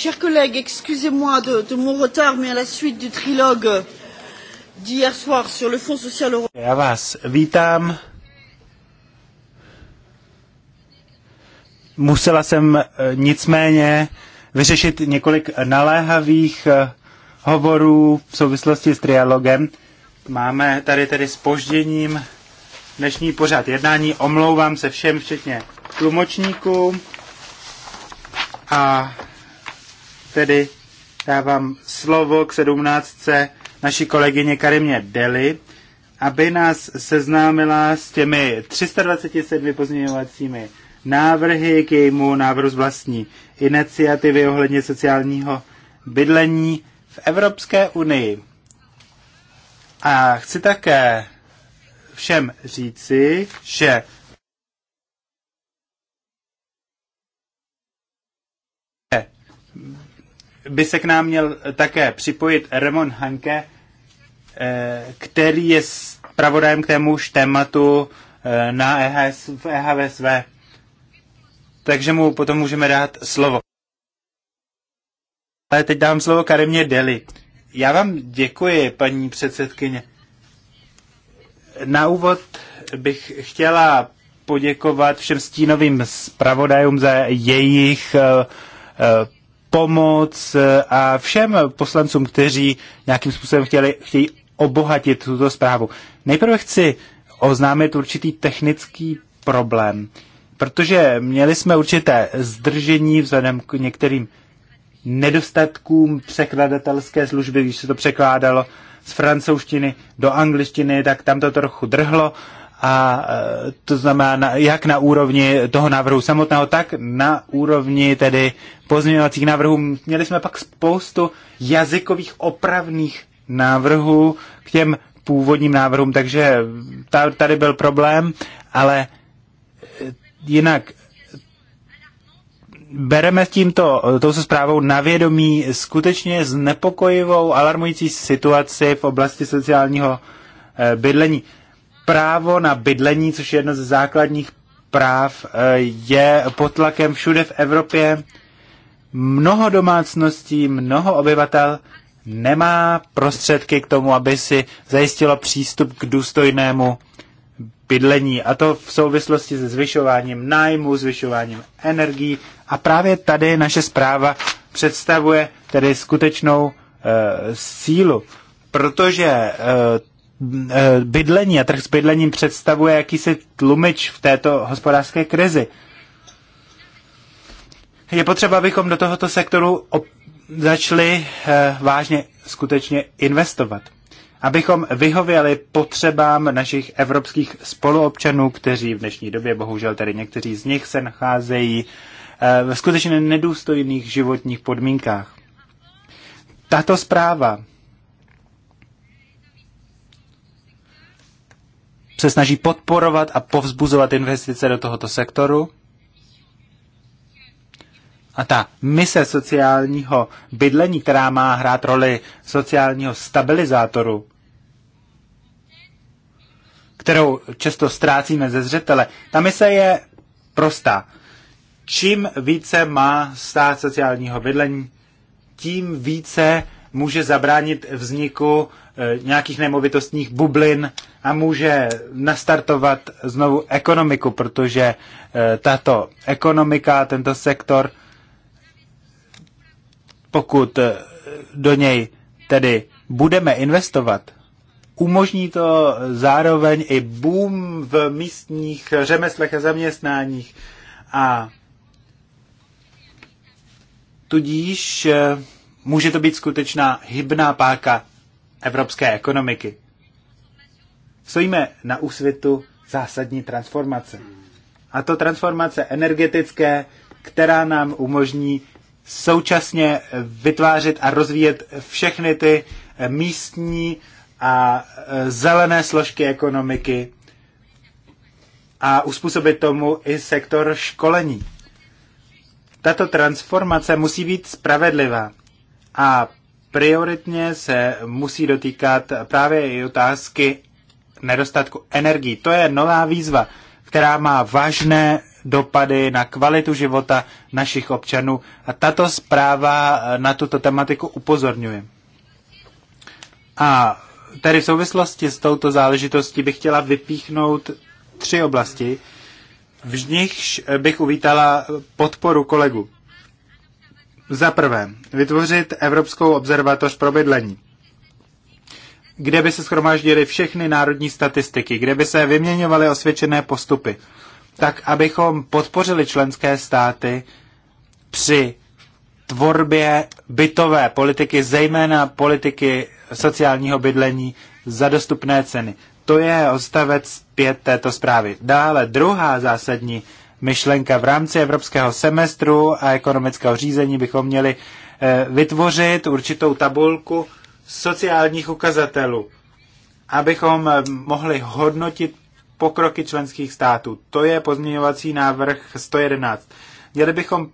chers collègues excusez moi de, mon retard mais à la suite du trilogue d'hier soir sur le fonds social européen. Já vás vítám. Musela jsem eh, nicméně vyřešit několik naléhavých eh, hovorů v souvislosti s trialogem. Máme tady tedy spožděním dnešní pořád jednání. Omlouvám se všem, včetně tlumočníkům. A tedy dávám slovo k sedmnáctce naší kolegyně Karimě Deli, aby nás seznámila s těmi 327 pozměňovacími návrhy k jejímu návrhu z vlastní iniciativy ohledně sociálního bydlení v Evropské unii. A chci také všem říci, že by se k nám měl také připojit Ramon Hanke, eh, který je zpravodajem k témuž tématu eh, na EHS, v EHVSV. Takže mu potom můžeme dát slovo. Ale teď dám slovo Karimě Deli. Já vám děkuji, paní předsedkyně. Na úvod bych chtěla poděkovat všem stínovým zpravodajům za jejich eh, pomoc eh, a všem poslancům, kteří nějakým způsobem chtěli, chtějí obohatit tuto zprávu. Nejprve chci oznámit určitý technický problém, protože měli jsme určité zdržení vzhledem k některým nedostatkům překladatelské služby, když se to překládalo z francouzštiny do angličtiny, tak tam to trochu drhlo a e, to znamená jak na úrovni toho návrhu samotného, tak na úrovni tedy pozměňovacích návrhů. Měli jsme pak spoustu jazykových opravných návrhů k těm původním návrhům, takže tady byl problém, ale e, jinak bereme s tímto, tou se zprávou na vědomí skutečně znepokojivou, alarmující situaci v oblasti sociálního e, bydlení právo na bydlení, což je jedno ze základních práv, eh, je pod tlakem všude v Evropě. Mnoho domácností, mnoho obyvatel nemá prostředky k tomu, aby si zajistilo přístup k důstojnému bydlení. A to v souvislosti se zvyšováním nájmu, zvyšováním energií. A právě tady naše zpráva představuje tedy skutečnou e, sílu, protože e, Eh, bydlení a trh s bydlením představuje jakýsi tlumič v této hospodářské krizi. Je potřeba, abychom do tohoto sektoru začali eh, vážně skutečně investovat. Abychom vyhověli potřebám našich evropských spoluobčanů, kteří v dnešní době, bohužel tedy někteří z nich se nacházejí eh, ve skutečně nedůstojných životních podmínkách. Tato zpráva se snaží podporovat a povzbuzovat investice do tohoto sektoru. A ta mise sociálního bydlení, která má hrát roli sociálního stabilizátoru, kterou často ztrácíme ze zřetele, ta mise je prostá. Čím více má stát sociálního bydlení, tím více může zabránit vzniku Eh, nějakých nemovitostních bublin a může nastartovat znovu ekonomiku, protože eh, tato ekonomika, tento sektor, pokud eh, do něj tedy budeme investovat, umožní to zároveň i boom v místních řemeslech a zaměstnáních a tudíž může to být skutečná hybná páka evropské ekonomiky. Stojíme na úsvitu zásadní transformace. A to transformace energetické, která nám umožní současně vytvářet a rozvíjet všechny ty místní a e, zelené složky ekonomiky a uspůsobit tomu i sektor školení. Tato transformace musí být spravedlivá a prioritně se musí dotýkat právě i otázky nedostatku energií. To je nová výzva, která má vážné dopady na kvalitu života našich občanů a tato zpráva na tuto tematiku upozorňuje. A tedy v souvislosti s touto záležitostí bych chtěla vypíchnout tři oblasti, v nichž bych uvítala podporu kolegu. Za prvé, vytvořit Evropskou observatoř pro bydlení, kde by se schromáždily všechny národní statistiky, kde by se vyměňovaly osvědčené postupy, tak abychom podpořili členské státy při tvorbě bytové politiky, zejména politiky sociálního bydlení za dostupné ceny. To je odstavec pět této zprávy. Dále druhá zásadní myšlenka. V rámci evropského semestru a ekonomického řízení bychom měli eh, vytvořit určitou tabulku sociálních ukazatelů, abychom eh, mohli hodnotit pokroky členských států. To je pozměňovací návrh 111. Měli bychom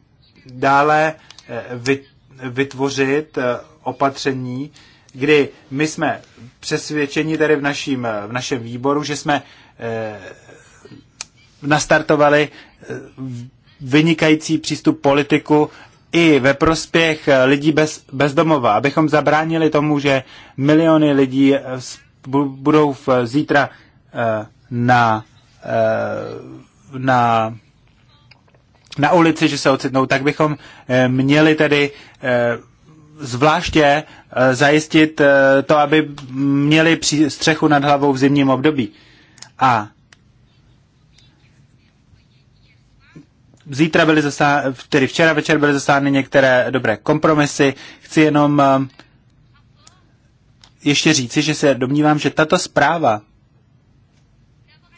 dále eh, vytvořit opatření, kdy my jsme přesvědčeni tady v, naším, v našem výboru, že jsme nastartovali vynikající přístup politiku i ve prospěch eh, lidí bez, bezdomova, abychom zabránili tomu, že miliony lidí eh, budou v, zítra eh, na, na, na ulici, že se ocitnou, tak bychom měli tedy zvláště zajistit to, aby měli střechu nad hlavou v zimním období. A Zítra byly zasáhny, tedy včera večer byly zasáhny některé dobré kompromisy. Chci jenom eh, ještě říci, že se domnívám, že tato zpráva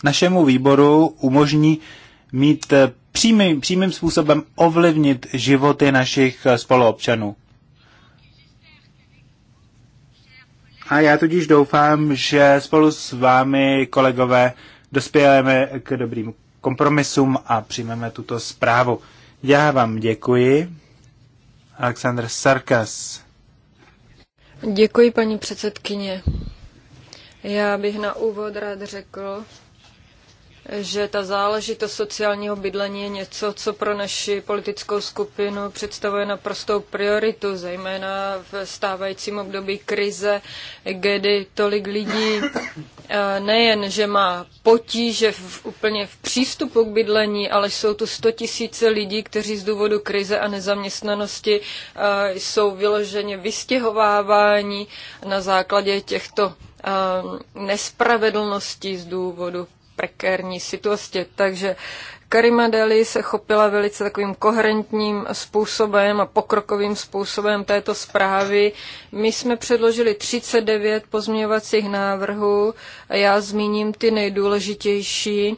našemu výboru umožní mít eh, přímý, přímým způsobem ovlivnit životy našich eh, spoluobčanů. A já tudíž doufám, že spolu s vámi, kolegové, dospějeme k dobrým kompromisům a přijmeme tuto zprávu. Já vám děkuji. Aleksandr Sarkas. Děkuji, paní předsedkyně. Já bych na úvod rád řekl, že ta záležitost sociálního bydlení je něco, co pro naši politickou skupinu představuje naprostou prioritu, zejména v stávajícím období krize, kdy tolik lidí eh, nejen, že má potíže v, úplně v přístupu k bydlení, ale jsou tu 100 tisíce lidí, kteří z důvodu krize a nezaměstnanosti eh, jsou vyloženě vystěhováváni na základě těchto eh, nespravedlností z důvodu prekérní situaci. Takže Karima Deli se chopila velice takovým koherentním způsobem a pokrokovým způsobem této zprávy. My jsme předložili 39 pozměňovacích návrhů a já zmíním ty nejdůležitější.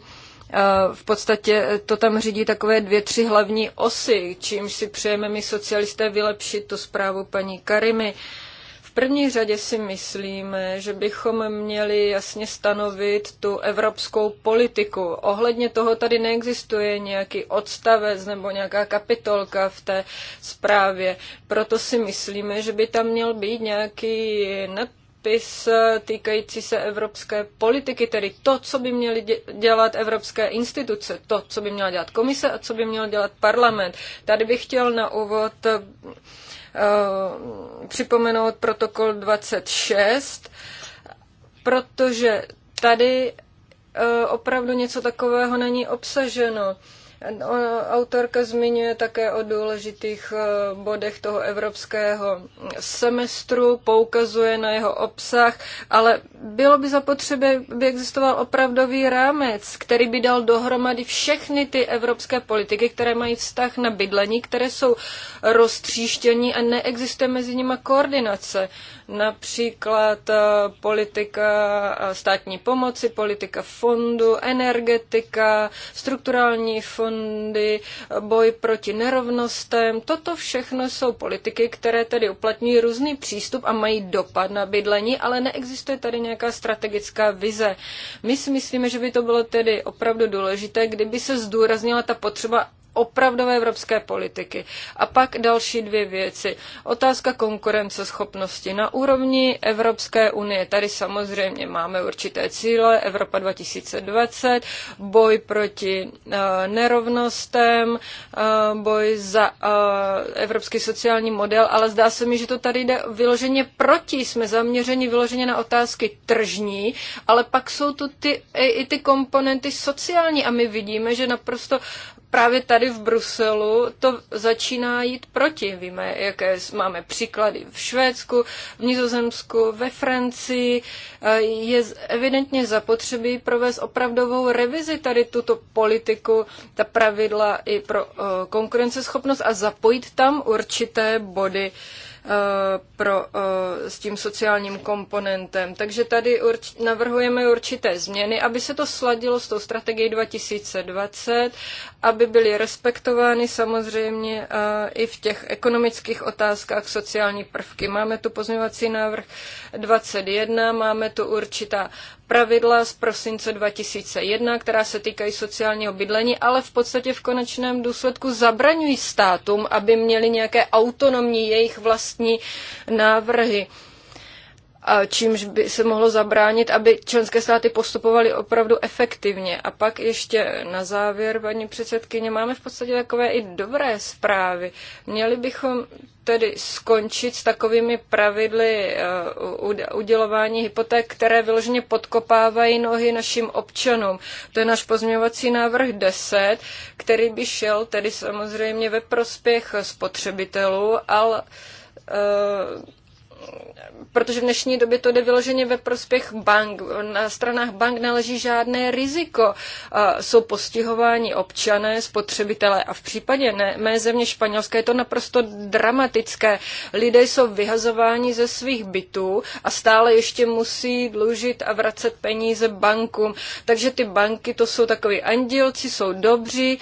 V podstatě to tam řídí takové dvě, tři hlavní osy, čímž si přejeme my socialisté vylepšit tu zprávu paní Karimy. V první řadě si myslíme, že bychom měli jasně stanovit tu evropskou politiku. Ohledně toho tady neexistuje nějaký odstavec nebo nějaká kapitolka v té zprávě. Proto si myslíme, že by tam měl být nějaký nad týkající se evropské politiky, tedy to, co by měly dělat evropské instituce, to, co by měla dělat komise a co by měl dělat parlament. Tady bych chtěl na úvod Eh, připomenout protokol 26, protože tady eh, opravdu něco takového není obsaženo. Autorka zmiňuje také o důležitých e, bodech toho evropského semestru, poukazuje na jeho obsah, ale bylo by zapotřebí, by existoval opravdový rámec, který by dal dohromady všechny ty evropské politiky, které mají vztah na bydlení, které jsou roztříštění a neexistuje mezi nimi koordinace například eh, politika eh, státní pomoci, politika fondu, energetika, strukturální fondy, eh, boj proti nerovnostem. Toto všechno jsou politiky, které tedy uplatňují různý přístup a mají dopad na bydlení, ale neexistuje tady nějaká strategická vize. My si myslíme, že by to bylo tedy opravdu důležité, kdyby se zdůraznila ta potřeba opravdové evropské politiky. A pak další dvě věci. Otázka konkurenceschopnosti. Na úrovni Evropské unie tady samozřejmě máme určité cíle, Evropa 2020, boj proti eh, nerovnostem, eh, boj za eh, evropský sociální model, ale zdá se mi, že to tady jde vyloženě proti. Jsme zaměřeni vyloženě na otázky tržní, ale pak jsou tu ty, i ty komponenty sociální a my vidíme, že naprosto právě tady v Bruselu to začíná jít proti. Víme, jaké máme příklady v Švédsku, v Nizozemsku, ve Francii. Eh, Je evidentně zapotřebí provést opravdovou revizi tady tuto politiku, ta pravidla i pro eh, konkurenceschopnost a zapojit tam určité body eh, pro, s tím sociálním komponentem. Takže tady urč, navrhujeme určité změny, aby se to sladilo s tou strategií 2020 aby byly respektovány samozřejmě eh, i v těch ekonomických otázkách sociální prvky. Máme tu pozměňovací návrh 21, máme tu určitá pravidla z prosince 2001, která se týkají sociálního bydlení, ale v podstatě v konečném důsledku zabraňují státům, aby měli nějaké autonomní jejich vlastní návrhy čímž by se mohlo zabránit, aby členské státy postupovaly opravdu efektivně. A pak ještě na závěr, paní předsedkyně, máme v podstatě takové i dobré zprávy. Měli bychom tedy skončit s takovými pravidly eh, udělování hypoték, které vyloženě podkopávají nohy našim občanům. To je náš pozměňovací návrh 10, který by šel tedy samozřejmě ve prospěch spotřebitelů, ale eh, protože v dnešní době to jde vyloženě ve prospěch bank. Na stranách bank naleží žádné riziko. Jsou postihováni občané, spotřebitelé a v případě ne, mé země Španělské je to naprosto dramatické. Lidé jsou vyhazováni ze svých bytů a stále ještě musí dlužit a vracet peníze bankům. Takže ty banky to jsou takový andělci, jsou dobří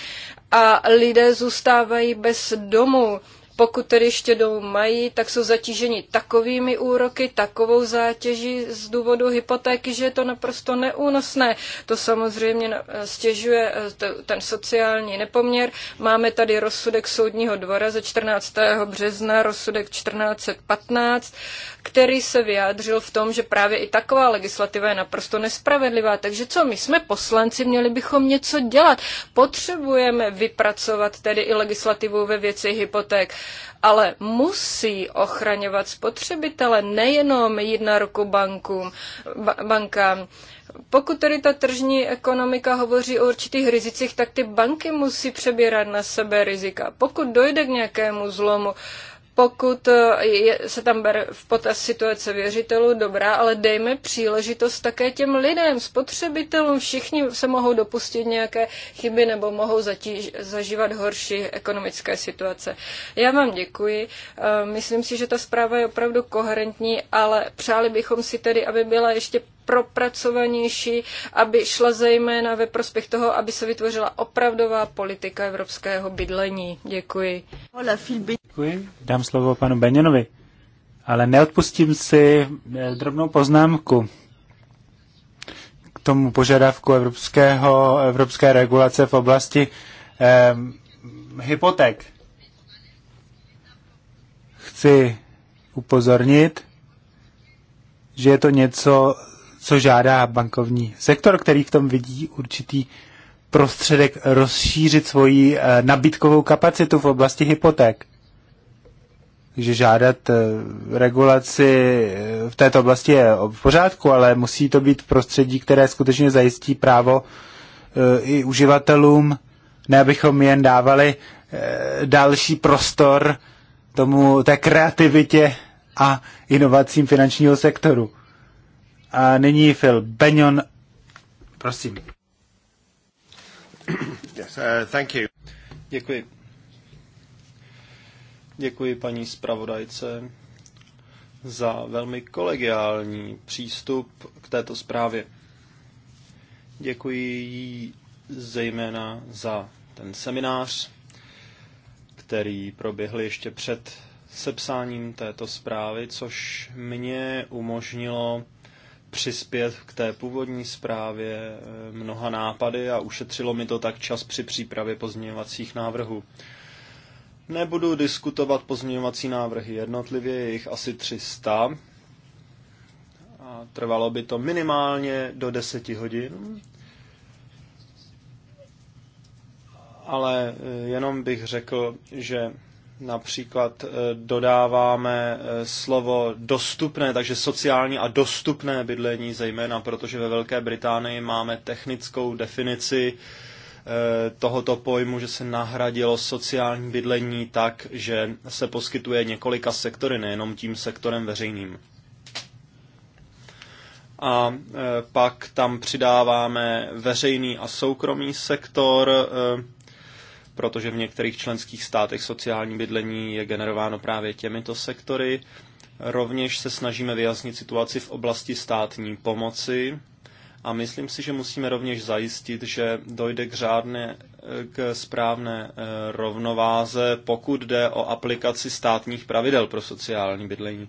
a lidé zůstávají bez domu pokud tedy ještě mají, tak jsou zatíženi takovými úroky, takovou zátěží z důvodu hypotéky, že je to naprosto neúnosné. To samozřejmě stěžuje eh, ten sociální nepoměr. Máme tady rozsudek soudního dvora ze 14. března, rozsudek 1415, který se vyjádřil v tom, že právě i taková legislativa je naprosto nespravedlivá. Takže co my jsme poslanci, měli bychom něco dělat. Potřebujeme vypracovat tedy i legislativu ve věci hypoték ale musí ochraňovat spotřebitele, nejenom jít na ruku bankům, ba- bankám. Pokud tedy ta tržní ekonomika hovoří o určitých rizicích, tak ty banky musí přebírat na sebe rizika. Pokud dojde k nějakému zlomu, pokud eh, je, se tam bere v potaz situace věřitelů, dobrá, ale dejme příležitost také těm lidem, spotřebitelům. Všichni se mohou dopustit nějaké chyby nebo mohou zatíž, zažívat horší ekonomické situace. Já vám děkuji. Eh, myslím si, že ta zpráva je opravdu koherentní, ale přáli bychom si tedy, aby byla ještě propracovanější, aby šla zejména ve prospěch toho, aby se vytvořila opravdová politika evropského bydlení. Děkuji. Děkuji. Dám slovo panu Beněnovi, ale neodpustím si eh, drobnou poznámku k tomu požadavku evropského, evropské regulace v oblasti eh, hypoték. Chci upozornit, že je to něco, co žádá bankovní sektor, který v tom vidí určitý prostředek rozšířit svoji eh, nabídkovou kapacitu v oblasti hypoték. Takže žádat eh, regulaci eh, v této oblasti je v pořádku, ale musí to být prostředí, které skutečně zajistí právo i uživatelům, ne abychom jen dávali další prostor tomu té kreativitě a inovacím finančního sektoru. A nyní Phil Benyon, prosím. Yes, uh, thank you. Děkuji. Děkuji paní zpravodajce za velmi kolegiální přístup k této zprávě. Děkuji jí zejména za ten seminář, který proběhl ještě před sepsáním této zprávy, což mě umožnilo přispět k té původní zprávě eh, mnoha nápady a ušetřilo mi to tak čas při přípravě pozměňovacích návrhů. Nebudu diskutovat pozměňovací návrhy jednotlivě, je jich asi 300. A trvalo by to minimálně do 10 hodin. Ale eh, jenom bych řekl, že Například eh, dodáváme eh, slovo dostupné, takže sociální a dostupné bydlení zejména, protože ve Velké Británii máme technickou definici eh, tohoto pojmu, že se nahradilo sociální bydlení tak, že se poskytuje několika sektory, nejenom tím sektorem veřejným. A pak tam přidáváme veřejný a soukromý sektor, protože v některých členských státech sociální bydlení je generováno právě těmito sektory. Rovněž se snažíme vyjasnit situaci v oblasti státní pomoci a myslím si, že musíme rovněž zajistit, že dojde k řádné, k správné eh, rovnováze, pokud jde o aplikaci státních pravidel pro sociální bydlení.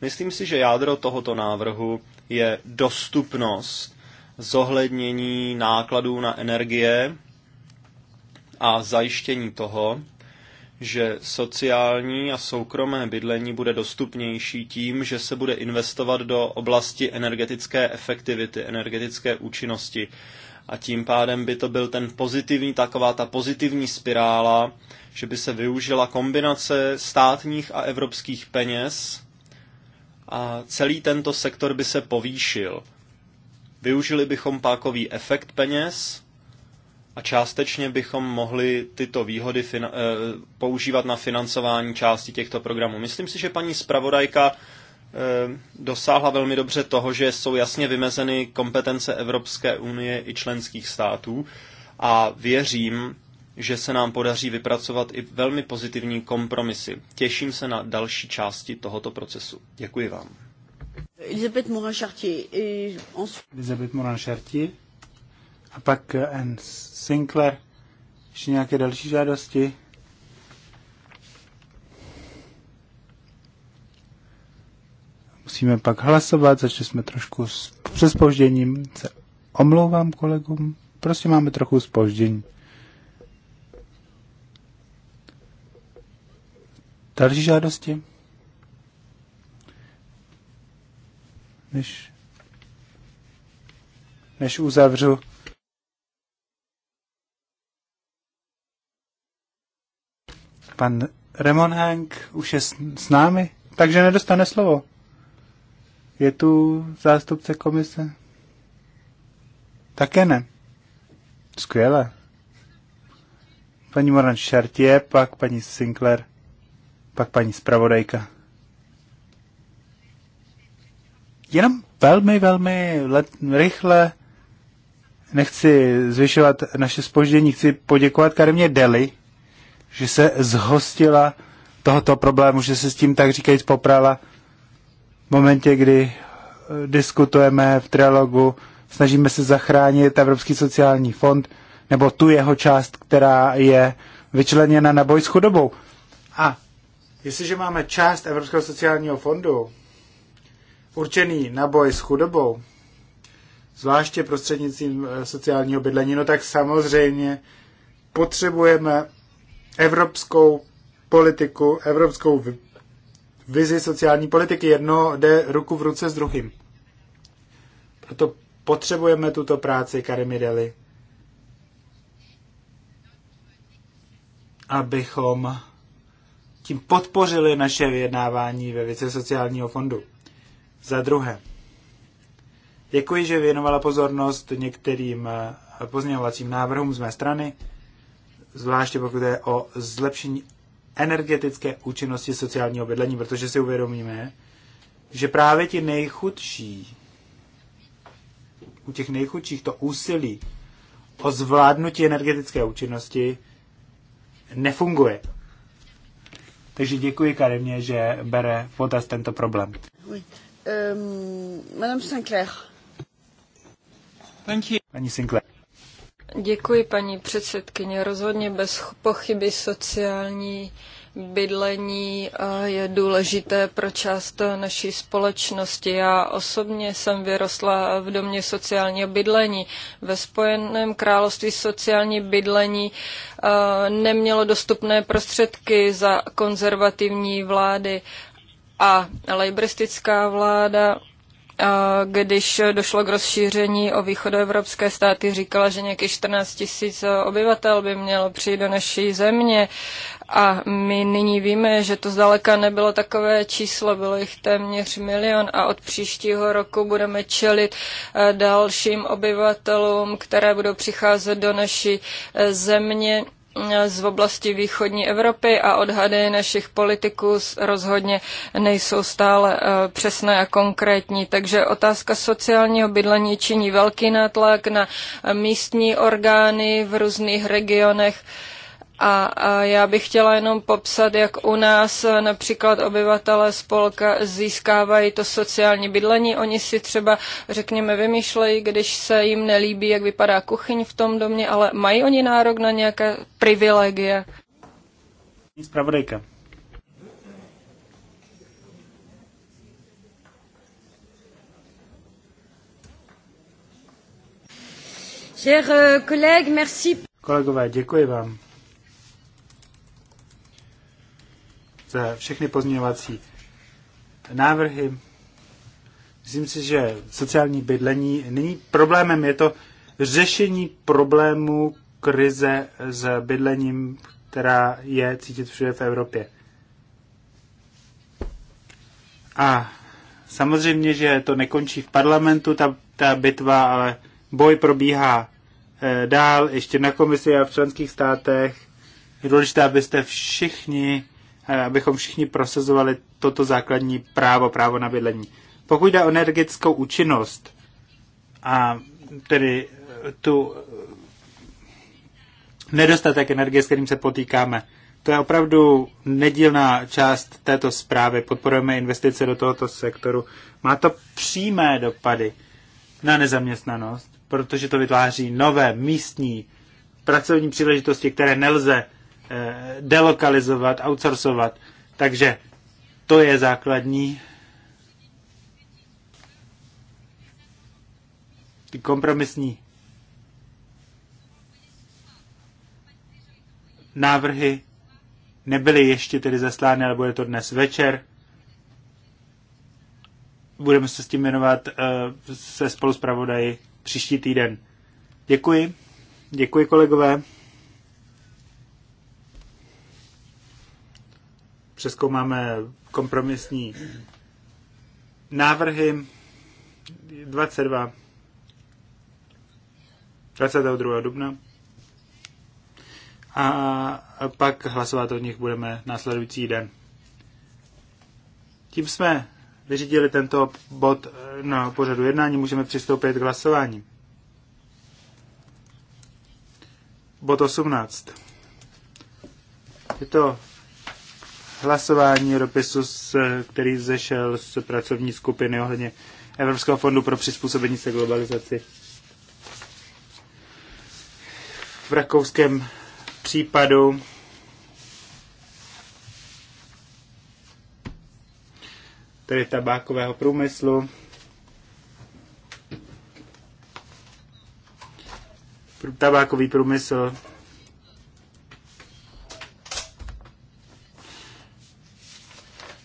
Myslím si, že jádro tohoto návrhu je dostupnost zohlednění nákladů na energie a zajištění toho, že sociální a soukromé bydlení bude dostupnější tím, že se bude investovat do oblasti energetické efektivity, energetické účinnosti. A tím pádem by to byl ten pozitivní, taková ta pozitivní spirála, že by se využila kombinace státních a evropských peněz a celý tento sektor by se povýšil. Využili bychom pákový efekt peněz, a částečně bychom mohli tyto výhody eh, používat na financování části těchto programů. Myslím si, že paní zpravodajka eh, dosáhla velmi dobře toho, že jsou jasně vymezeny kompetence Evropské unie i členských států a věřím, že se nám podaří vypracovat i velmi pozitivní kompromisy. Těším se na další části tohoto procesu. Děkuji vám. Elisabeth Morin-Chartier. Elisabeth Morin-Chartier. A pak eh, N. Sinclair. Ještě nějaké další žádosti? Musíme pak hlasovat, začali jsme trošku s přespožděním. Se omlouvám kolegům, prostě máme trochu spoždění. Další žádosti? Než, než uzavřu Pan Remon Hank už je s, s námi, takže nedostane slovo. Je tu zástupce komise? Také ne. Skvěle. Paní Moran Chartier, pak paní Sinclair, pak paní Spravodajka. Jenom velmi, velmi let, rychle nechci zvyšovat naše spoždění, chci poděkovat Karimě Deli že se zhostila tohoto problému, že se s tím tak říkajíc poprala v momentě, kdy eh, diskutujeme v trialogu, snažíme se zachránit Evropský sociální fond nebo tu jeho část, která je vyčleněna na boj s chudobou. A jestliže máme část Evropského sociálního fondu určený na boj s chudobou, zvláště prostřednictvím eh, sociálního bydlení, no tak samozřejmě potřebujeme evropskou politiku, evropskou vizi sociální politiky. Jedno jde ruku v ruce s druhým. Proto potřebujeme tuto práci Karimideli, abychom tím podpořili naše vyjednávání ve věci sociálního fondu. Za druhé, děkuji, že věnovala pozornost některým eh, pozměňovacím návrhům z mé strany zvláště pokud je o zlepšení energetické účinnosti sociálního bydlení, protože si uvědomíme, že právě ti nejchudší, u těch nejchudších to úsilí o zvládnutí energetické účinnosti nefunguje. Takže děkuji Karimě, že bere v potaz tento problém. Oui. Um, Madame Sinclair. Thank you. Paní Sinclair. Děkuji, paní předsedkyně. Rozhodně bez pochyby sociální bydlení eh, je důležité pro část naší společnosti. Já osobně jsem vyrostla v domě sociálního bydlení. Ve Spojeném království sociální bydlení eh, nemělo dostupné prostředky za konzervativní vlády a lejbristická vláda když došlo k rozšíření o východoevropské státy, říkala, že nějakých 14 tisíc obyvatel by mělo přijít do naší země. A my nyní víme, že to zdaleka nebylo takové číslo, bylo jich téměř milion a od příštího roku budeme čelit e, dalším obyvatelům, které budou přicházet do naší e, země z oblasti východní Evropy a odhady našich politiků rozhodně nejsou stále eh, přesné a konkrétní. Takže otázka sociálního bydlení činí velký nátlak na místní orgány v různých regionech a, a já bych chtěla jenom popsat, jak u nás eh, například obyvatelé spolka získávají to sociální bydlení. Oni si třeba, řekněme, vymýšlejí, když se jim nelíbí, jak vypadá kuchyň v tom domě, ale mají oni nárok na nějaké privilegie. Spravodajka. Eh, merci. Kolegové, děkuji vám všechny pozměňovací návrhy. Myslím si, že sociální bydlení není problémem, je to řešení problému krize s bydlením, která je cítit všude v Evropě. A samozřejmě, že to nekončí v parlamentu, ta, ta bitva, ale boj probíhá eh, dál, ještě na komisi a v členských státech. Je důležité, abyste všichni abychom všichni prosazovali toto základní právo, právo na bydlení. Pokud jde o energetickou účinnost a tedy eh, tu eh, nedostatek energie, s kterým se potýkáme, to je opravdu nedílná část této zprávy. Podporujeme investice do tohoto sektoru. Má to přímé dopady na nezaměstnanost, protože to vytváří nové místní pracovní příležitosti, které nelze Eh, delokalizovat, outsourcovat. Takže to je základní ty kompromisní návrhy nebyly ještě tedy zaslány, ale bude to dnes večer. Budeme se s tím uh, se spolu příští týden. Děkuji. Děkuji kolegové. přeskoumáme kompromisní návrhy 22. 22. dubna. A pak hlasovat o nich budeme následující den. Tím jsme vyřídili tento bod na pořadu jednání, můžeme přistoupit k hlasování. Bod 18. Je to hlasování o dopisu, který zešel z pracovní skupiny ohledně Evropského fondu pro přizpůsobení se globalizaci. V rakouském případu tedy tabákového průmyslu. Tabákový průmysl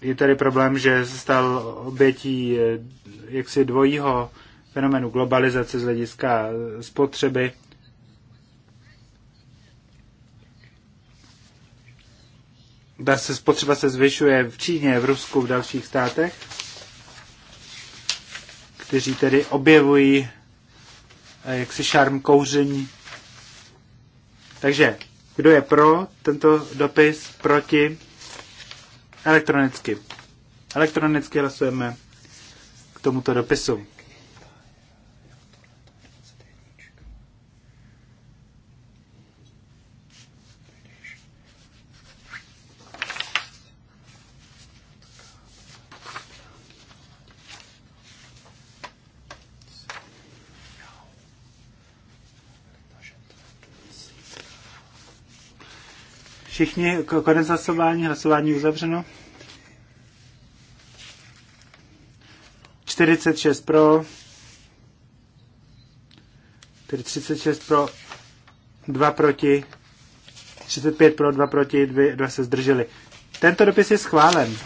je tady problém, že se stal obětí eh, jaksi dvojího fenomenu globalizace z hlediska eh, spotřeby. Ta se spotřeba se zvyšuje v Číně, v Rusku, v dalších státech, kteří tedy objevují eh, jaksi šarm kouření. Takže kdo je pro tento dopis, proti? Elektronicky. Elektronicky hlasujeme k tomuto dopisu. Všichni, konec hlasování, hlasování uzavřeno. 46 pro, Tedy 36 pro, 2 proti, 35 pro, 2 proti, 2, 2 se zdrželi. Tento dopis je schválen.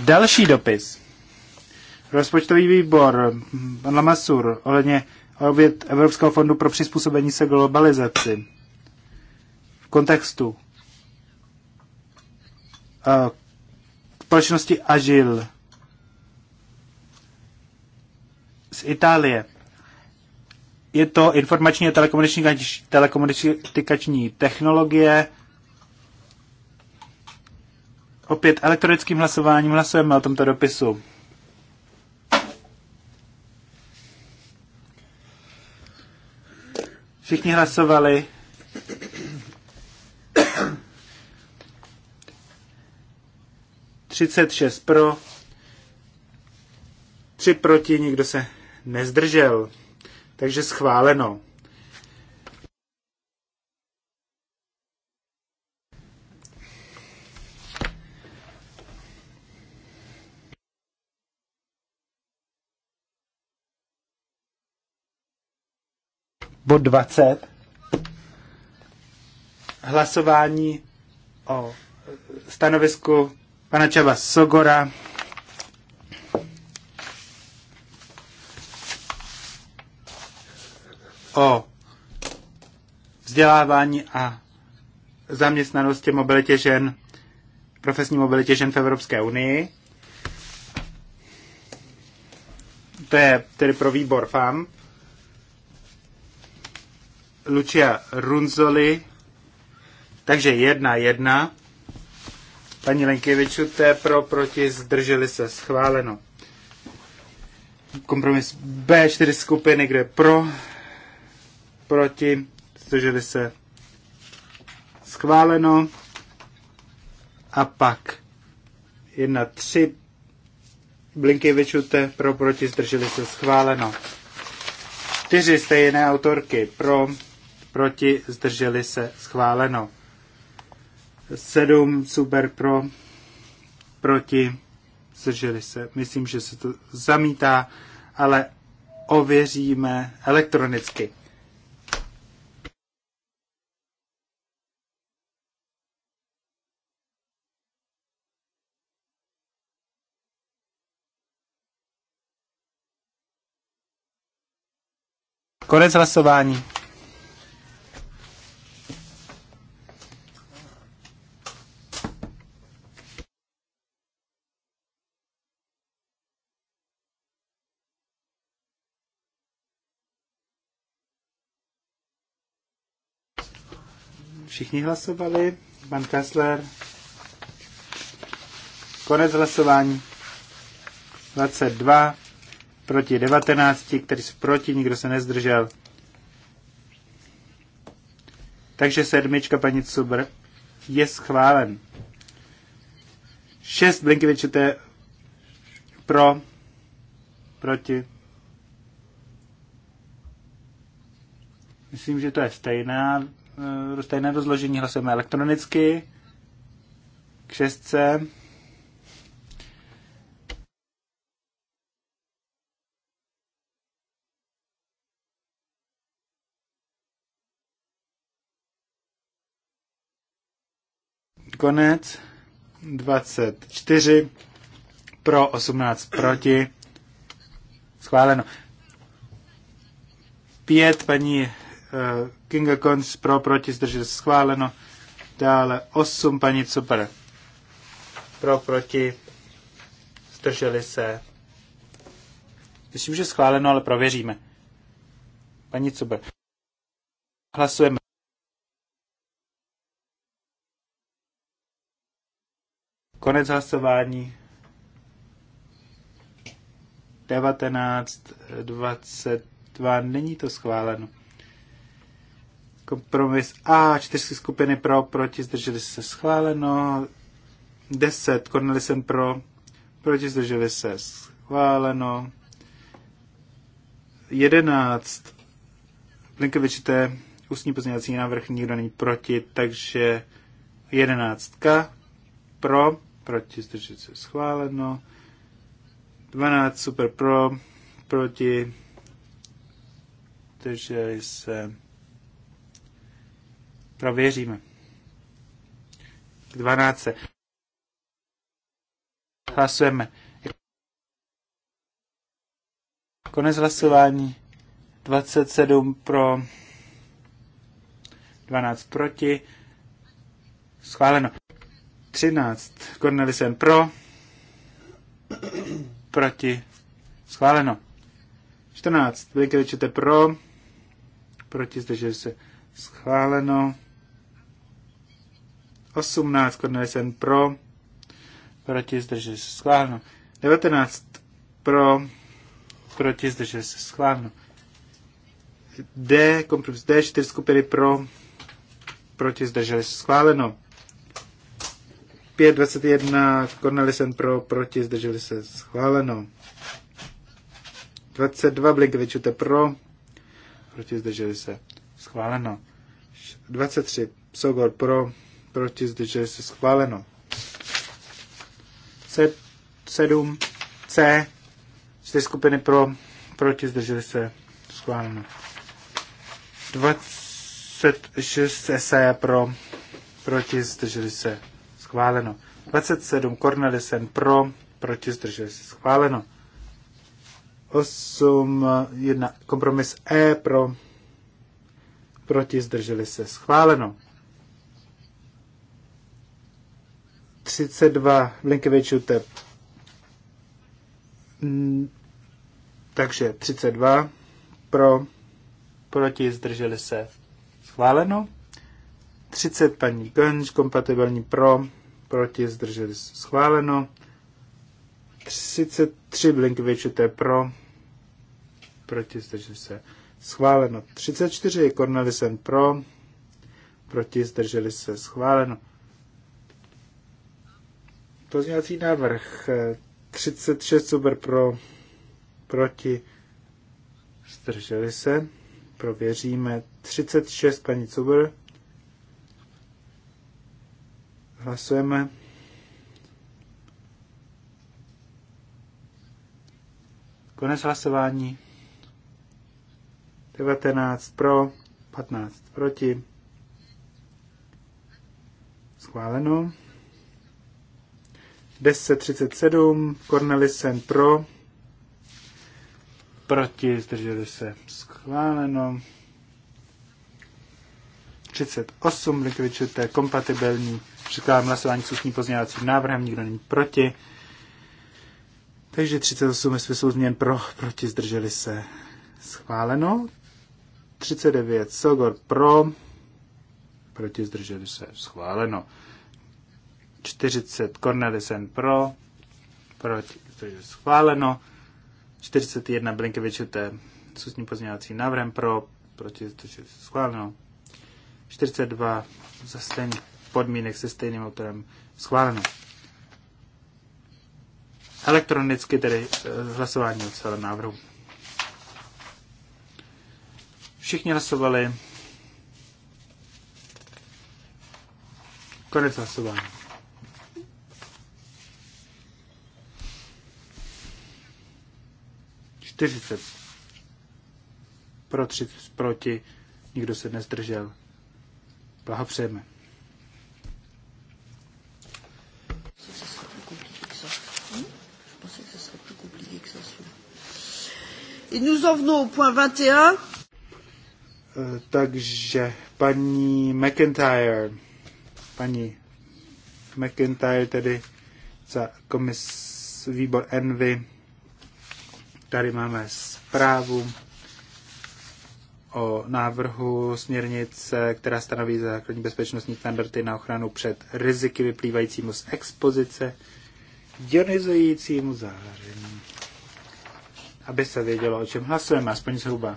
Další dopis. Rozpočtový výbor, pan Lamasur, ohledně oběd Evropského fondu pro přizpůsobení se globalizaci. V kontextu společnosti Agil z Itálie. Je to informační a telekomunikační technologie. Opět elektronickým hlasováním hlasujeme o tomto dopisu. Všichni hlasovali. 36 pro, 3 proti, nikdo se nezdržel. Takže schváleno. Bod 20. Hlasování o stanovisku pana Čaba Sogora. o vzdělávání a zaměstnanosti mobilitě žen, profesní mobilitě žen v Evropské unii. To je tedy pro výbor FAM. Lucia Runzoli, takže jedna jedna. Paní to je pro, proti, zdrželi se, schváleno. Kompromis B4 skupiny, kde pro, proti, zdrželi se, schváleno. A pak 1, 3, Blinky vyčute, pro, proti, zdrželi se, schváleno. Čtyři stejné autorky, pro, proti, zdrželi se, schváleno. 7 super pro, proti, zdrželi se. Myslím, že se to zamítá, ale ověříme elektronicky. Konec hlasování. Všichni hlasovali? Pan Kessler? Konec hlasování. 22 proti 19, který se proti, nikdo se nezdržel. Takže sedmička paní Cubr je schválen. Šest Blinkevičité pro, proti. Myslím, že to je stejná Eh, stejné rozložení, hlasujeme elektronicky. K šestce. Konec. 24 pro 18 proti. Schváleno. Pět paní Kinga Kons pro, proti, zdržel se schváleno. Dále 8 paní Super. Pro, proti, zdrželi se. Myslím, že schváleno, ale prověříme. Paní Cuber. Hlasujeme. Konec hlasování. 19, 22, není to schváleno. Kompromis A, čtyři skupiny pro, proti, zdrželi se schváleno. 10, Cornelisen pro, proti, zdrželi se schváleno. 11, Blinkovič, to je ústní pozměňovací návrh, nikdo není proti, takže jedenáctka pro, proti, zdrželi se schváleno. 12 super pro, proti, zdrželi se Prověříme. K 12. Hlasujeme. Konec hlasování. 27 pro, 12 proti. Schváleno. 13. Cornelisen pro, proti. Schváleno. 14. Blinkevičete pro, proti zdrželi se. Schváleno. 18, Cornelisen pro, proti zdržel se schválno. 19 pro, proti zdržel se schválno. D, kompromis D, 4 skupiny pro, proti zdrželi se schváleno. 5.21, Cornelisen pro, proti zdrželi se schváleno. 22, Blinkevičute pro, proti zdrželi se schváleno. 23, Sogor pro, proti, že se schváleno. C, 7, C, čtyři skupiny pro, proti, zdrželi se schváleno. 26 SE pro, proti, zdrželi se schváleno. 27 Cornelisen pro, proti, zdrželi se schváleno. 8, 1, kompromis E pro, proti, zdrželi se schváleno. 32 tep. Takže 32 pro, proti, zdrželi se. Schváleno. 30 paní Gönč, kompatibilní pro, proti, zdrželi se. Schváleno. 33 Blinkevičute pro, proti, zdrželi se. Schváleno. 34 Cornelisen pro, proti, zdrželi se. Schváleno. Pozměňovací návrh 36 eh, super pro, proti, zdrželi se. Prověříme 36 paní Cubr. Hlasujeme. Konec hlasování. 19 pro, 15 proti. Schváleno. 1037, Cornelisen pro, proti, zdrželi se, schváleno. 38, Blinkovič, to je kompatibilní. Překládám hlasování s ústním pozměňovacím návrhem, nikdo není proti. Takže 38 ve smyslu změn pro, proti, zdrželi se, schváleno. 39, Sogor pro, proti, zdrželi se, schváleno. 40 Cornelisen pro, proti, to je schváleno. 41 Blinkevičuté s ústním pozměňovací návrhem pro, proti, to je schváleno. 42 za stejný podmínek se stejným autorem schváleno. Elektronicky tedy eh, hlasování o celém návrhu. Všichni hlasovali. Konec hlasování. 40. Pro 30, proti, nikdo se nezdržel. Blahopřejeme. nous en venons au point 21. Eh, takže paní McIntyre, paní McIntyre tedy za komis výbor Envy Tady máme zprávu o návrhu směrnice, která stanoví základní bezpečnostní standardy na ochranu před riziky vyplývajícímu z expozice ionizujícímu záření. Aby se vědělo, o čem hlasujeme, aspoň zhruba.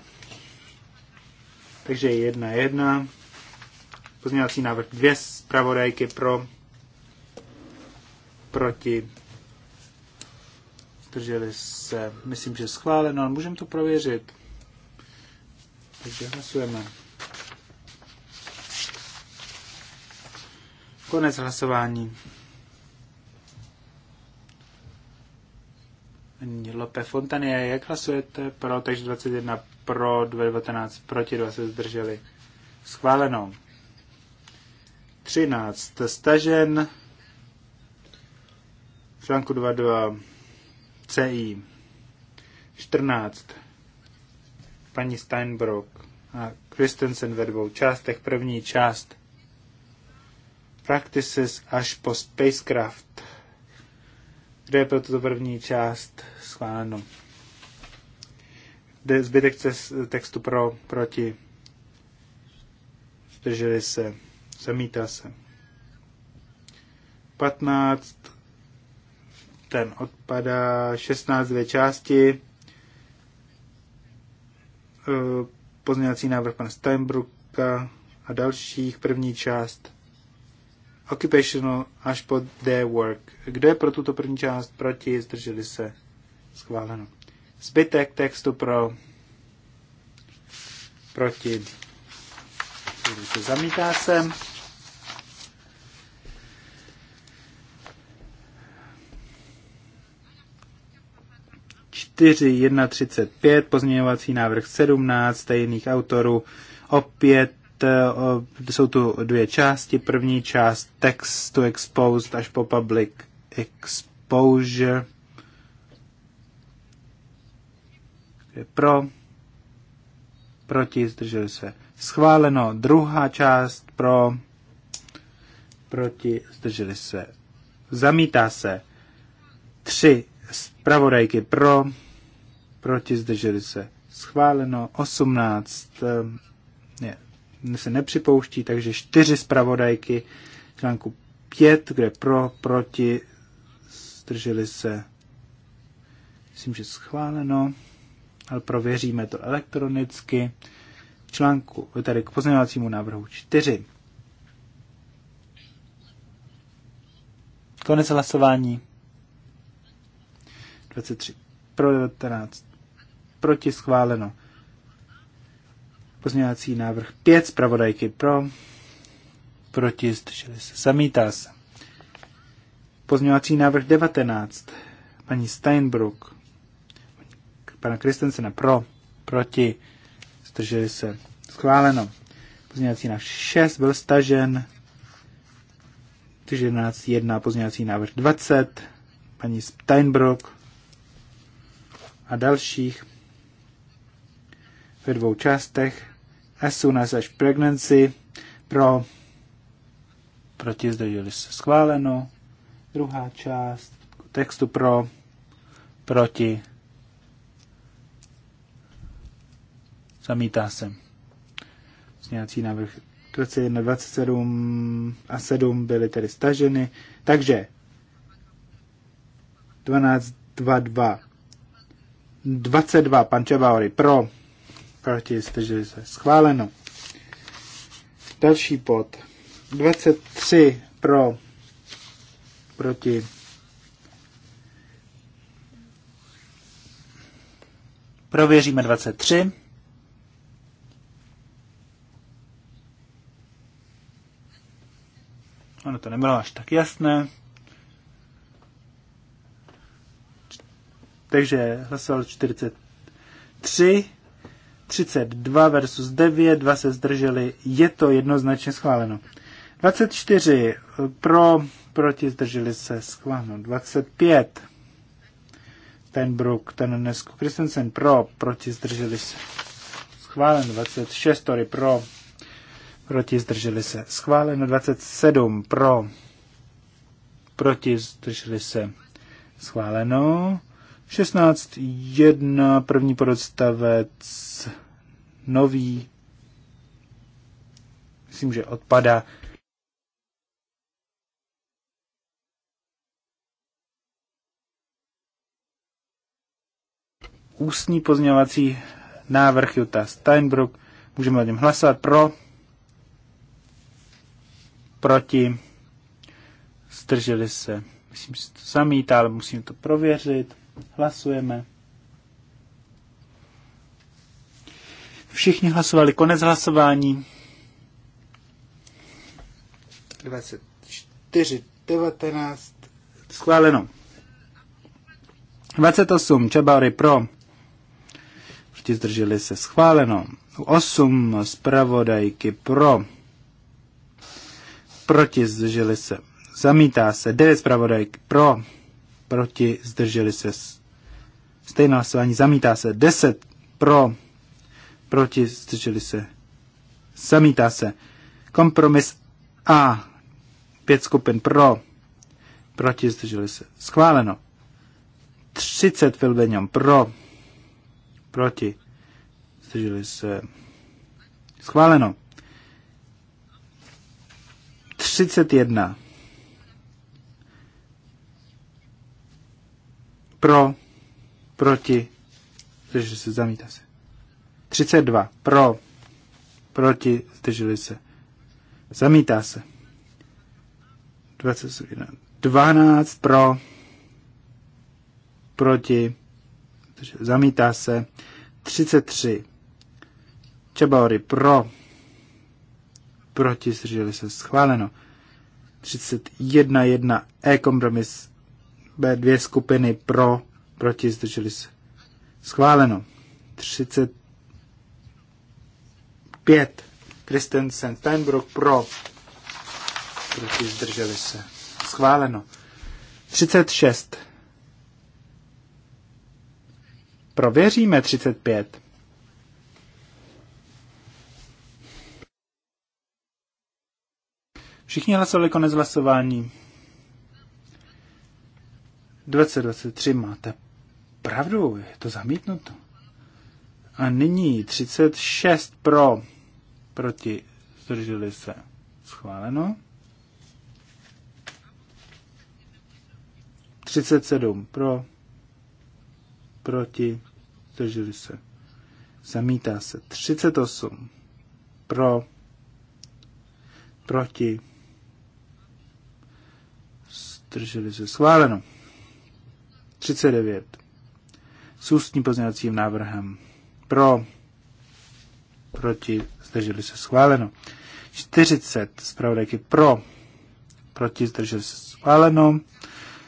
Takže jedna jedna. Pozměňovací návrh dvě zpravodajky pro, proti, zdrželi se, myslím, že schváleno, ale můžeme to prověřit. Takže hlasujeme. Konec hlasování. Lope Fontanie, jak hlasujete pro, takže 21 pro, 19 proti, 2 se zdrželi. Schváleno. 13. Stažen. V článku 2.2 CI. 14. Paní Steinbrock a Christensen ve dvou částech. První část Practices až po Spacecraft. Kde je pro tuto první část schváleno? Kde zbytek textu pro, proti? Zdrželi se. Zamítá se. 15 ten odpadá 16 dvě části. E, pozměňovací návrh pana Steinbrucka a dalších, první část. Occupational až po their work. Kdo je pro tuto první část? Proti, zdrželi se. Schváleno. Zbytek textu pro proti. Zamítá se. 4, 1, 35, pozměňovací návrh 17 stejných autorů. Opět eh, jsou tu dvě části. První část text to exposed až po public exposure. Je pro, proti, zdrželi se. Schváleno druhá část pro, proti, zdrželi se. Zamítá se. 3 zpravodajky pro, proti zdrželi se schváleno, 18 ehm, ne, se nepřipouští, takže 4 zpravodajky článku 5, kde pro, proti zdrželi se myslím, že schváleno, ale prověříme to elektronicky článku, tady k pozměňovacímu návrhu 4. Konec hlasování. 23 pro 19, proti schváleno. Pozměňovací návrh 5 zpravodajky pro, proti zdrželi se, zamítá se. Pozměňovací návrh 19, paní Steinbrook, pana Kristensena pro, proti, zdrželi se, schváleno. Pozměňovací návrh 6 byl stažen, 11.1. pozměňovací návrh 20, paní Steinbrook, a dalších ve dvou částech. As soon as až pregnancy pro proti zdrželi se schváleno. Druhá část textu pro proti zamítá se. Sněhací návrh 21, 27 a 7 byly tedy staženy. Takže 12, 2, 2 22 Pančevaory pro, proti, zdrželi se, schváleno. Další pod. 23 pro, proti, Prověříme 23. Ono to nebylo až tak jasné. Takže hlasoval 43, 32 versus 9, dva se zdrželi, je to jednoznačně schváleno. 24 pro, proti zdrželi se schváleno. 25 ten ten Nesko, Christensen pro, proti zdrželi se schváleno. 26 Tory pro, proti zdrželi se schváleno. 27 pro, proti zdrželi se schváleno jedna První podstavec nový. Myslím, že odpada. Ústní pozměňovací návrh Juta Steinbrook. Můžeme o něm hlasovat pro, proti, zdrželi se. Myslím, že to zamítá, ale musím to prověřit. Hlasujeme. Všichni hlasovali. Konec hlasování. 24, 19. Schváleno. 28. Čabary pro. Proti zdrželi se. Schváleno. 8. Spravodajky pro. Proti zdrželi se. Zamítá se. 9. Spravodajky pro proti, zdrželi se. stejná hlasování, zamítá se. 10 pro, proti, zdrželi se. Zamítá se. Kompromis A. Pět skupin pro, proti, zdrželi se. Schváleno. 30 Filbeňom pro, proti, zdrželi se. Schváleno. 31 pro, proti, zdrželi se, zamítá se. 32 pro, proti, zdrželi se, zamítá se. 21, 12 pro, proti, zamítá se. 33 Čabaory pro, proti, zdrželi se, schváleno. 31, 1, E kompromis B2 skupiny pro, proti, zdrželi se. Schváleno. 35. Kristen Steinbrook pro, proti, zdrželi se. Schváleno. 36. Prověříme 35. Všichni hlasovali konec hlasování. 2023 máte pravdu, je to zamítnuto. A nyní 36 pro, proti, zdrželi se. Schváleno. 37 pro, proti, zdrželi se. Zamítá se. 38 pro, proti, zdrželi se. Schváleno. 39. S ústním pozměňovacím návrhem. Pro. Proti. Zdrželi se schváleno. 40. Zpravodajky pro. Proti. Zdrželi se schváleno.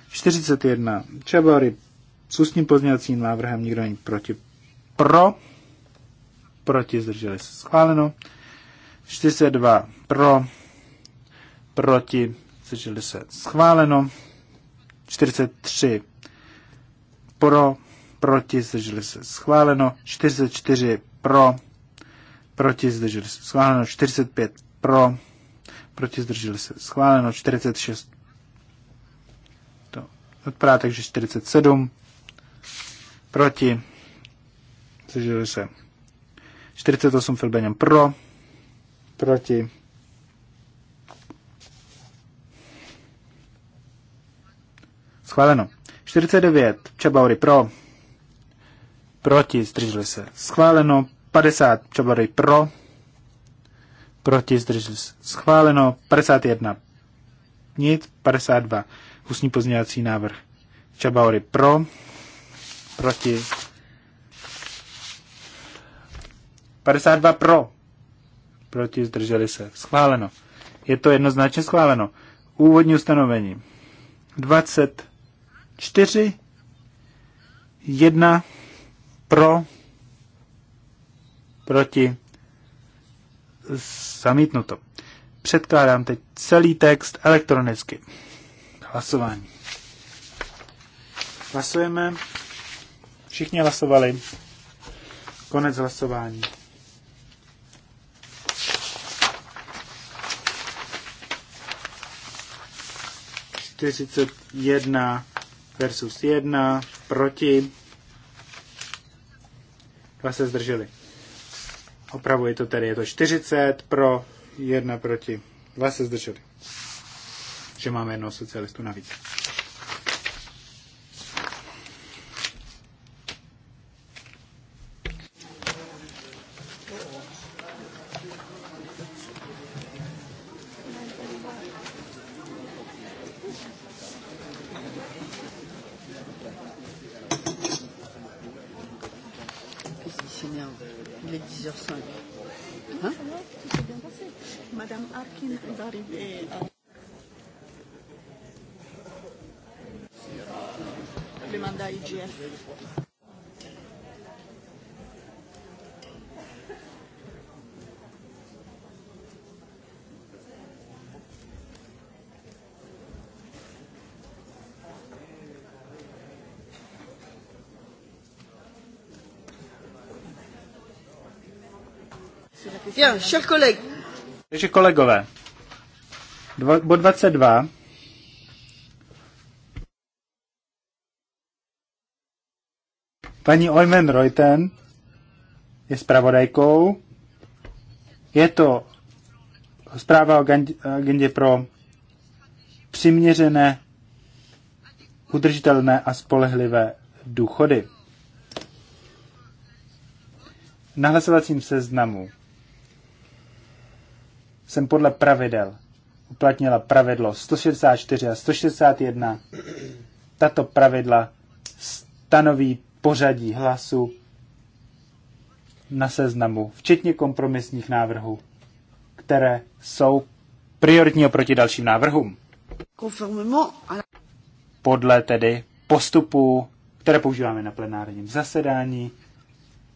41. Čabory. S ústním pozměňovacím návrhem. Nikdo není proti. Pro. Proti. Zdrželi se schváleno. 42. Pro. Proti. Zdrželi se schváleno. 43 pro, proti, zdrželi se schváleno, 44 pro, proti, zdrželi se schváleno, 45 pro, proti, zdrželi se schváleno, 46 to odpadá, takže 47 proti, zdrželi se 48 Filbeněm pro, proti, Schváleno. 49. Čabaury pro. Proti. Zdrželi se. Schváleno. 50. Čabaury pro. Proti. Zdrželi se. Schváleno. 51. Nic. 52. Husní pozměňovací návrh. Čabaury pro. Proti. 52 pro. Proti. Zdrželi se. Schváleno. Je to jednoznačně schváleno. Úvodní ustanovení. 20 4, 1, pro, proti, zamítnuto. Předkládám teď celý text elektronicky. Hlasování. Hlasujeme. Všichni hlasovali. Konec hlasování. Čtyřicet jedna versus 1, proti, dva se zdrželi. Opravuji to tedy, je to 40 pro, 1 proti, dva se zdrželi. Že máme jednoho socialistu navíc. Bien, chers collègues. Takže kolegové, dva, bod 22. Paní Oymen Reuten je zpravodajkou. Je to zpráva o agendě pro přiměřené, udržitelné a spolehlivé důchody. Na hlasovacím seznamu jsem podle pravidel uplatnila pravidlo 164 a 161. Tato pravidla stanoví pořadí hlasu na seznamu, včetně kompromisních návrhů, které jsou prioritní oproti dalším návrhům. Podle tedy postupů, které používáme na plenárním zasedání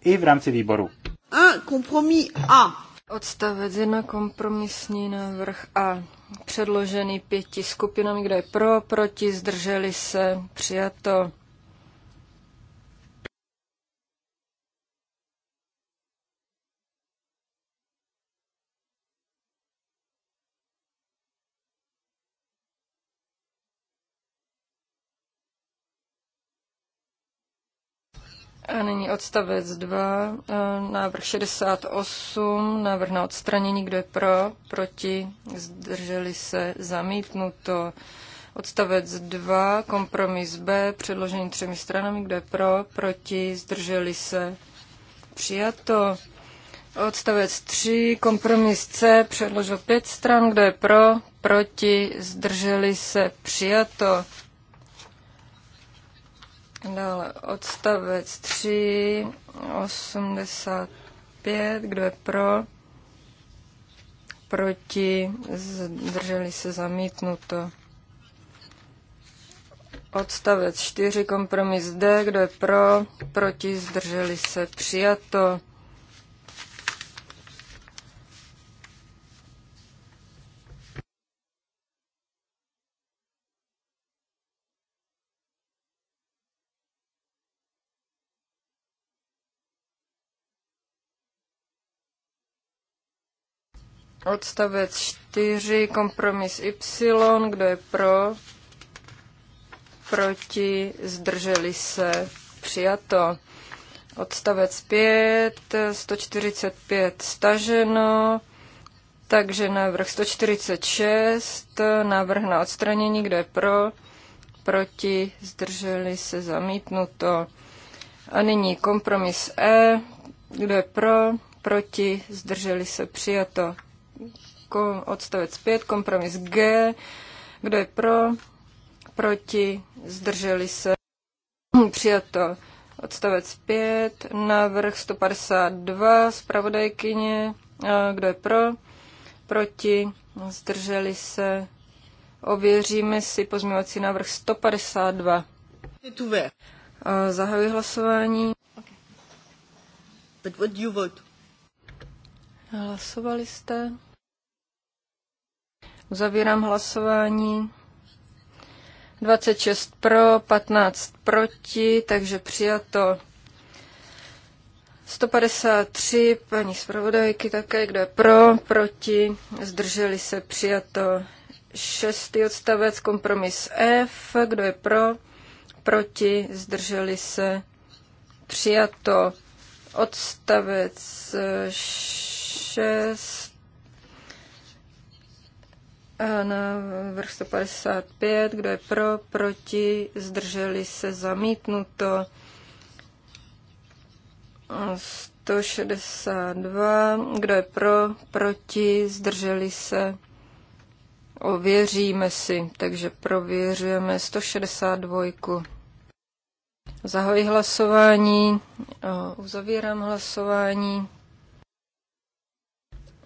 i v rámci výboru. Un compromis A Odstavec jedna kompromisní návrh A, předložený pěti skupinami, kde je pro, proti, zdrželi se, přijato. A nyní odstavec 2, e, návrh 68, návrh na odstranění, kdo je pro, proti, zdrželi se, zamítnuto. Odstavec 2, kompromis B, předložený třemi stranami, kdo je pro, proti, zdrželi se, přijato. Odstavec 3, kompromis C, předložil pět stran, kdo je pro, proti, zdrželi se, přijato. Dále odstavec 3, 85, kdo je pro, proti, zdrželi se zamítnuto. Odstavec 4, kompromis D, kdo je pro, proti, zdrželi se přijato. Odstavec 4, kompromis Y, kdo je pro, proti, zdrželi se, přijato. Odstavec 5, 145 staženo, takže návrh 146, návrh na odstranění, kdo je pro, proti, zdrželi se, zamítnuto. A nyní kompromis E, kdo je pro, proti, zdrželi se, přijato odstavec 5, kompromis G. Kdo je pro? Proti? Zdrželi se? Přijato. Odstavec 5, návrh 152, zpravodajkyně. Kdo je pro? Proti? Zdrželi se? Ověříme si pozměvací návrh 152. A tu ve. Zahajuji hlasování. But what do you vote? Hlasovali jste? Uzavírám hlasování. 26 pro, 15 proti, takže přijato 153 paní zpravodajky také, kdo je pro, proti, zdrželi se přijato šestý odstavec, kompromis F, kdo je pro, proti, zdrželi se přijato odstavec 6, na vrch 155, kdo je pro, proti, zdrželi se, zamítnuto. 162, kdo je pro, proti, zdrželi se, ověříme si, takže prověřujeme 162. Zahoji hlasování, uzavírám hlasování.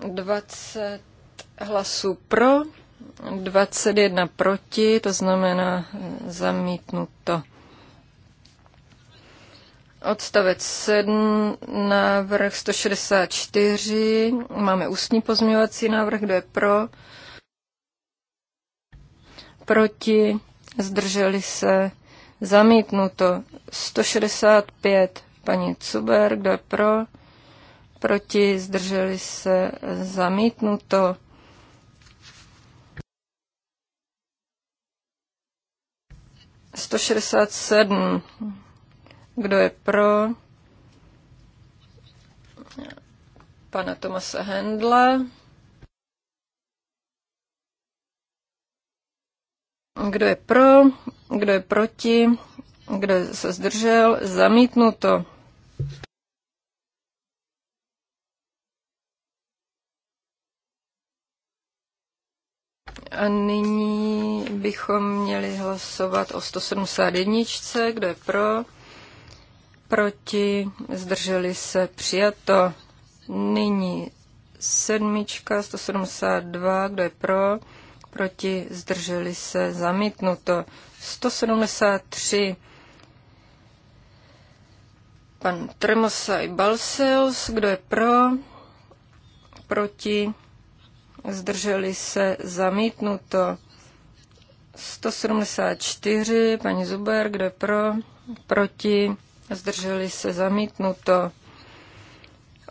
20 hlasů pro, 21 proti, to znamená eh, zamítnuto. Odstavec 7, návrh 164, máme ústní pozměňovací návrh, kdo je pro, proti, zdrželi se, zamítnuto 165, paní Cuber, kdo je pro, proti, zdrželi se, zamítnuto 167. Kdo je pro? Pana Tomase Hendla. Kdo je pro? Kdo je proti? Kdo se zdržel? Zamítnuto. A nyní bychom měli hlasovat o 171. Kdo je pro? Proti? Zdrželi se? Přijato. Nyní sedmička, 172. Kdo je pro? Proti? Zdrželi se? Zamítnuto. 173. Pan Tremosaj Balseus, kdo je pro? Proti? zdrželi se, zamítnuto. 174, paní Zuber, kde pro, proti, zdrželi se, zamítnuto.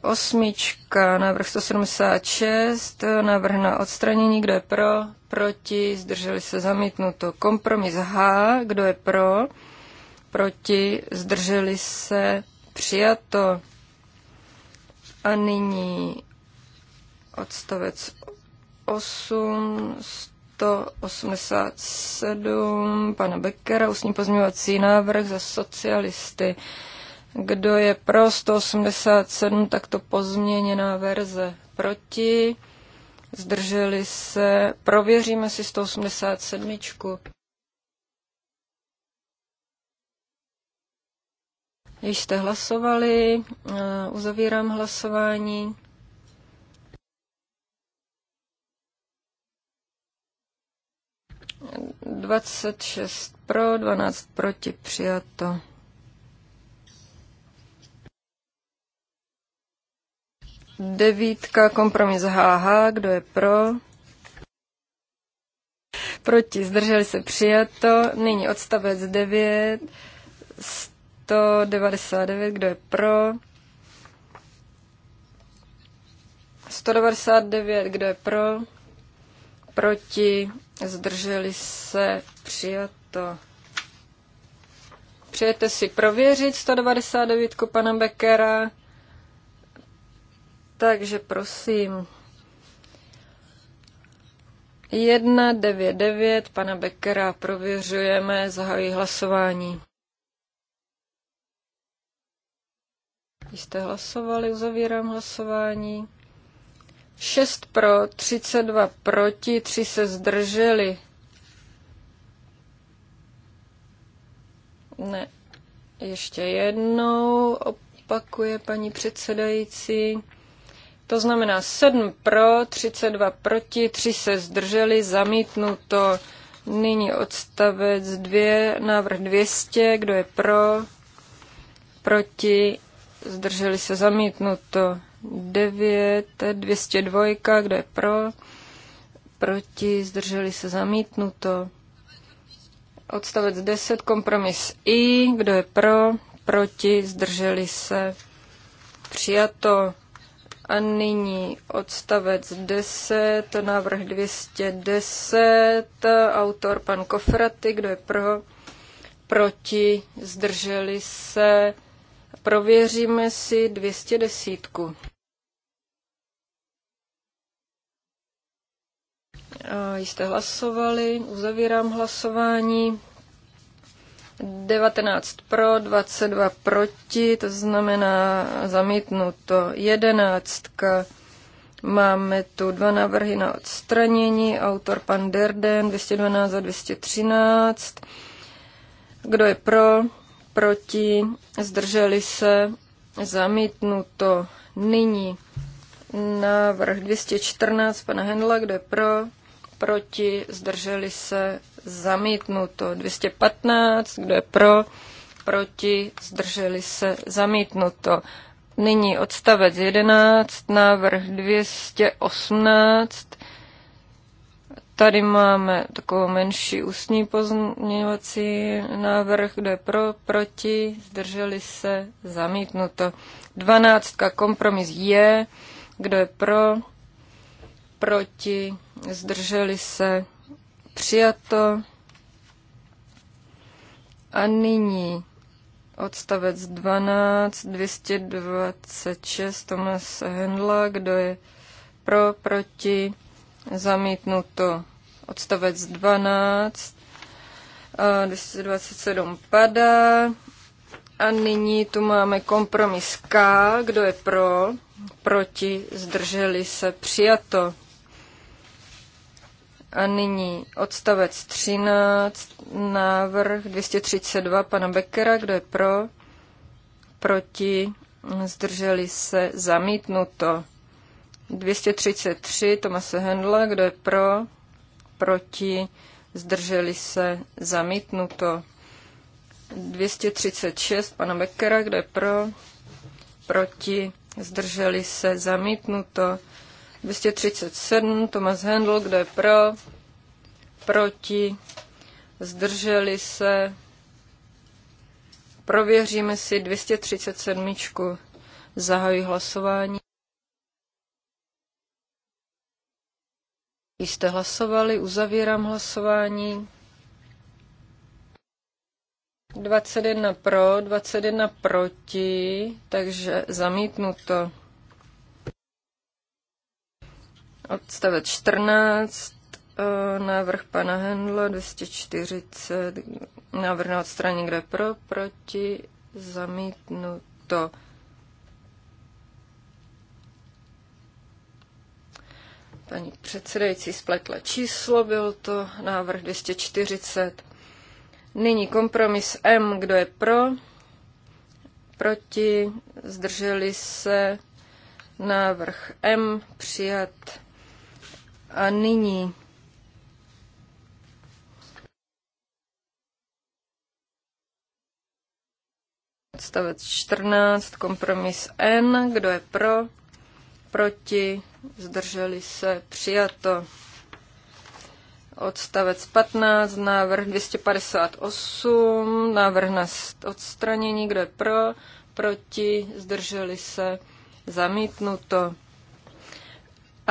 Osmička, návrh 176, návrh na odstranění, kdo je pro, proti, zdrželi se, zamítnuto. Kompromis H, kdo je pro, proti, zdrželi se, přijato. A nyní odstavec 187 pana Beckera, ústní pozměňovací návrh za socialisty. Kdo je pro 187, tak to pozměněná verze proti. Zdrželi se. Prověříme si 187. Již jste hlasovali, eh, uzavírám hlasování. 26 pro, 12 proti, přijato. Devítka, kompromis HH, kdo je pro? Proti, zdrželi se, přijato. Nyní odstavec 9, 199, kdo je pro? 199, kdo je pro? Proti, Zdrželi se přijato. Přijete si prověřit 199 pana Beckera. Takže prosím. 199 pana Beckera prověřujeme, zahají hlasování. Jste hlasovali, uzavírám hlasování. 6 pro, 32 proti, 3 se zdrželi. Ne, ještě jednou opakuje paní předsedající. To znamená 7 pro, 32 proti, 3 se zdrželi, zamítnuto. Nyní odstavec 2, návrh 200, kdo je pro, proti, zdrželi se, zamítnuto. 9, 202, kdo je pro, proti, zdrželi se zamítnuto. Odstavec 10, kompromis I, kdo je pro, proti, zdrželi se přijato. A nyní odstavec 10, návrh 210, autor pan Kofraty, kdo je pro, proti, zdrželi se, prověříme si 210. Eh, jste hlasovali, uzavírám hlasování. 19 pro, 22 proti, to znamená zamítnuto 11. Máme tu dva návrhy na odstranění, autor pan Derden 212 a 213. Kdo je pro, proti, zdrželi se, zamítnuto nyní návrh 214 pana Hendla, kdo je pro, proti, zdrželi se, zamítnuto. 215, kdo je pro, proti, zdrželi se, zamítnuto. Nyní odstavec 11, návrh 218. Tady máme takovou menší ústní pozměňovací návrh, kde pro, proti, zdrželi se, zamítnuto. 12. Kompromis je, kdo je pro, proti, zdrželi se, přijato. A nyní odstavec 12, 226 Thomas Hendla, kdo je pro, proti, zamítnuto. Odstavec 12, 227 padá. A nyní tu máme kompromis K, kdo je pro, proti, zdrželi se, přijato. A nyní odstavec 13, návrh 232 pana Beckera, kdo je pro, proti, zdrželi se, zamítnuto. 233 Tomase Hendla, kdo je pro, proti, zdrželi se, zamítnuto. 236 pana Beckera, kdo je pro, proti, zdrželi se, zamítnuto. 237, Thomas Handel, kdo je pro, proti, zdrželi se, prověříme si 237. Zahajuji hlasování. Jste hlasovali, uzavírám hlasování. 21 pro, 21 proti, takže zamítnuto. Odstavec 14, e, návrh pana Hendla 240, návrh na odstranění, kde pro, proti, zamítnuto. Paní předsedající spletla číslo, byl to návrh 240. Nyní kompromis M, kdo je pro, proti, zdrželi se, návrh M přijat. A nyní odstavec 14, kompromis N, kdo je pro, proti, zdrželi se, přijato. Odstavec 15, návrh 258, návrh na odstranění, kdo je pro, proti, zdrželi se, zamítnuto.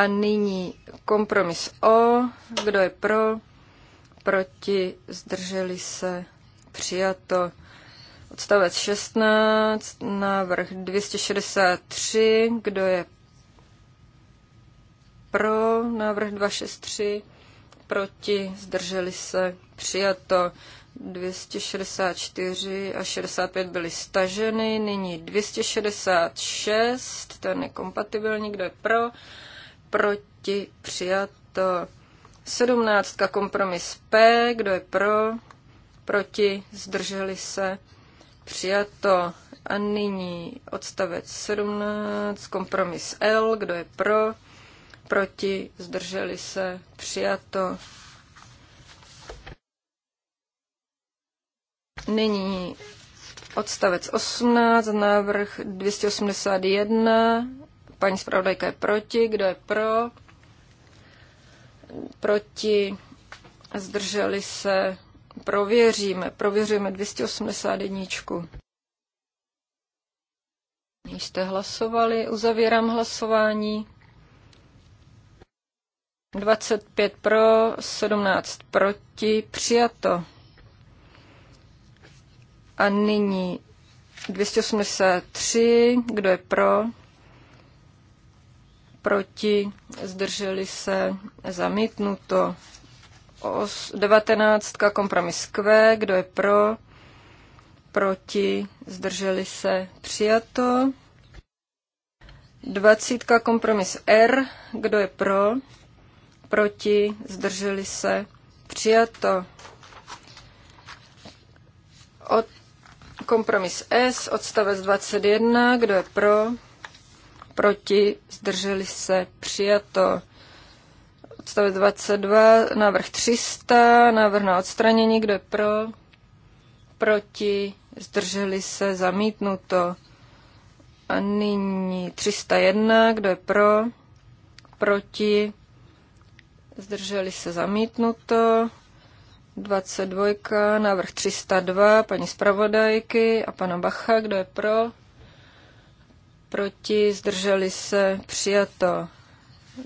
A nyní kompromis O. Kdo je pro? Proti? Zdrželi se? Přijato. Odstavec 16, návrh 263. Kdo je pro? Návrh 263. Proti? Zdrželi se? Přijato. 264 a 65 byly staženy, nyní 266, ten je kompatibilní, kdo je pro, proti, přijato. 17. Kompromis P, kdo je pro, proti, zdrželi se, přijato. A nyní odstavec 17, kompromis L, kdo je pro, proti, zdrželi se, přijato. Nyní odstavec 18, návrh 281, Paní zpravodajka je proti. Kdo je pro? Proti. Zdrželi se. Prověříme. Prověříme 281. Již jste hlasovali. Uzavírám hlasování. 25 pro, 17 proti, přijato. A nyní 283, kdo je pro? proti, zdrželi se, zamítnuto. 19. kompromis Q, kdo je pro, proti, zdrželi se, přijato. 20. kompromis R, kdo je pro, proti, zdrželi se, přijato. Od kompromis S, odstavec 21, kdo je pro, proti, zdrželi se, přijato. Odstavec 22, návrh 300, návrh na odstranění, kdo je pro, proti, zdrželi se, zamítnuto. A nyní 301, kdo je pro, proti, zdrželi se, zamítnuto. 22, návrh 302, paní zpravodajky a pana Bacha, kdo je pro, proti, zdrželi se, přijato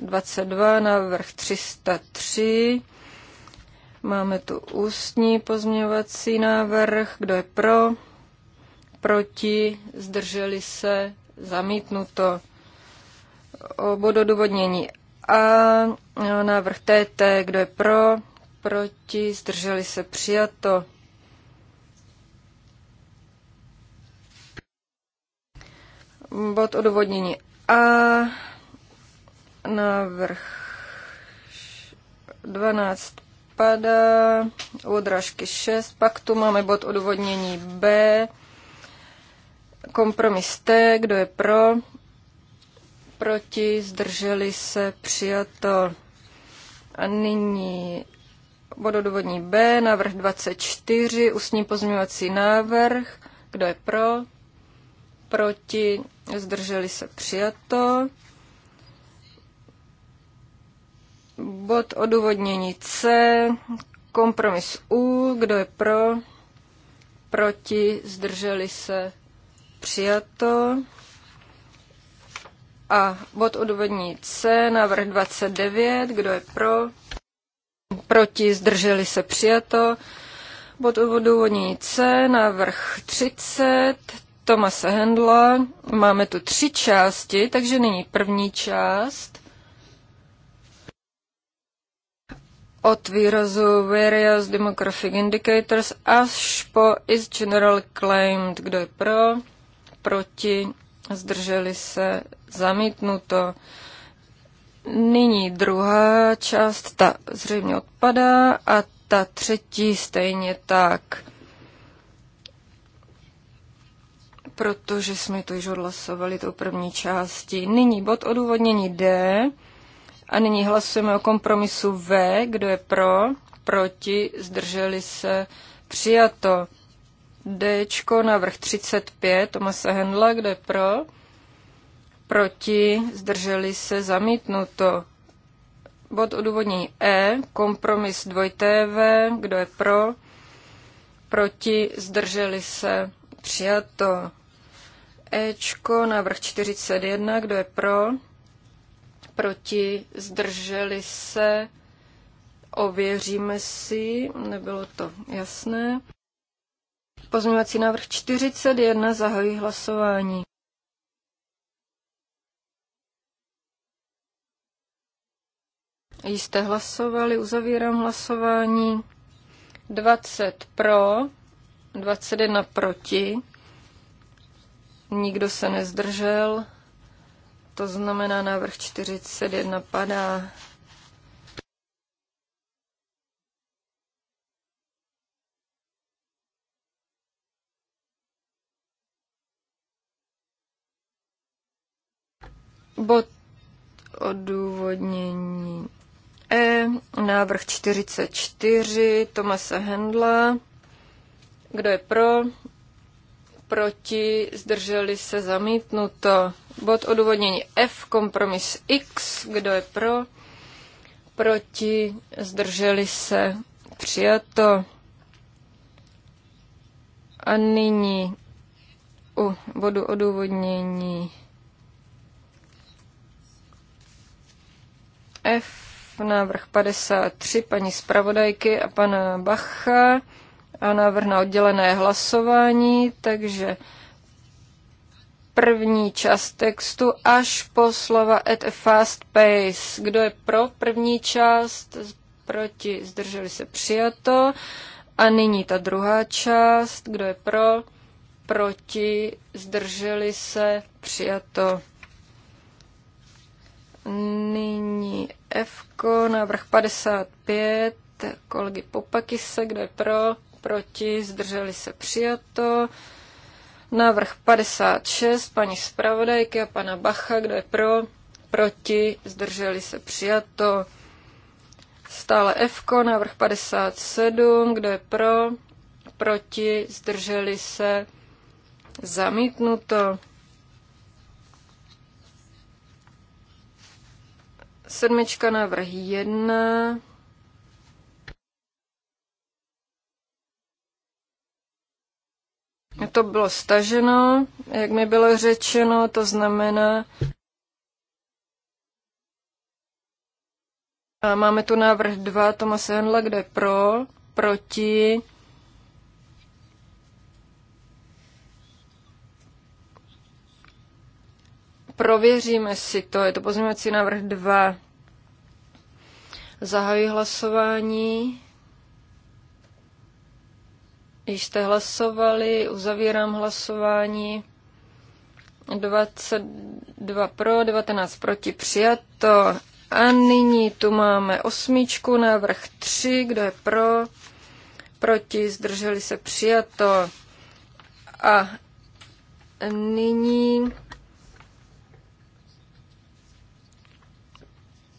22, návrh 303. Máme tu ústní pozměňovací návrh, kdo je pro, proti, zdrželi se, zamítnuto. O bodu A, návrh TT, kdo je pro, proti, zdrželi se, přijato. Bod odůvodnění A, vrch 12 padá, odrážky 6, pak tu máme bod odůvodnění B, kompromis T, kdo je pro, proti, zdrželi se, přijato. A nyní bod odůvodní B, návrh 24, ústní pozměňovací návrh, kdo je pro, proti, zdrželi se přijato. Bod odůvodnění C, kompromis U, kdo je pro, proti, zdrželi se přijato. A bod odůvodnění C, návrh 29, kdo je pro, proti, zdrželi se přijato. Bod odůvodnění C, návrh 30, Tomase Hendla. Máme tu tři části, takže nyní první část. od výrazu Various Demographic Indicators až po Is General Claimed, kdo je pro, proti, zdrželi se, zamítnuto. Nyní druhá část, ta zřejmě odpadá a ta třetí stejně tak. protože jsme to již odhlasovali tou první části. Nyní bod odůvodnění D a nyní hlasujeme o kompromisu V, kdo je pro, proti, zdrželi se, přijato. D, návrh 35 Tomase Hendla, kdo je pro, proti, zdrželi se, zamítnuto. Bod odůvodnění E, kompromis 2TV, kdo je pro, proti, zdrželi se, přijato. Ečko, návrh 41, kdo je pro? Proti, zdrželi se, ověříme si, nebylo to jasné. Pozměňovací návrh 41, zahojí hlasování. Jste hlasovali, uzavírám hlasování. 20 pro, 21 proti nikdo se nezdržel, to znamená návrh 41 padá. Bod odůvodnění E, návrh 44 Tomasa Hendla. Kdo je pro? proti, zdrželi se zamítnuto. Bod odůvodnění F, kompromis X, kdo je pro, proti, zdrželi se přijato. A nyní u bodu odůvodnění F, návrh 53 paní zpravodajky a pana Bacha a návrh na oddělené hlasování, takže první část textu až po slova at a fast pace. Kdo je pro první část? Proti zdrželi se přijato. A nyní ta druhá část. Kdo je pro? Proti zdrželi se přijato. Nyní Fko návrh 55, kolegy Popakise, kdo je pro, proti, zdrželi se přijato. Návrh 56, paní zpravodajky a pana Bacha, kdo je pro, proti, zdrželi se přijato. Stále F, návrh 57, kdo je pro, proti, zdrželi se zamítnuto. 7. návrh 1, To bylo staženo, jak mi bylo řečeno, to znamená, a máme tu návrh 2 Tomase Hendla, kde pro, proti, prověříme si to. Je to pozměňovací návrh 2. Zahajuji hlasování. Když jste hlasovali, uzavírám hlasování. 22 pro, 19 proti přijato. A nyní tu máme osmičku, návrh 3, kdo je pro, proti, zdrželi se přijato. A nyní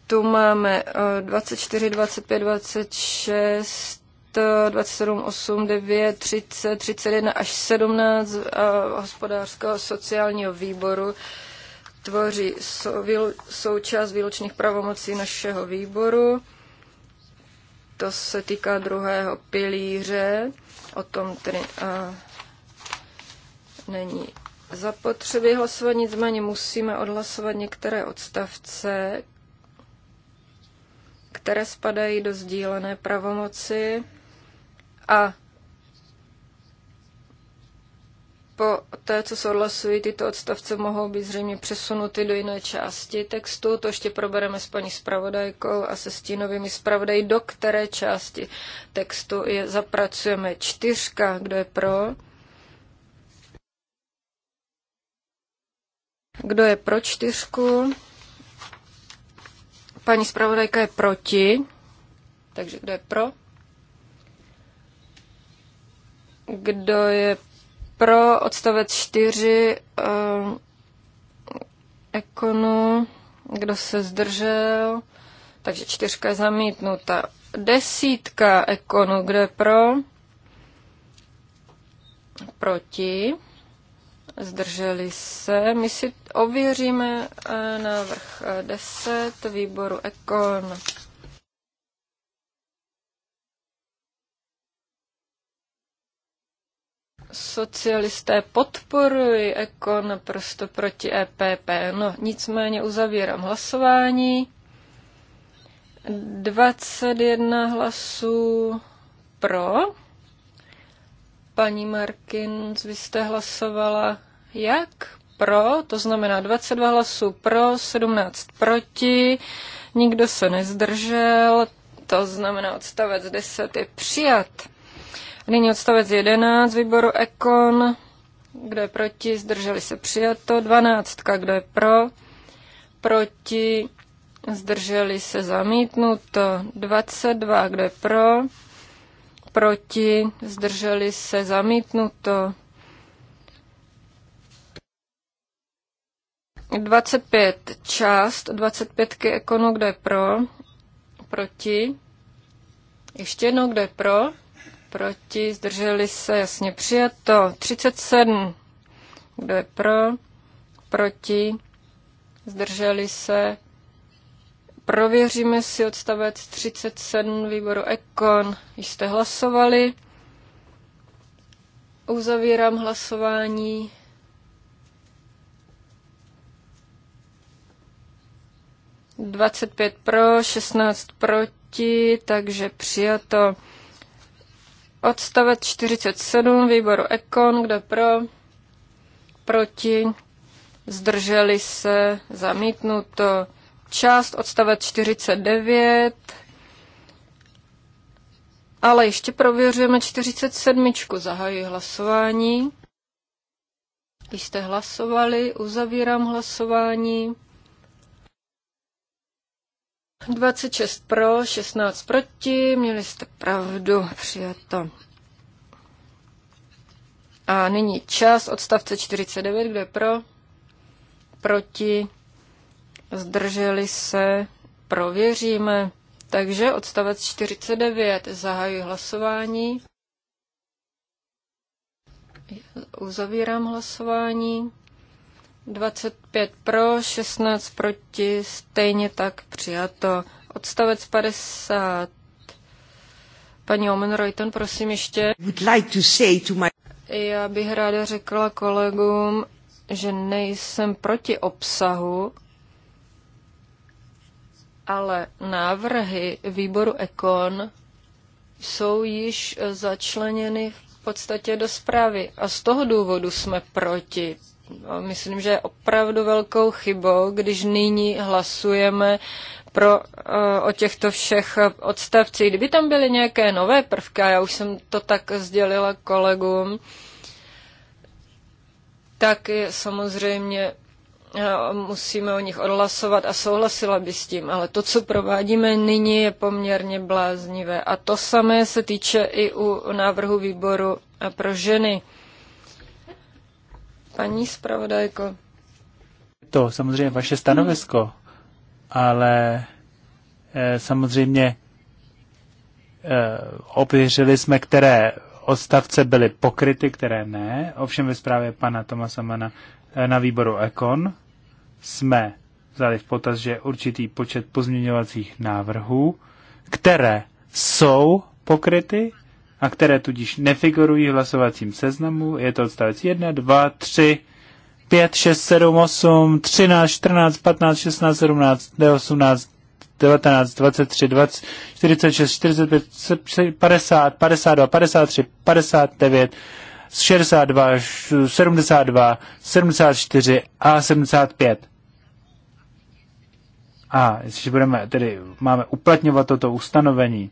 tu máme 24, 25, 26, 27, 8, 9, 30, 31 až 17 eh, hospodářského sociálního výboru tvoří součást výlučných pravomocí našeho výboru. To se týká druhého pilíře, o tom tedy a, eh, není zapotřebí hlasovat, nicméně musíme odhlasovat některé odstavce, které spadají do sdílené pravomoci a po té, co souhlasují, tyto odstavce mohou být zřejmě přesunuty do jiné části textu. To ještě probereme s paní zpravodajkou a se stínovými zpravodají, do které části textu je zapracujeme. Čtyřka, kdo je pro? Kdo je pro čtyřku? Paní zpravodajka je proti. Takže kdo je pro? Kdo je pro odstavec 4 uh, eh, ekonu? Kdo se zdržel? Takže čtyřka je zamítnuta. Desítka ekonu, kdo je pro? Proti. Zdrželi se. My si ověříme eh, návrh 10 eh, výboru ekon. Socialisté podporují Ekon naprosto proti EPP. No, nicméně uzavírám hlasování. 21 hlasů pro. Paní Markins, vy jste hlasovala jak? Pro, to znamená 22 hlasů pro, 17 proti, nikdo se nezdržel, to znamená odstavec 10 je přijat. Nyní odstavec 11 výboru Ekon. Kdo je proti? Zdrželi se přijato. 12. Kdo je pro? Proti? Zdrželi se zamítnuto. 22. Kdo je pro? Proti? Zdrželi se zamítnuto. 25 část, 25 ekonu, kdo je pro, proti. Ještě jednou, kdo je pro, proti, zdrželi se, jasně přijato. 37, kdo je pro, proti, zdrželi se. Prověříme si odstavec 37 výboru Ekon. Jste hlasovali. Uzavírám hlasování. Dvacet pět pro, šestnáct proti, takže přijato. Odstavec 47 výboru Ekon, kdo pro, proti, zdrželi se, zamítnuto. Část odstavec 49, ale ještě prověřujeme 47. Zahajuji hlasování. Když jste hlasovali, uzavírám hlasování. 26 pro, 16 proti, měli jste pravdu, přijato. A nyní čas odstavce 49, kdo je pro, proti, zdrželi se, prověříme. Takže odstavec 49, zahajuji hlasování. Uzavírám hlasování. 25 pro, 16 proti, stejně tak přijato. Odstavec 50. Paní Omen Reuten, prosím ještě. Would like to say to my... Já bych ráda řekla kolegům, že nejsem proti obsahu, ale návrhy výboru Ekon jsou již začleněny v podstatě do zprávy a z toho důvodu jsme proti, myslím, že je opravdu velkou chybou, když nyní hlasujeme pro, eh, o těchto všech odstavcích. Kdyby tam byly nějaké nové prvky, a já už jsem to tak sdělila kolegům, tak je samozřejmě eh, musíme o nich odhlasovat a souhlasila by s tím, ale to, co provádíme nyní, je poměrně bláznivé. A to samé se týče i u návrhu výboru pro ženy. Paní zpravodajko. To samozřejmě vaše stanovisko, ale e, samozřejmě e, eh, ověřili jsme, které odstavce byly pokryty, které ne. Ovšem ve zprávě pana Tomasa Mana eh, na výboru Ekon jsme vzali v potaz, že určitý počet pozměňovacích návrhů, které jsou pokryty, a které tudíž nefigurují v hlasovacím seznamu. Je to odstavec 1, 2, 3, 5, 6, 7, 8, 13, 14, 15, 16, 17, 18, 19, 23, 20, 46, 45, 50, 52, 53, 59, 62, 72, 74 a 75. A jestliže budeme, tedy máme uplatňovat toto ustanovení,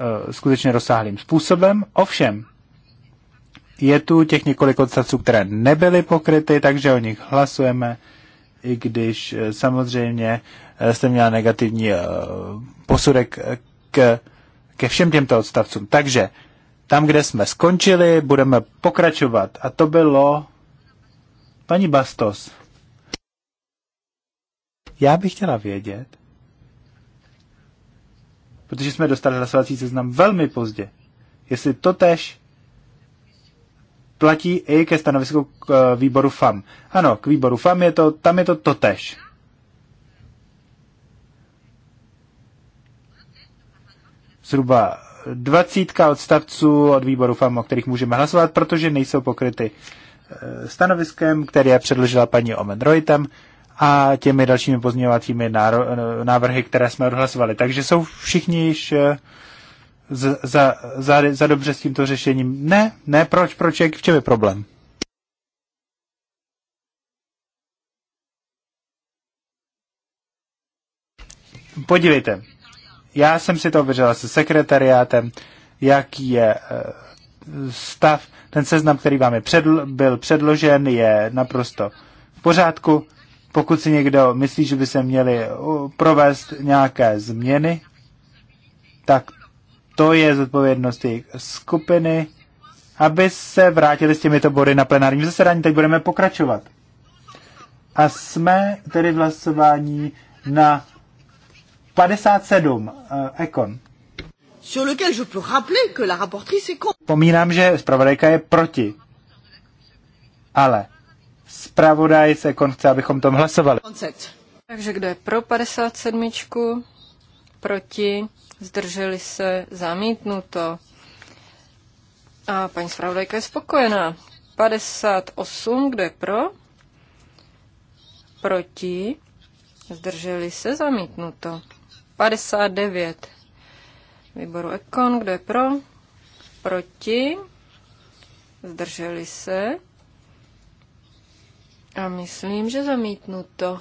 Eh, skutečně rozsáhlým způsobem. Ovšem, je tu těch několik odstavců, které nebyly pokryty, takže o nich hlasujeme, i když eh, samozřejmě eh, jste měla negativní posudek k, ke všem těmto odstavcům. Takže tam, kde jsme skončili, budeme pokračovat. A to bylo paní Bastos. Já bych chtěla vědět, protože jsme dostali hlasovací seznam velmi pozdě. Jestli to tež platí i ke stanovisku k eh, výboru FAM. Ano, k výboru FAM je to, tam je to to tež. Zhruba dvacítka odstavců od výboru FAM, o kterých můžeme hlasovat, protože nejsou pokryty eh, stanoviskem, které předložila paní Omen Reutem a těmi dalšími pozměňovacími návrhy, které jsme odhlasovali. Takže jsou všichni již eh, za, za, za, za dobře s tímto řešením. Ne, ne, proč, proč, jak, v čem je problém? Podívejte, já jsem si to vyřešil se sekretariátem, jaký je eh, stav. Ten seznam, který vám je předl, byl předložen, je naprosto v pořádku pokud si někdo myslí, že by se měly uh, provést nějaké změny, tak to je zodpovědnost jejich skupiny, aby se vrátili s těmito body na plenárním zasedání. Teď budeme pokračovat. A jsme tedy v hlasování na 57 Ekon. Eh, Sur lequel je peux rappeler que la rapportrice est contre. Pomínám, že zpravodajka je proti. Ale Spravodaj se abychom tom hlasovali. Koncept. Takže kdo je pro 57? Proti? Zdrželi se? Zamítnuto. A paní zpravodajka je spokojená. 58, kdo je pro? Proti? Zdrželi se? Zamítnuto. 59. Výboru Ekon, kdo je pro? Proti? Zdrželi se? A myslím, že zamítnu to.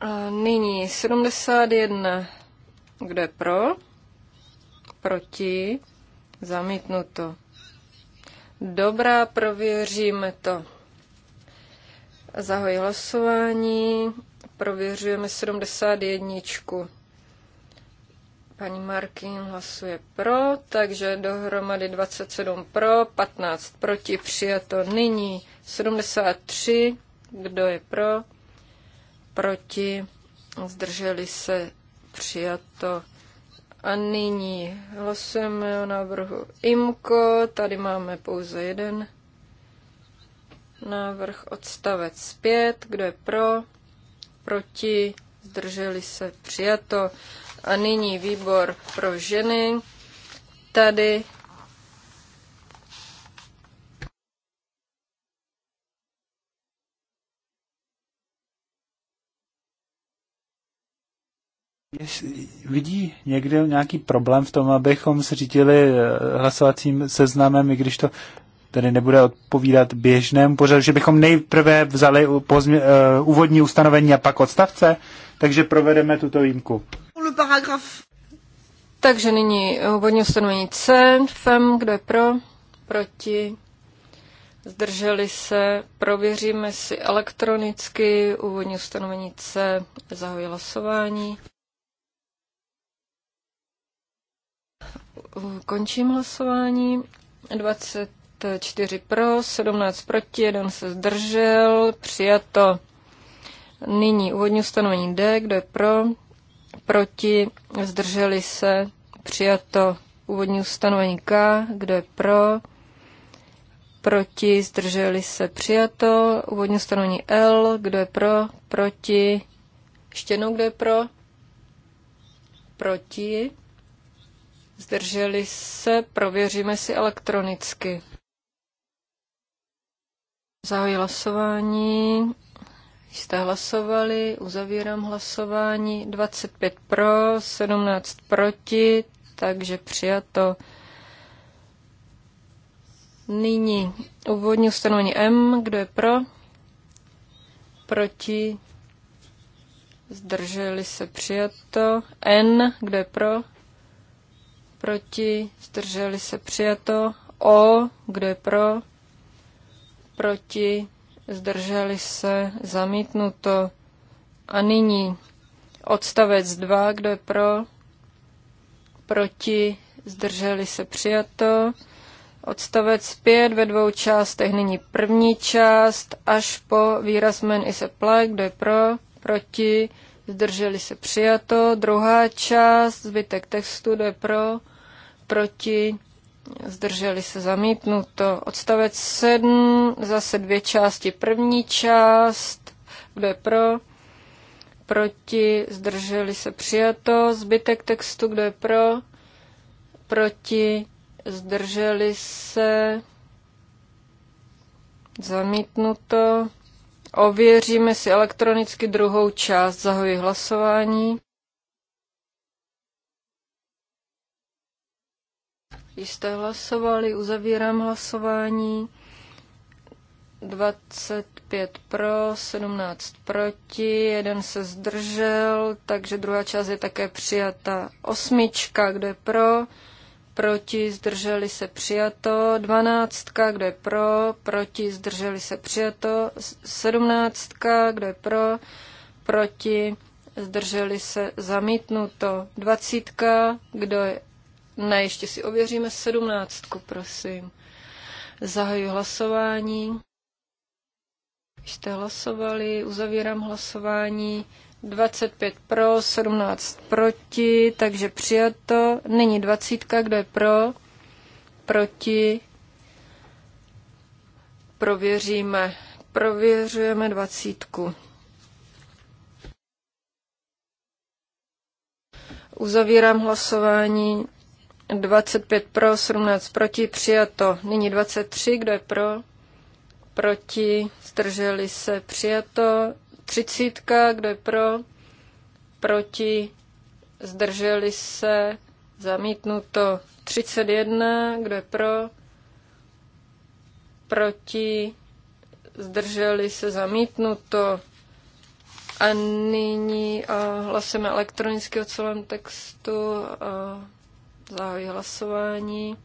A nyní 71. Kdo je pro? Proti? Zamítnuto. Dobrá, prověříme to. Zahoj hlasování. Prověřujeme 71. Paní Markin hlasuje pro, takže dohromady 27 pro, 15 proti, přijato nyní 73, kdo je pro, proti, zdrželi se, přijato. A nyní hlasujeme o návrhu IMKO, tady máme pouze jeden návrh odstavec 5, kdo je pro, proti, zdrželi se, přijato. A nyní výbor pro ženy. Tady vidí někde nějaký problém v tom, abychom se řídili eh, hlasovacím seznamem, i když to tedy nebude odpovídat běžnému pořadu, že bychom nejprve vzali eh, úvodní ustanovení a pak odstavce, takže provedeme tuto výjimku paragraf. Takže nyní úvodní ustanovení C, FEM, kdo je pro, proti, zdrželi se, prověříme si elektronicky, úvodní ustanovení C, zahojí hlasování. Končím hlasování. 24 pro, 17 proti, 1 se zdržel, přijato. Nyní úvodní ustanovení D, kdo je pro, proti, zdrželi se, přijato úvodní ustanovení K, kdo je pro, proti, zdrželi se, přijato, úvodní ustanovení L, kdo je pro, proti, ještě jednou, kdo je pro, proti, zdrželi se, prověříme si elektronicky. Zahoji hlasování, Jste hlasovali, uzavírám hlasování. 25 pro, 17 proti, takže přijato. Nyní úvodní ustanovení M. Kdo je pro? Proti? Zdrželi se přijato. N. Kdo je pro? Proti? Zdrželi se přijato. O. Kdo je pro? Proti? zdrželi se, zamítnuto. A nyní odstavec 2, kdo je pro, proti, zdrželi se, přijato. Odstavec 5 ve dvou částech, nyní první část, až po výraz men is apply, kdo je pro, proti, zdrželi se, přijato. Druhá část, zbytek textu, kdo je pro, proti, zdrželi se zamítnuto. Odstavec 7, zase dvě části. První část, kdo je pro, proti, zdrželi se přijato. Zbytek textu, kdo je pro, proti, zdrželi se zamítnuto. Ověříme si elektronicky druhou část. Zahoji hlasování. jste hlasovali, uzavírám hlasování. 25 pro, 17 proti, jeden se zdržel, takže druhá část je také přijata. Osmička, kde pro, proti, zdrželi se přijato. Dvanáctka, kde pro, proti, zdrželi se přijato. Sedmnáctka, kde pro, proti, zdrželi se zamítnuto. Dvacítka, kdo je ne, ještě si ověříme sedmnáctku, prosím. Zahajuji hlasování. Jste hlasovali, uzavírám hlasování. 25 pro, 17 proti, takže přijato. Nyní 20, kdo je pro, proti. Prověříme. Prověřujeme 20. Uzavírám hlasování 25 pro, 17 proti, přijato. Nyní 23, kdo je pro? Proti, zdrželi se, přijato. 30, kdo je pro? Proti, zdrželi se, zamítnuto. 31, kdo je pro? Proti, zdrželi se, zamítnuto. A nyní uh, hlasujeme elektronicky o celém textu. Uh, Zahajuji hlasování.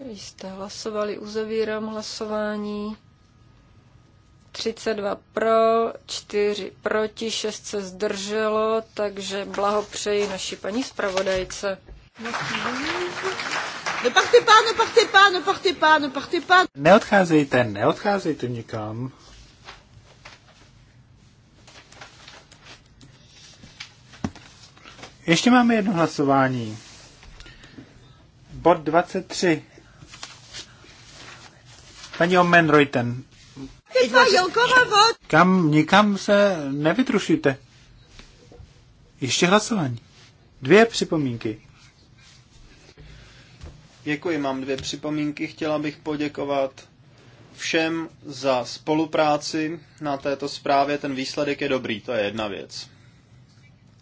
Jste hlasovali, uzavírám hlasování. 32 pro, 4 proti, 6 se zdrželo, takže blahopřeji naší paní zpravodajce. Neodcházejte, neodcházejte nikam. Ještě máme jedno hlasování. Bod 23. Paní Omen Reuten. Kam, nikam se nevytrušujte. Ještě hlasování. Dvě připomínky. Děkuji, mám dvě připomínky. Chtěla bych poděkovat všem za spolupráci na této zprávě. Ten výsledek je dobrý, to je jedna věc.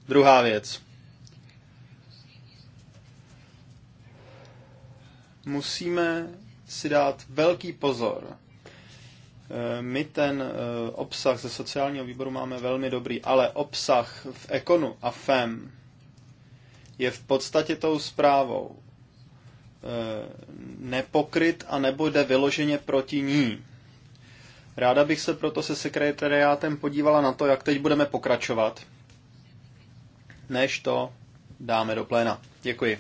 Druhá věc. musíme si dát velký pozor. Eh, my ten eh, obsah ze sociálního výboru máme velmi dobrý, ale obsah v Ekonu a FEM je v podstatě tou zprávou eh, nepokryt a nebo jde vyloženě proti ní. Ráda bych se proto se sekretariátem podívala na to, jak teď budeme pokračovat, než to dáme do pléna. Děkuji.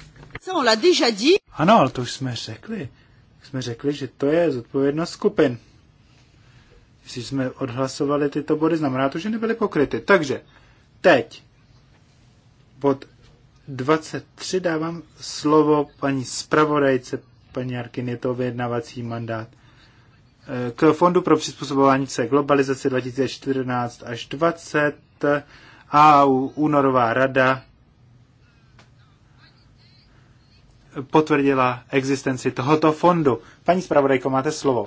Ano, ale to už jsme řekli. Jsme řekli, že to je zodpovědnost skupin. Jestli jsme odhlasovali tyto body, znamená to, že nebyly pokryty. Takže teď bod 23 dávám slovo paní zpravodajce, paní Arkin, je to vyjednavací mandát eh, k Fondu pro přizpůsobování se globalizaci 2014 až 20 a únorová rada potvrdila existenci tohoto fondu. Paní zpravodajko, máte slovo.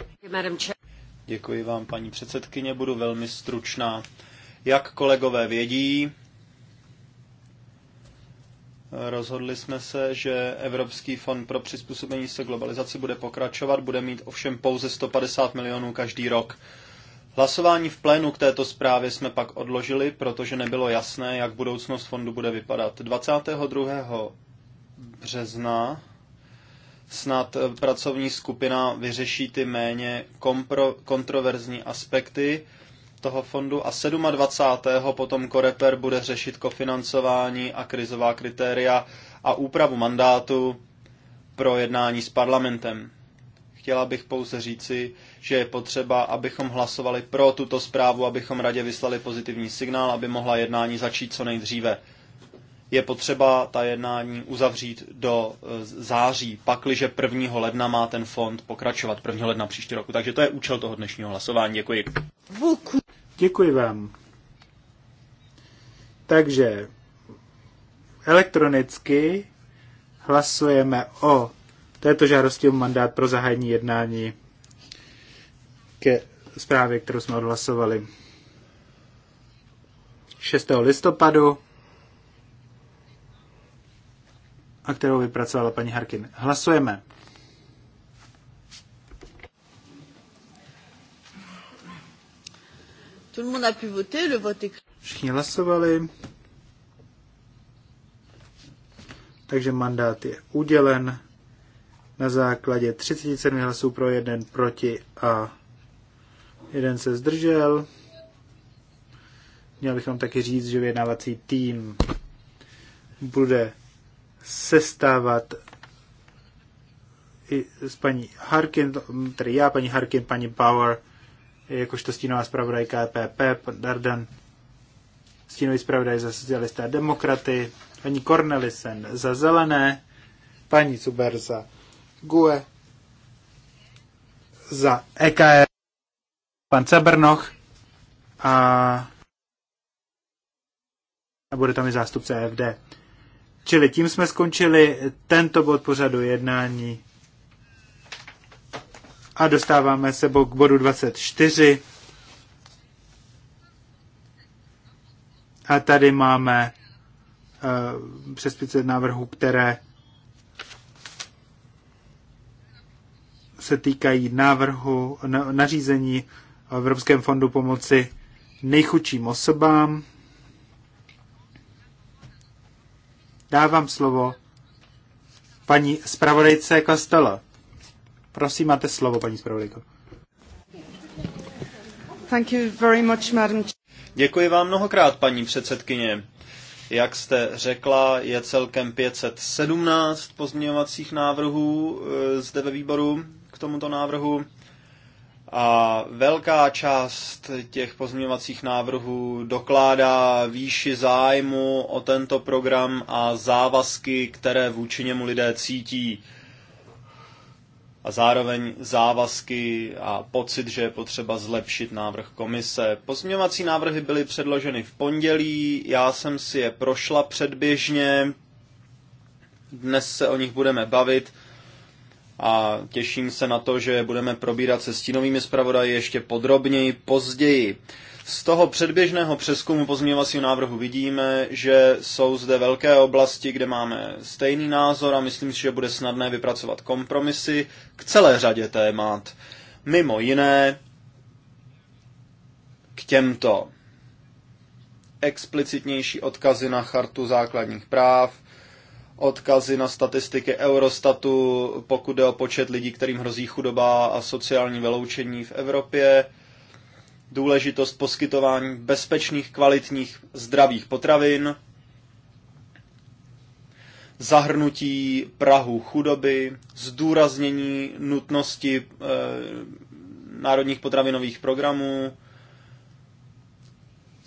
Děkuji vám, paní předsedkyně, budu velmi stručná. Jak kolegové vědí, Rozhodli jsme se, že Evropský fond pro přizpůsobení se globalizaci bude pokračovat, bude mít ovšem pouze 150 milionů každý rok. Hlasování v plénu k této zprávě jsme pak odložili, protože nebylo jasné, jak budoucnost fondu bude vypadat. 22 března snad eh, pracovní skupina vyřeší ty méně kompro, kontroverzní aspekty toho fondu a 27. potom Koreper bude řešit kofinancování a krizová kritéria a úpravu mandátu pro jednání s parlamentem. Chtěla bych pouze říci, že je potřeba, abychom hlasovali pro tuto zprávu, abychom radě vyslali pozitivní signál, aby mohla jednání začít co nejdříve je potřeba ta jednání uzavřít do e, září, pakliže 1. ledna má ten fond pokračovat, 1. ledna příští roku. Takže to je účel toho dnešního hlasování. Děkuji. Děkuji vám. Takže elektronicky hlasujeme o této žádosti o mandát pro zahájení jednání ke zprávě, kterou jsme odhlasovali 6. listopadu a kterou vypracovala paní Harkin. Hlasujeme. Tout le monde a pu voter, le vote est... Všichni hlasovali. Takže mandát je udělen na základě 37 hlasů pro jeden proti a jeden se zdržel. Měl bychom taky říct, že vyjednávací tým bude sestávat s paní Harkin, tedy já, paní Harkin, paní Bauer, jakožto stínová zpravodajka EPP, Dardan, stínový zpravodaj za socialisté a demokraty, paní Cornelisen za zelené, paní Cuber za GUE, za EKR, pan Cabrnoch a, a bude tam i zástupce F.D. Čili tím jsme skončili tento bod pořadu jednání. A dostáváme se k bodu 24. A tady máme uh, eh, přes 500 návrhů, které se týkají návrhu na, nařízení Evropském fondu pomoci nejchudším osobám. dávám slovo paní zpravodajce Kostelo. Prosím, máte slovo, paní zpravodajko. Thank you very much, madam. Děkuji vám mnohokrát, paní předsedkyně. Jak jste řekla, je celkem 517 pozměňovacích návrhů e, zde ve výboru k tomuto návrhu. A velká část těch pozměňovacích návrhů dokládá výši zájmu o tento program a závazky, které vůči němu lidé cítí. A zároveň závazky a pocit, že je potřeba zlepšit návrh komise. Pozměňovací návrhy byly předloženy v pondělí, já jsem si je prošla předběžně, dnes se o nich budeme bavit a těším se na to, že budeme probírat se stínovými zpravodaji ještě podrobněji později. Z toho předběžného přeskumu pozměňovacího návrhu vidíme, že jsou zde velké oblasti, kde máme stejný názor a myslím si, že bude snadné vypracovat kompromisy k celé řadě témat. Mimo jiné k těmto explicitnější odkazy na chartu základních práv, odkazy na statistiky Eurostatu, pokud jde o počet lidí, kterým hrozí chudoba a sociální vyloučení v Evropě, důležitost poskytování bezpečných, kvalitních, zdravých potravin, zahrnutí Prahu chudoby, zdůraznění nutnosti e, národních potravinových programů,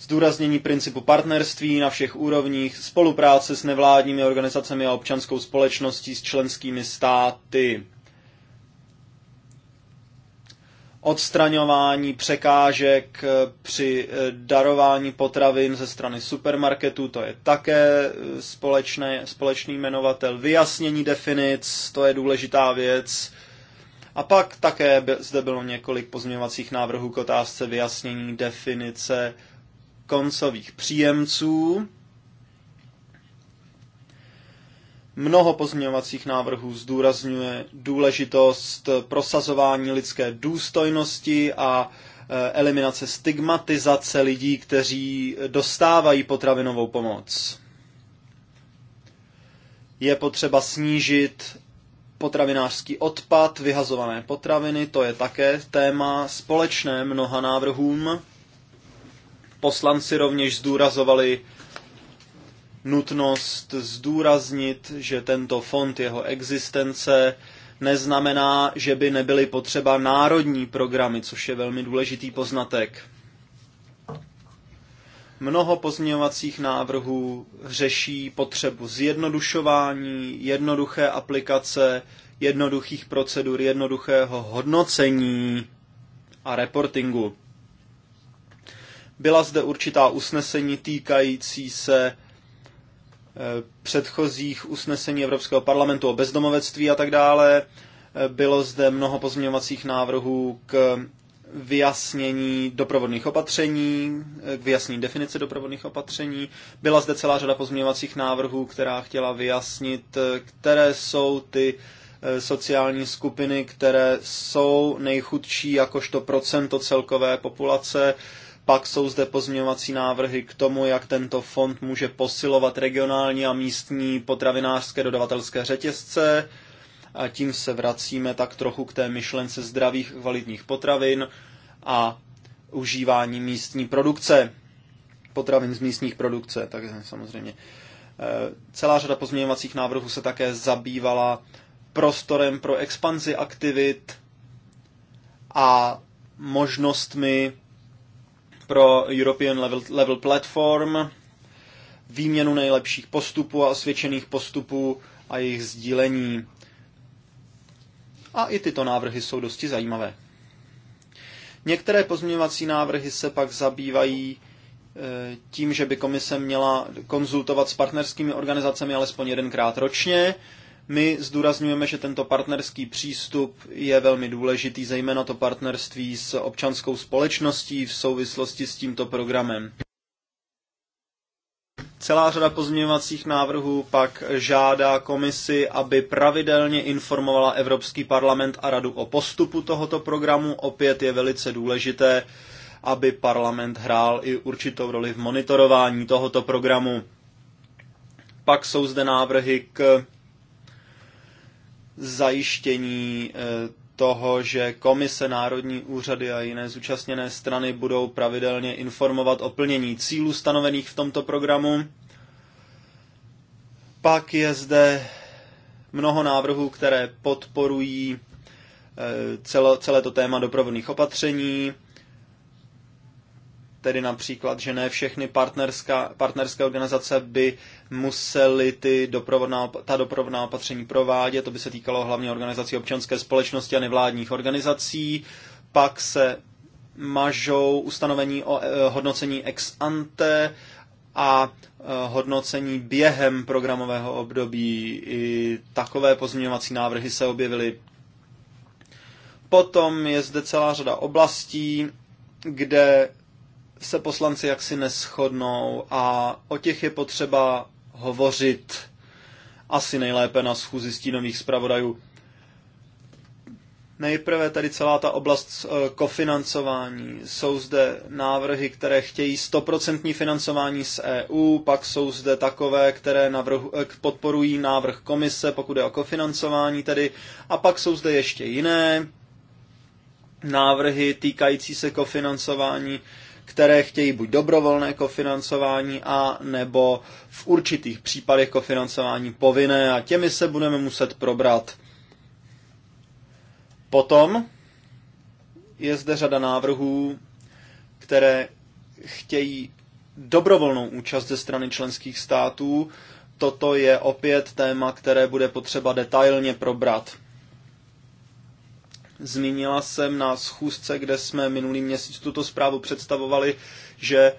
zdůraznění principu partnerství na všech úrovních, spolupráce s nevládními organizacemi a občanskou společností s členskými státy, odstraňování překážek eh, při eh, darování potravin ze strany supermarketů, to je také eh, společné, společný jmenovatel, vyjasnění definic, to je důležitá věc, a pak také zde bylo několik pozměňovacích návrhů k otázce vyjasnění definice koncových příjemců. Mnoho pozměňovacích návrhů zdůrazňuje důležitost prosazování lidské důstojnosti a e, eliminace stigmatizace lidí, kteří dostávají potravinovou pomoc. Je potřeba snížit potravinářský odpad, vyhazované potraviny, to je také téma společné mnoha návrhům. Poslanci rovněž zdůrazovali nutnost zdůraznit, že tento fond, jeho existence, neznamená, že by nebyly potřeba národní programy, což je velmi důležitý poznatek. Mnoho pozměňovacích návrhů řeší potřebu zjednodušování, jednoduché aplikace, jednoduchých procedur, jednoduchého hodnocení a reportingu. Byla zde určitá usnesení týkající se e, předchozích usnesení Evropského parlamentu o bezdomovectví a tak dále. E, bylo zde mnoho pozměňovacích návrhů k vyjasnění doprovodných opatření, e, k vyjasnění definice doprovodných opatření. Byla zde celá řada pozměňovacích návrhů, která chtěla vyjasnit, které jsou ty sociální skupiny, které jsou nejchudší jakožto procento celkové populace, pak jsou zde pozměňovací návrhy k tomu, jak tento fond může posilovat regionální a místní potravinářské dodavatelské řetězce. A tím se vracíme tak trochu k té myšlence zdravých kvalitních potravin a užívání místní produkce, potravin z místních produkce, tak samozřejmě. E, celá řada pozměňovacích návrhů se také zabývala prostorem pro expanzi aktivit a možnostmi pro European Level, Level Platform, výměnu nejlepších postupů a osvědčených postupů a jejich sdílení. A i tyto návrhy jsou dosti zajímavé. Některé pozměňovací návrhy se pak zabývají e, tím, že by komise měla konzultovat s partnerskými organizacemi alespoň jedenkrát ročně, my zdůrazňujeme, že tento partnerský přístup je velmi důležitý, zejména to partnerství s občanskou společností v souvislosti s tímto programem. Celá řada pozměňovacích návrhů pak žádá komisi, aby pravidelně informovala Evropský parlament a radu o postupu tohoto programu. Opět je velice důležité, aby parlament hrál i určitou roli v monitorování tohoto programu. Pak jsou zde návrhy k zajištění eh, toho, že komise, národní úřady a jiné zúčastněné strany budou pravidelně informovat o plnění cílů stanovených v tomto programu. Pak je zde mnoho návrhů, které podporují eh, celo, celé to téma doprovodných opatření, tedy například, že ne všechny partnerské organizace by musely ty doprovodná, ta doprovodná opatření provádět, to by se týkalo hlavně organizací občanské společnosti a nevládních organizací, pak se mažou ustanovení o eh, hodnocení ex ante a eh, hodnocení během programového období. I takové pozměňovací návrhy se objevily. Potom je zde celá řada oblastí, kde se poslanci jaksi neschodnou a o těch je potřeba hovořit asi nejlépe na schůzi stínových zpravodajů. Nejprve tady celá ta oblast e, kofinancování. Jsou zde návrhy, které chtějí 100% financování z EU, pak jsou zde takové, které navrhu, e, podporují návrh komise, pokud je o kofinancování tedy, a pak jsou zde ještě jiné návrhy týkající se kofinancování, které chtějí buď dobrovolné kofinancování a nebo v určitých případech kofinancování povinné a těmi se budeme muset probrat. Potom je zde řada návrhů, které chtějí dobrovolnou účast ze strany členských států. Toto je opět téma, které bude potřeba detailně probrat. Zmínila jsem na schůzce, kde jsme minulý měsíc tuto zprávu představovali, že e,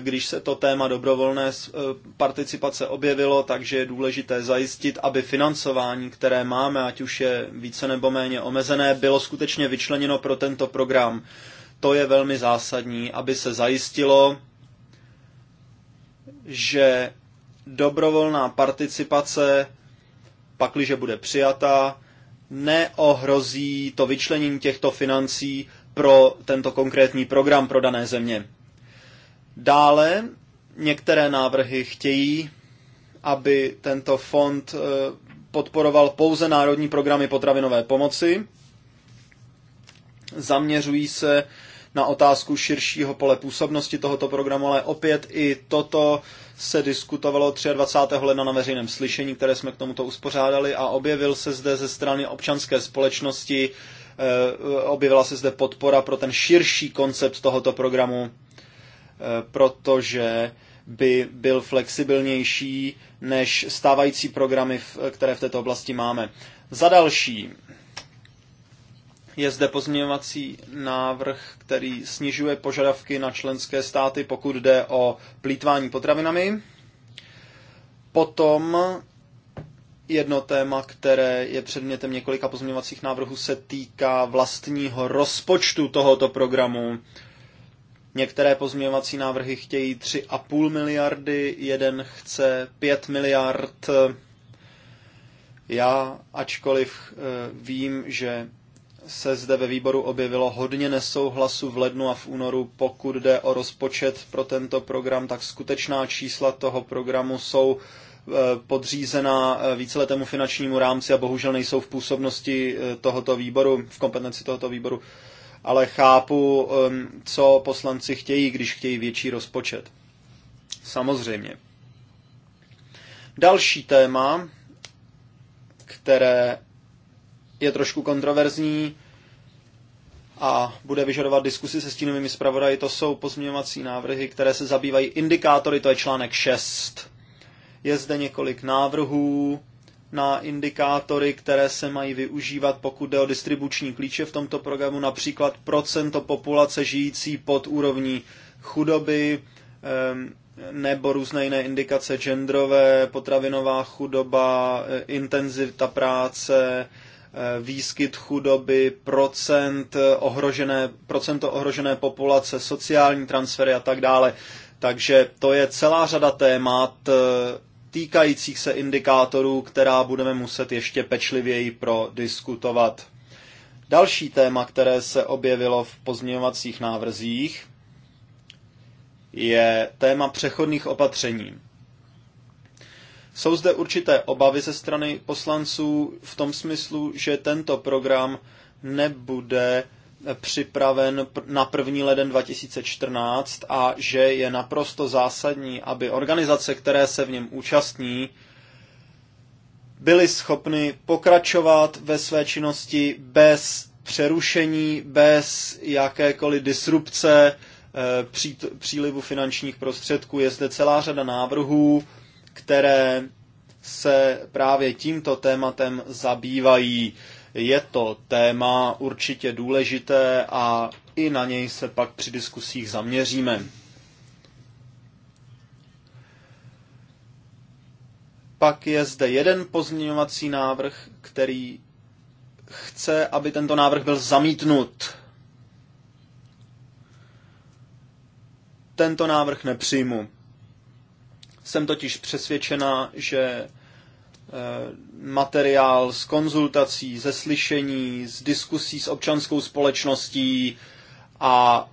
když se to téma dobrovolné e, participace objevilo, takže je důležité zajistit, aby financování, které máme, ať už je více nebo méně omezené, bylo skutečně vyčleněno pro tento program. To je velmi zásadní, aby se zajistilo, že dobrovolná participace, pakliže bude přijatá, neohrozí to vyčlenění těchto financí pro tento konkrétní program pro dané země. Dále některé návrhy chtějí, aby tento fond eh, podporoval pouze národní programy potravinové pomoci. Zaměřují se na otázku širšího pole působnosti tohoto programu, ale opět i toto se diskutovalo 23. ledna na veřejném slyšení, které jsme k tomuto uspořádali a objevil se zde ze strany občanské společnosti, eh, objevila se zde podpora pro ten širší koncept tohoto programu, eh, protože by byl flexibilnější než stávající programy, které v této oblasti máme. Za další, je zde pozměňovací návrh, který snižuje požadavky na členské státy, pokud jde o plítvání potravinami. Potom jedno téma, které je předmětem několika pozměňovacích návrhů, se týká vlastního rozpočtu tohoto programu. Některé pozměňovací návrhy chtějí 3,5 miliardy, jeden chce 5 miliard. Já, ačkoliv eh, vím, že se zde ve výboru objevilo hodně nesouhlasu v lednu a v únoru. Pokud jde o rozpočet pro tento program, tak skutečná čísla toho programu jsou e, podřízená e, víceletému finančnímu rámci a bohužel nejsou v působnosti e, tohoto výboru, v kompetenci tohoto výboru. Ale chápu, co poslanci chtějí, když chtějí větší rozpočet. Samozřejmě. Další téma, které je trošku kontroverzní, a bude vyžadovat diskusy se stínovými zpravodaji. To jsou pozměňovací návrhy, které se zabývají indikátory, to je článek 6. Je zde několik návrhů na indikátory, které se mají využívat, pokud jde o distribuční klíče v tomto programu, například procento populace žijící pod úrovní chudoby, ehm, nebo různé jiné indikace genderové, potravinová chudoba, eh, intenzita práce, Eh, výskyt chudoby, procent eh, ohrožené, procento ohrožené populace, sociální transfery a tak dále. Takže to je celá řada témat eh, týkajících se indikátorů, která budeme muset ještě pečlivěji prodiskutovat. Další téma, které se objevilo v pozměňovacích návrzích, je téma přechodných opatření. Jsou zde určité obavy ze strany poslanců v tom smyslu, že tento program nebude připraven na 1. leden 2014 a že je naprosto zásadní, aby organizace, které se v něm účastní, byly schopny pokračovat ve své činnosti bez přerušení, bez jakékoliv disrupce eh, přílivu finančních prostředků. Je zde celá řada návrhů, které se právě tímto tématem zabývají. Je to téma určitě důležité a i na něj se pak při diskusích zaměříme. Pak je zde jeden pozměňovací návrh, který chce, aby tento návrh byl zamítnut. Tento návrh nepřijmu. Jsem totiž přesvědčena, že eh, materiál z konzultací, ze slyšení, z diskusí s občanskou společností a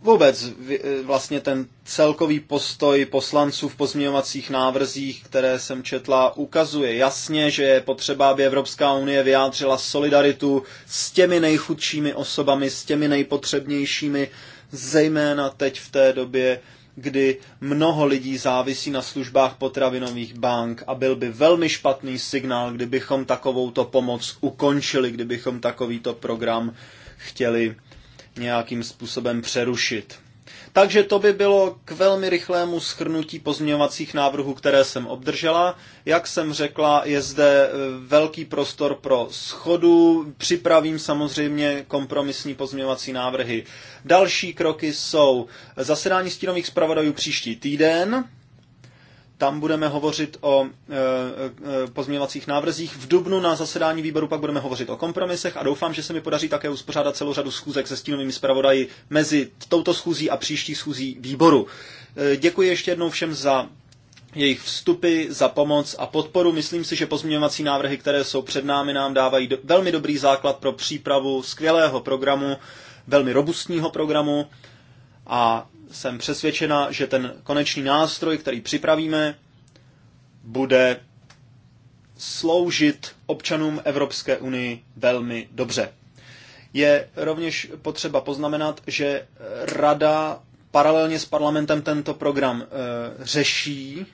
vůbec eh, vlastně ten celkový postoj poslanců v pozměňovacích návrzích, které jsem četla, ukazuje jasně, že je potřeba, aby Evropská unie vyjádřila solidaritu s těmi nejchudšími osobami, s těmi nejpotřebnějšími, zejména teď v té době, kdy mnoho lidí závisí na službách potravinových bank a byl by velmi špatný signál, kdybychom takovouto pomoc ukončili, kdybychom takovýto program chtěli nějakým způsobem přerušit. Takže to by bylo k velmi rychlému schrnutí pozměňovacích návrhů, které jsem obdržela. Jak jsem řekla, je zde e, velký prostor pro schodu. Připravím samozřejmě kompromisní pozměňovací návrhy. Další kroky jsou zasedání stínových zpravodajů příští týden tam budeme hovořit o e, e, pozměňovacích návrzích. V dubnu na zasedání výboru pak budeme hovořit o kompromisech a doufám, že se mi podaří také uspořádat celou řadu schůzek se stínovými zpravodaji mezi touto schůzí a příští schůzí výboru. E, děkuji ještě jednou všem za jejich vstupy, za pomoc a podporu. Myslím si, že pozměňovací návrhy, které jsou před námi, nám dávají do, velmi dobrý základ pro přípravu skvělého programu, velmi robustního programu a jsem přesvědčena, že ten konečný nástroj, který připravíme, bude sloužit občanům Evropské unii velmi dobře. Je rovněž potřeba poznamenat, že Rada paralelně s parlamentem tento program e, řeší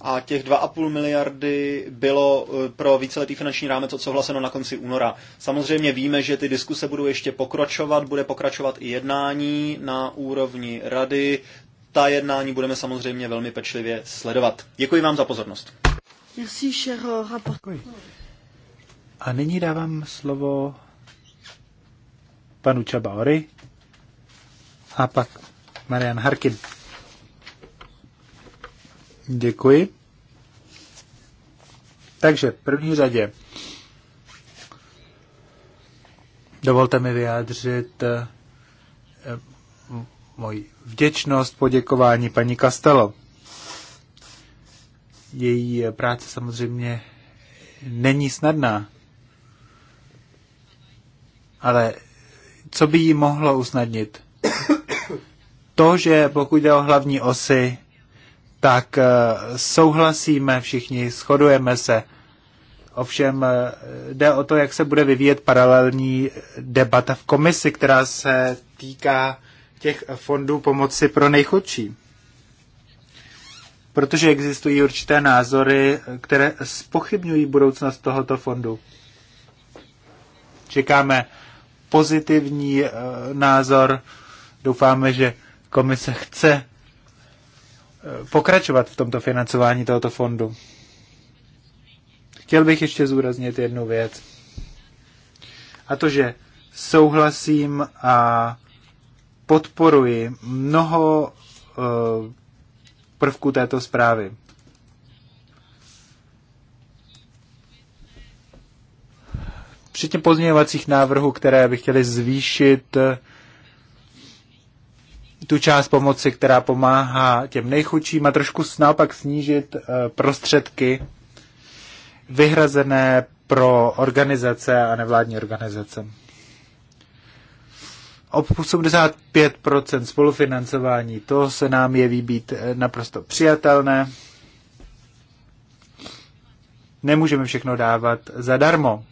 a těch 2,5 miliardy bylo eh, pro víceletý finanční rámec odsouhlaseno na konci února. Samozřejmě víme, že ty diskuse budou ještě pokračovat, bude pokračovat i jednání na úrovni rady. Ta jednání budeme samozřejmě velmi pečlivě sledovat. Děkuji vám za pozornost. Merci, euh, A nyní dávám slovo panu Čabaory a pak Marian Harkin. Děkuji. Takže v první řadě dovolte mi vyjádřit eh, moji vděčnost, poděkování paní Castello. Její eh, práce samozřejmě není snadná, ale co by jí mohlo usnadnit? To, že pokud jde o hlavní osy, tak eh, souhlasíme všichni, shodujeme se. Ovšem eh, jde o to, jak se bude vyvíjet paralelní debata v komisi, která se týká těch fondů pomoci pro nejchudší. Protože existují určité názory, které spochybňují budoucnost tohoto fondu. Čekáme pozitivní eh, názor. Doufáme, že komise chce pokračovat v tomto financování tohoto fondu. Chtěl bych ještě zúraznit jednu věc. A to, že souhlasím a podporuji mnoho eh, prvků této zprávy. Včetně pozměňovacích návrhů, které by chtěly zvýšit eh, tu část pomoci, která pomáhá těm nejchudším a trošku naopak snížit eh, prostředky vyhrazené pro organizace a nevládní organizace. Ob 85% spolufinancování, to se nám jeví být eh, naprosto přijatelné. Nemůžeme všechno dávat zadarmo.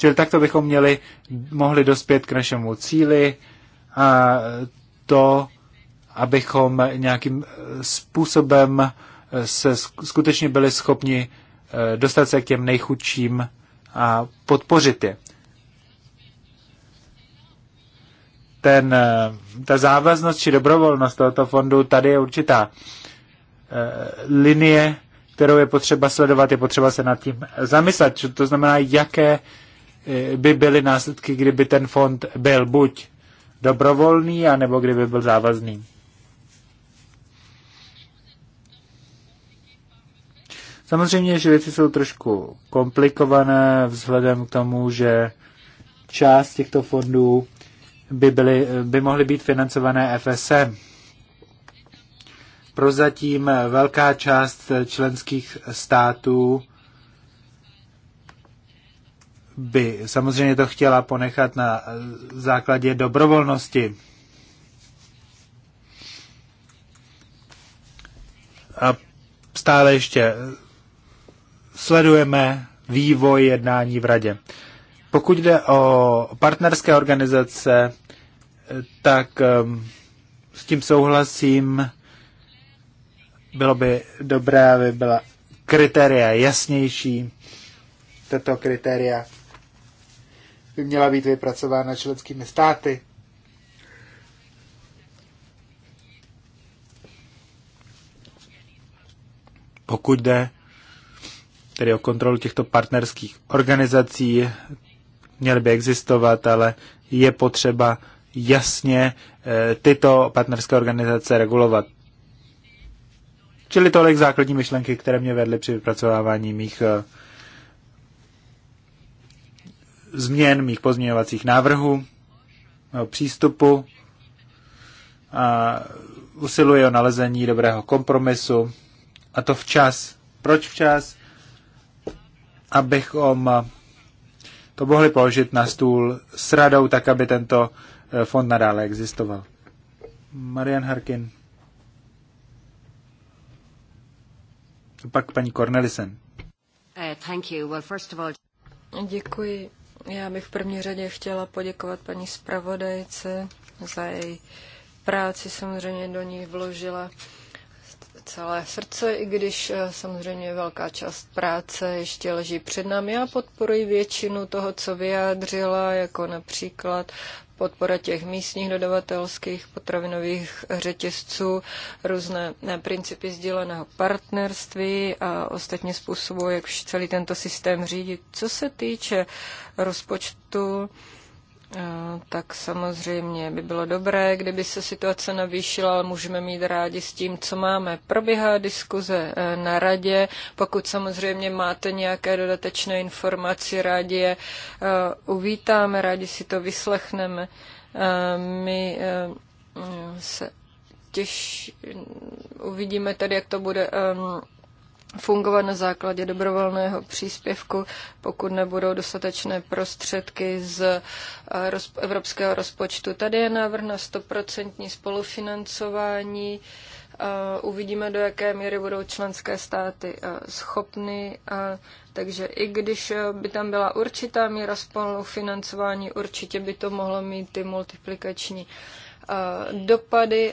Čili takto bychom měli, mohli dospět k našemu cíli a to, abychom nějakým způsobem se skutečně byli schopni eh, dostat se k těm nejchudším a podpořit je. Ten, eh, ta závaznost či dobrovolnost tohoto fondu, tady je určitá eh, linie, kterou je potřeba sledovat, je potřeba se nad tím zamyslet. To znamená, jaké by byly následky, kdyby ten fond byl buď dobrovolný, anebo kdyby byl závazný. Samozřejmě, že věci jsou trošku komplikované vzhledem k tomu, že část těchto fondů by, byly, by mohly být financované FSM. Prozatím velká část členských států by samozřejmě to chtěla ponechat na základě dobrovolnosti. A stále ještě sledujeme vývoj jednání v radě. Pokud jde o partnerské organizace, tak ehm, s tím souhlasím. Bylo by dobré, aby byla kritéria jasnější, tato kritéria by měla být vypracována členskými státy. Pokud jde tedy o kontrolu těchto partnerských organizací, měly by existovat, ale je potřeba jasně eh, tyto partnerské organizace regulovat. Čili tolik základní myšlenky, které mě vedly při vypracovávání mých eh, změn mých pozměňovacích návrhů, mého přístupu a usiluje o nalezení dobrého kompromisu a to včas. Proč včas? Abychom to mohli položit na stůl s radou, tak aby tento eh, fond nadále existoval. Marian Harkin. A pak paní Cornelisen. Uh, thank you. Well, first of all... Děkuji. Já bych v první řadě chtěla poděkovat paní zpravodajce za její práci. Samozřejmě do ní vložila celé srdce, i když eh, samozřejmě velká část práce ještě leží před námi. Já podporuji většinu toho, co vyjádřila, jako například podpora těch místních dodavatelských potravinových řetězců, různé eh, principy sdíleného partnerství a ostatně způsobu, jak celý tento systém řídit. Co se týče rozpočtu, tak samozřejmě by bylo dobré, kdyby se situace navýšila, ale můžeme mít rádi s tím, co máme. Probíhá diskuze e, na radě, pokud samozřejmě máte nějaké dodatečné informace, rádi je e, uvítáme, rádi si to vyslechneme. My e, mm, se těž uvidíme tady, jak to bude fungovat na základě dobrovolného příspěvku, pokud nebudou dostatečné prostředky z eh, evropského rozpočtu. Tady je návrh na 100% spolufinancování. Eh, uvidíme, do jaké míry budou členské státy eh, schopny. Takže i když by tam byla určitá míra spolufinancování, určitě by to mohlo mít ty multiplikační dopady.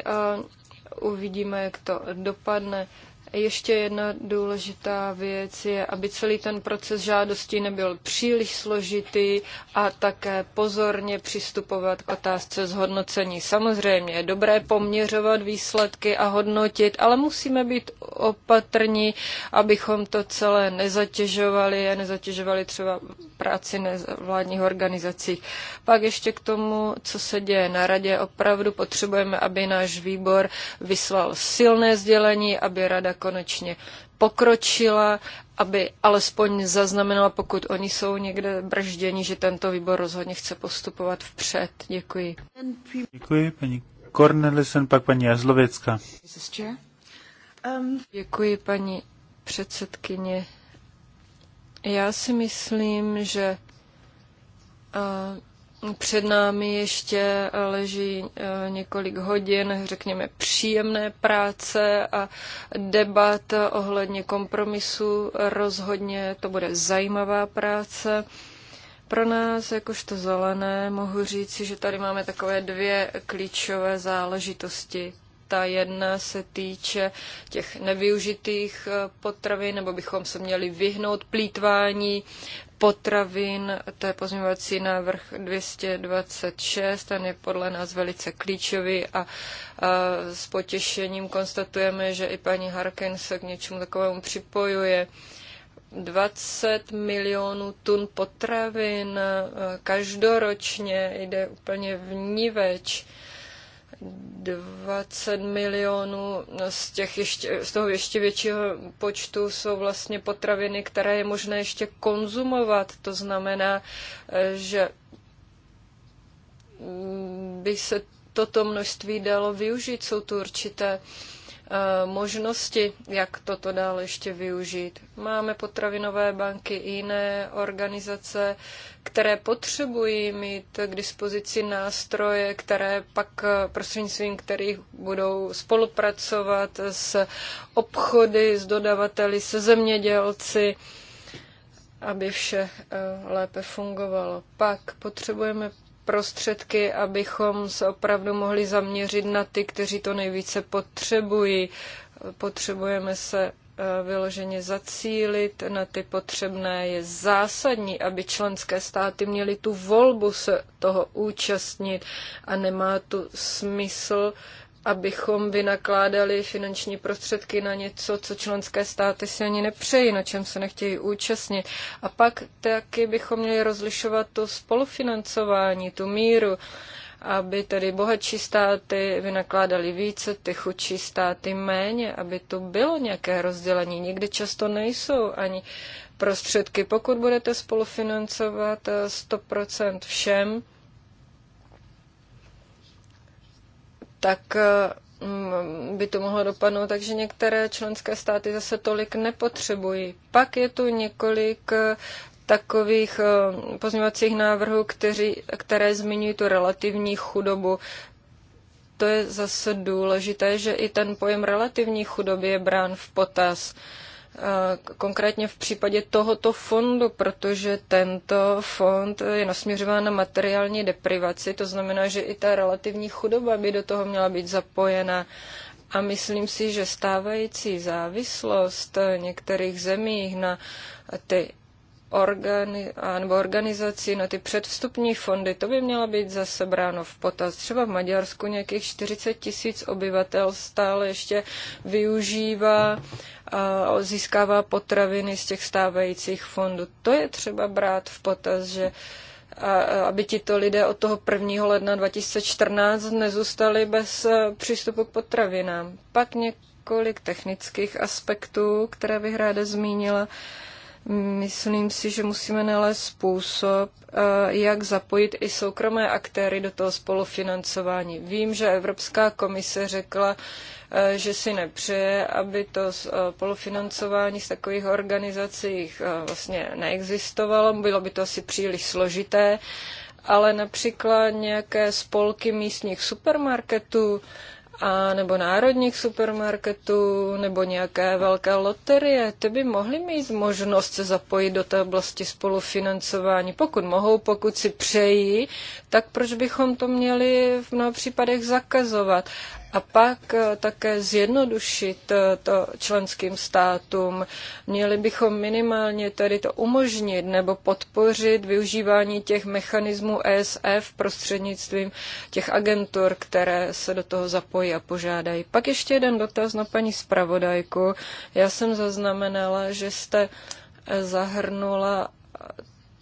Uvidíme, jak to dopadne. Ještě jedna důležitá věc je, aby celý ten proces žádosti nebyl příliš složitý a také pozorně přistupovat k otázce zhodnocení. Samozřejmě je dobré poměřovat výsledky a hodnotit, ale musíme být opatrní, abychom to celé nezatěžovali a nezatěžovali třeba práci vládních organizací. Pak ještě k tomu, co se děje na radě, opravdu potřebujeme, aby náš výbor vyslal silné sdělení, aby rada konečně pokročila, aby alespoň zaznamenala, pokud oni jsou někde bržděni, že tento výbor rozhodně chce postupovat vpřed. Děkuji. Děkuji, paní Cornelisen, pak paní Jazlověcka. Děkuji, paní předsedkyně. Já si myslím, že eh, před námi ještě leží eh, několik hodin, řekněme, příjemné práce a debat ohledně kompromisu. Rozhodně to bude zajímavá práce. Pro nás, jakožto zelené, mohu říci, že tady máme takové dvě klíčové záležitosti. Ta jedna se týče těch nevyužitých eh, potravin, nebo bychom se měli vyhnout plítvání potravin, to je pozměňovací návrh 226, ten je podle nás velice klíčový a, a s potěšením konstatujeme, že i paní Harken se k něčemu takovému připojuje. 20 milionů tun potravin eh, každoročně jde úplně vníveč. več 20 milionů z, těch ještě, z toho ještě většího počtu jsou vlastně potraviny, které je možné ještě konzumovat. To znamená, že by se toto množství dalo využít. Jsou tu určité eh, možnosti, jak toto dále ještě využít. Máme potravinové banky, jiné organizace, které potřebují mít k dispozici nástroje, které pak eh, prostřednictvím kterých budou spolupracovat s obchody, s dodavateli, se zemědělci, aby vše eh, lépe fungovalo. Pak potřebujeme prostředky, abychom se opravdu mohli zaměřit na ty, kteří to nejvíce potřebují. Potřebujeme se Eh, vyloženě zacílit na ty potřebné, je zásadní, aby členské státy měly tu volbu se toho účastnit a nemá tu smysl, abychom vynakládali finanční prostředky na něco, co členské státy si ani nepřejí, na čem se nechtějí účastnit. A pak taky bychom měli rozlišovat to spolufinancování, tu míru. Uh, aby tedy bohatší státy vynakládaly více, ty chudší státy méně, aby tu bylo nějaké rozdělení. Někdy často nejsou ani prostředky. Pokud budete spolufinancovat 100% eh, všem, tak eh, mm, by to mohlo dopadnout, takže některé členské státy zase tolik nepotřebují. Pak je tu několik eh, takových eh, pozměňovacích návrhů, kteří, které zmiňují tu relativní chudobu. To je zase důležité, že i ten pojem relativní chudoby je brán v potaz eh, konkrétně v případě tohoto fondu, protože tento fond je nasměřován na materiální deprivaci, to znamená, že i ta relativní chudoba by do toho měla být zapojena. A myslím si, že stávající závislost eh, některých zemí na ty organi- nebo organizací na no ty předvstupní fondy, to by mělo být zase bráno v potaz. Třeba v Maďarsku nějakých 40 tisíc obyvatel stále ještě využívá a získává potraviny z těch stávajících fondů. To je třeba brát v potaz, že a, aby tito lidé od toho 1. ledna 2014 nezůstali bez e, přístupu k potravinám. Pak několik technických aspektů, které bych ráda zmínila. Myslím si, že musíme nalézt způsob, eh, jak zapojit i soukromé aktéry do toho spolufinancování. Vím, že Evropská komise řekla, eh, že si nepřeje, aby to eh, spolufinancování z takových organizací vlastně neexistovalo. Bylo by to asi příliš složité, ale například nějaké spolky místních supermarketů, a nebo národních supermarketů, nebo nějaké velké loterie, ty by mohly mít možnost se zapojit do té oblasti spolufinancování. Pokud mohou, pokud si přejí, tak proč bychom to měli v mnoha případech zakazovat? A pak eh, také zjednodušit eh, to členským státům. Měli bychom minimálně tedy to umožnit nebo podpořit využívání těch mechanismů ESF prostřednictvím těch agentur, které se do toho zapojí a požádají. Pak ještě jeden dotaz na paní zpravodajku. Já jsem zaznamenala, že jste eh, zahrnula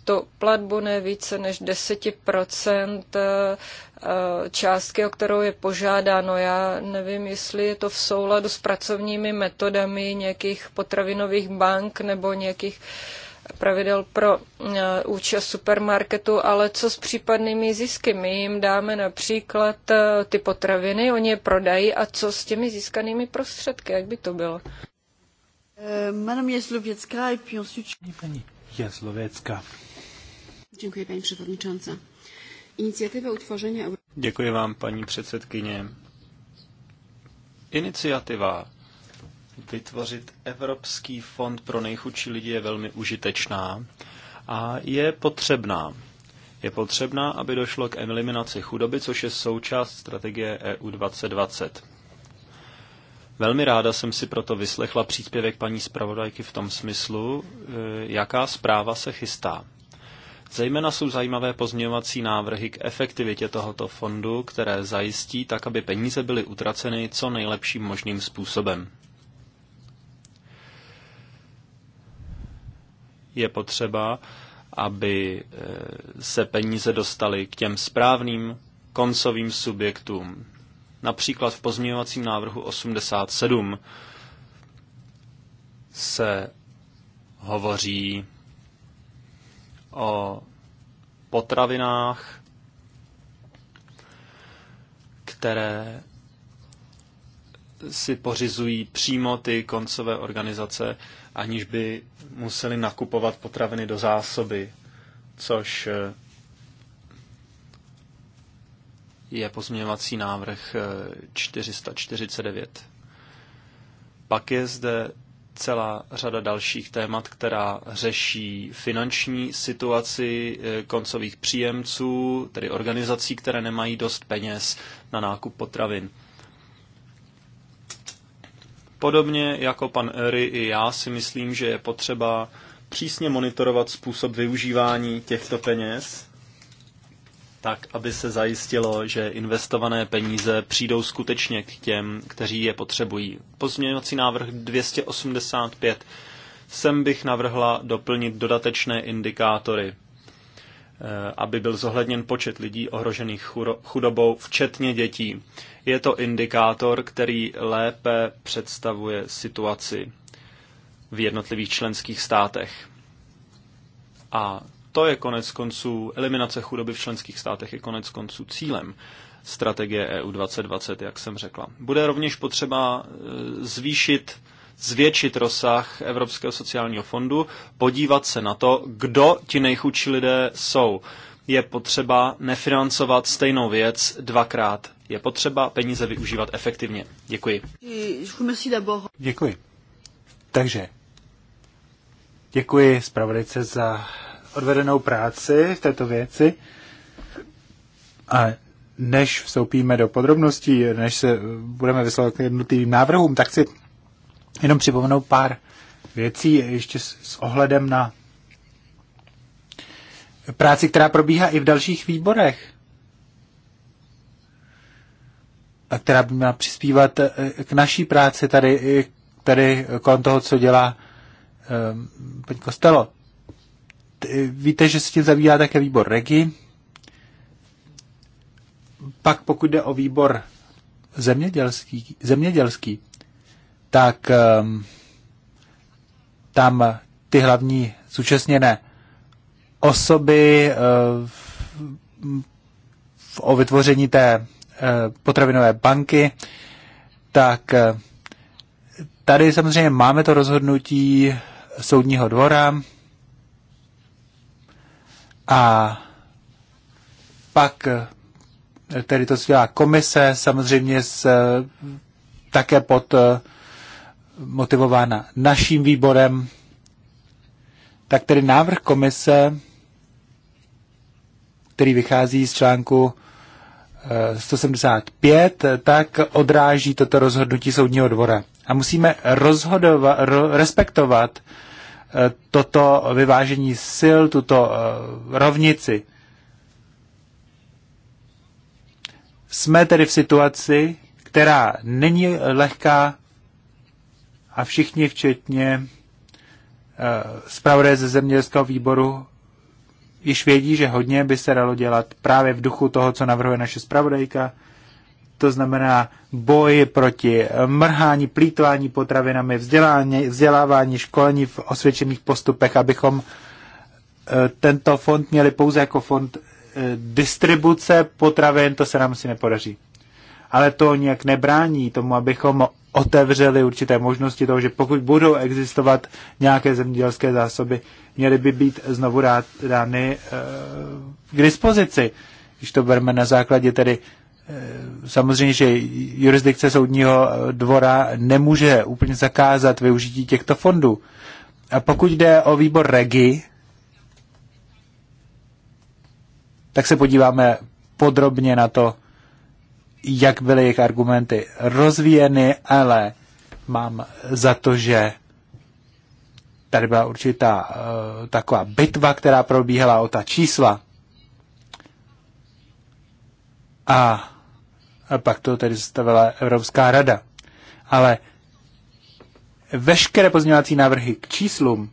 to platbu ne více než 10% eh, eh, částky, o kterou je požádáno. Já nevím, jestli je to v souladu s pracovními metodami nějakých potravinových bank nebo nějakých pravidel pro eh, účast supermarketu, ale co s případnými zisky? My jim dáme například ty potraviny, oni je prodají a co s těmi získanými prostředky? Jak by to bylo? Madame Jezlověcká, et puis ensuite... Paní Jezlověcká. Děkuji, paní předsedající. Iniciativa utvoření... Děkuji vám, paní předsedkyně. Iniciativa vytvořit Evropský fond pro nejchudší lidi je velmi užitečná a je potřebná. Je potřebná, aby došlo k eliminaci chudoby, což je součást strategie EU 2020. Velmi ráda jsem si proto vyslechla příspěvek paní zpravodajky v tom smyslu, e, jaká zpráva se chystá. Zejména jsou zajímavé pozměňovací návrhy k efektivitě tohoto fondu, které zajistí tak, aby peníze byly utraceny co nejlepším možným způsobem. Je potřeba, aby eh, se peníze dostaly k těm správným koncovým subjektům. Například v pozměňovacím návrhu 87 se hovoří o potravinách, které si pořizují přímo ty koncové organizace, aniž by museli nakupovat potraviny do zásoby, což eh, je pozměňovací návrh 449. Eh, Pak je zde celá řada dalších témat, která řeší finanční situaci eh, koncových příjemců, tedy organizací, které nemají dost peněz na nákup potravin. Podobně jako pan Ery i já si myslím, že je potřeba přísně monitorovat způsob využívání těchto peněz tak aby se zajistilo, že investované peníze přijdou skutečně k těm, kteří je potřebují. Pozměňovací návrh 285. Sem bych navrhla doplnit dodatečné indikátory, eh, aby byl zohledněn počet lidí ohrožených chudobou, včetně dětí. Je to indikátor, který lépe představuje situaci v jednotlivých členských státech. A to je konec konců, eliminace chudoby v členských státech je konec konců cílem strategie EU 2020, jak jsem řekla. Bude rovněž potřeba e, zvýšit zvětšit rozsah Evropského sociálního fondu, podívat se na to, kdo ti nejchudší lidé jsou. Je potřeba nefinancovat stejnou věc dvakrát. Je potřeba peníze využívat efektivně. Děkuji. Děkuji. Takže děkuji zpravodajce za odvedenou práci v této věci. A než vstoupíme do podrobností, než se budeme vyslovovat k jednotlivým návrhům, tak si jenom připomenou pár věcí ještě s ohledem na práci, která probíhá i v dalších výborech a která by měla přispívat eh, k naší práci tady, tady kolem toho, co dělá eh, paní Kostelo víte, že se tím zabývá také výbor Regi. Pak pokud jde o výbor zemědělský, zemědělský tak um, tam ty hlavní zúčastněné osoby uh, o vytvoření té uh, potravinové banky, tak uh, tady samozřejmě máme to rozhodnutí soudního dvora, a pak eh, tedy to dělá komise, samozřejmě s, eh, také pod eh, motivována naším výborem, tak tedy návrh komise, který vychází z článku 175, tak odráží toto rozhodnutí soudního dvora. A musíme rozhodovat, respektovat toto vyvážení sil, tuto eh, rovnici. Jsme tedy v situaci, která není lehká a všichni, včetně eh, zpravodaj ze zemědělského výboru, již vědí, že hodně by se dalo dělat právě v duchu toho, co navrhuje naše zpravodajka, to znamená boj proti mrhání, plítvání potravinami, vzdělávání, školení v osvědčených postupech, abychom eh, tento fond měli pouze jako fond eh, distribuce potravin, to se nám asi nepodaří. Ale to nějak nebrání tomu, abychom otevřeli určité možnosti toho, že pokud budou existovat nějaké zemědělské zásoby, měly by být znovu dány eh, k dispozici. Když to bereme na základě tedy Eh, samozřejmě, že jurisdikce soudního eh, dvora nemůže úplně zakázat využití těchto fondů. A pokud jde o výbor REGI, tak se podíváme podrobně na to, jak byly jejich argumenty rozvíjeny, ale mám za to, že tady byla určitá uh, taková bitva, která probíhala o ta čísla. A a pak to tedy stavila Evropská rada. Ale veškeré pozměňovací návrhy k číslům,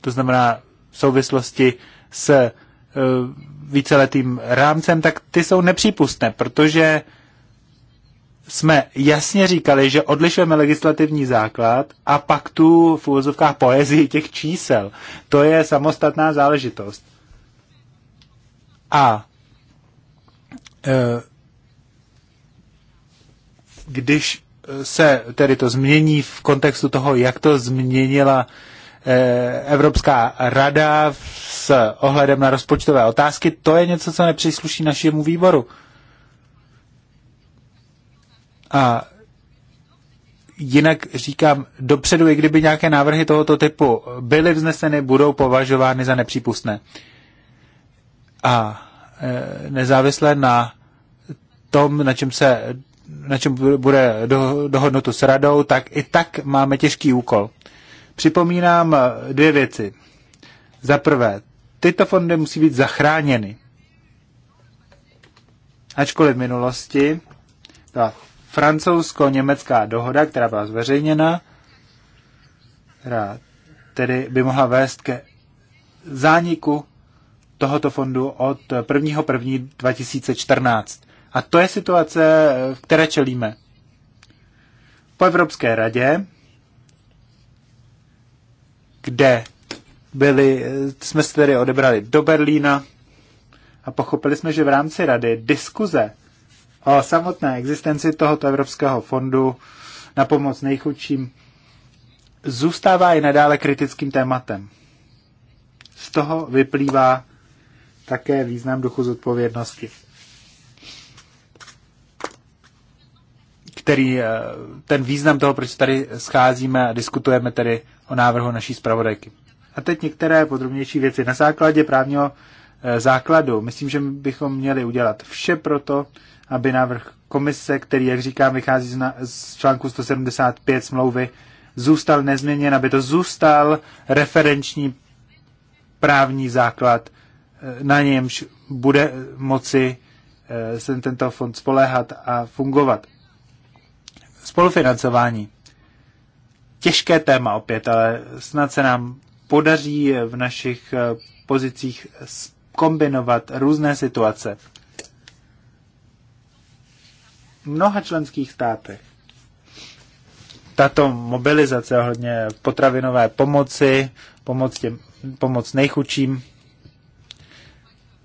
to znamená v souvislosti s e, víceletým rámcem, tak ty jsou nepřípustné, protože jsme jasně říkali, že odlišujeme legislativní základ a pak tu v úvozovkách poezii těch čísel. To je samostatná záležitost. A e, když eh, se tedy to změní v kontextu toho, jak to změnila eh, Evropská rada s ohledem na rozpočtové otázky, to je něco, co nepřísluší našemu výboru. A jinak říkám, dopředu, i kdyby nějaké návrhy tohoto typu byly vzneseny, budou považovány za nepřípustné. A eh, nezávisle na tom, na čem se na čem bude do, dohodnuto s radou, tak i tak máme těžký úkol. Připomínám eh, dvě věci. Za prvé, tyto fondy musí být zachráněny. Ačkoliv v minulosti byla francouzsko-německá dohoda, která byla zveřejněna, která tedy by mohla vést ke zániku tohoto fondu od 1.1.2014. A to je situace, v které čelíme. Po Evropské radě, kde byli, jsme se tedy odebrali do Berlína a pochopili jsme, že v rámci rady diskuze o samotné existenci tohoto Evropského fondu na pomoc nejchudším zůstává i nadále kritickým tématem. Z toho vyplývá také význam duchu zodpovědnosti. který, eh, ten význam toho, proč tady scházíme a diskutujeme tedy o návrhu naší zpravodajky. A teď některé podrobnější věci. Na základě právního eh, základu myslím, že bychom měli udělat vše pro to, aby návrh komise, který, jak říkám, vychází z, na, z článku 175 smlouvy, zůstal nezměněn, aby to zůstal referenční právní základ, eh, na němž bude moci se tento fond spoléhat a fungovat spolufinancování. Těžké téma opět, ale snad se nám podaří v našich eh, pozicích kombinovat různé situace. V mnoha členských státech tato mobilizace ohledně potravinové pomoci, pomoc, těm, pomoc nejchučím,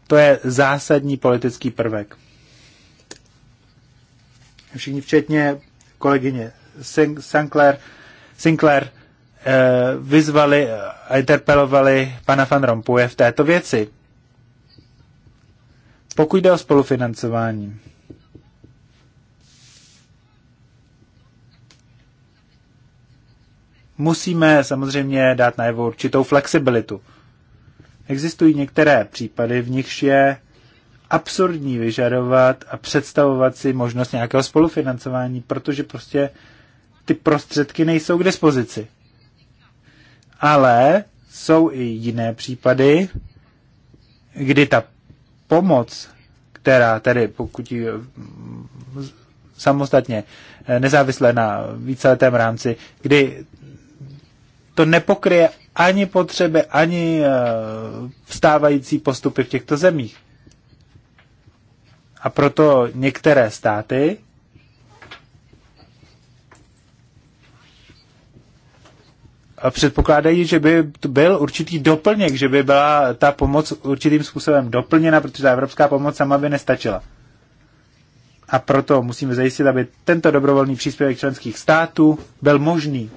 to je zásadní politický prvek. Všichni, včetně kolegyně Sinclair, Sinclair eh, vyzvali a eh, interpelovali pana Van Rompuje v této věci. Pokud jde o spolufinancování, musíme samozřejmě dát najevo určitou flexibilitu. Existují některé případy, v nichž je absurdní vyžadovat a představovat si možnost nějakého spolufinancování, protože prostě ty prostředky nejsou k dispozici. Ale jsou i jiné případy, kdy ta pomoc, která tedy pokud ji mm, samostatně, eh, nezávisle na víceletém rámci, kdy to nepokryje ani potřeby, ani eh, vstávající postupy v těchto zemích. A proto některé státy předpokládají, že by byl určitý doplněk, že by byla ta pomoc určitým způsobem doplněna, protože ta evropská pomoc sama by nestačila. A proto musíme zajistit, aby tento dobrovolný příspěvek členských států byl možný.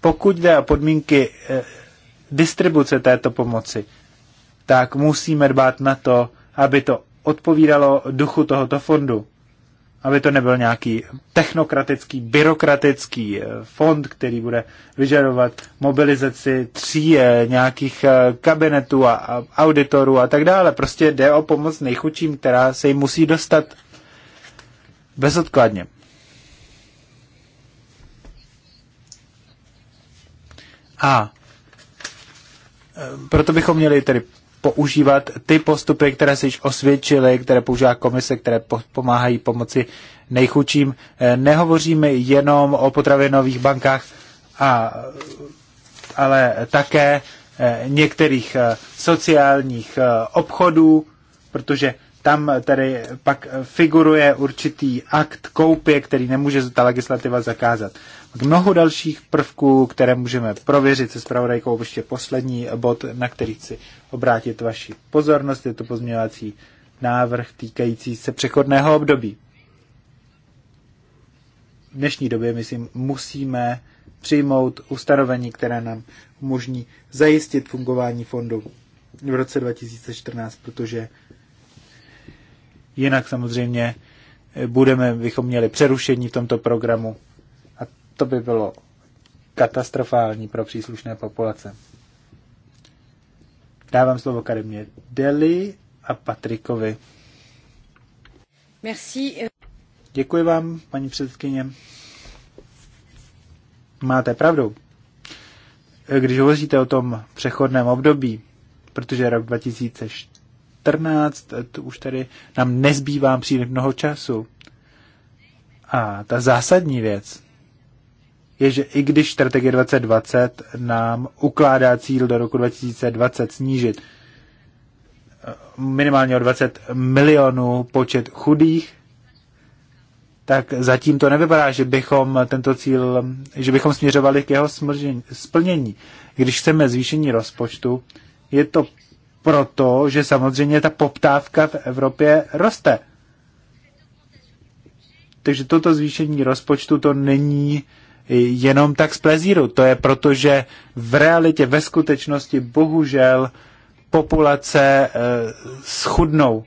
Pokud jde o podmínky eh, distribuce této pomoci, tak musíme dbát na to, aby to odpovídalo duchu tohoto fondu. Aby to nebyl nějaký technokratický, byrokratický eh, fond, který bude vyžadovat mobilizaci tří eh, nějakých eh, kabinetů a auditorů a tak dále. Prostě jde o pomoc nejchučím, která se jim musí dostat bezodkladně. A proto bychom měli tedy používat ty postupy, které se již osvědčily, které používá komise, které po, pomáhají pomoci nejchučím. Eh, nehovoříme jenom o potravinových bankách, a, ale také eh, některých eh, sociálních obchodů, protože tam tedy pak figuruje určitý akt koupě, který nemůže ta legislativa zakázat. Mnoho dalších prvků, které můžeme prověřit se zpravodajkou, ještě poslední bod, na který chci obrátit vaši pozornost, je to pozměňovací návrh týkající se přechodného období. V dnešní době, myslím, musíme přijmout ustanovení, které nám umožní zajistit fungování fondu v roce 2014, protože Jinak samozřejmě eh, budeme, bychom měli přerušení v tomto programu a to by bylo katastrofální pro příslušné populace. Dávám slovo Karimě Deli a Patrikovi. Merci. Děkuji vám, paní předsedkyně. Máte pravdu. Když hovoříte o tom přechodném období, protože rok 2004 14, to už tady nám nezbývá příliš mnoho času. A ta zásadní věc je, že i když strategie 2020 nám ukládá cíl do roku 2020 snížit eh, minimálně o 20 milionů počet chudých, tak zatím to nevypadá, že bychom tento cíl, že bychom směřovali k jeho smlžení, splnění. Když chceme zvýšení rozpočtu, je to proto, že samozřejmě ta poptávka v Evropě roste. Takže toto zvýšení rozpočtu to není jenom tak z plezíru. To je proto, že v realitě, ve skutečnosti, bohužel, populace e, schudnou.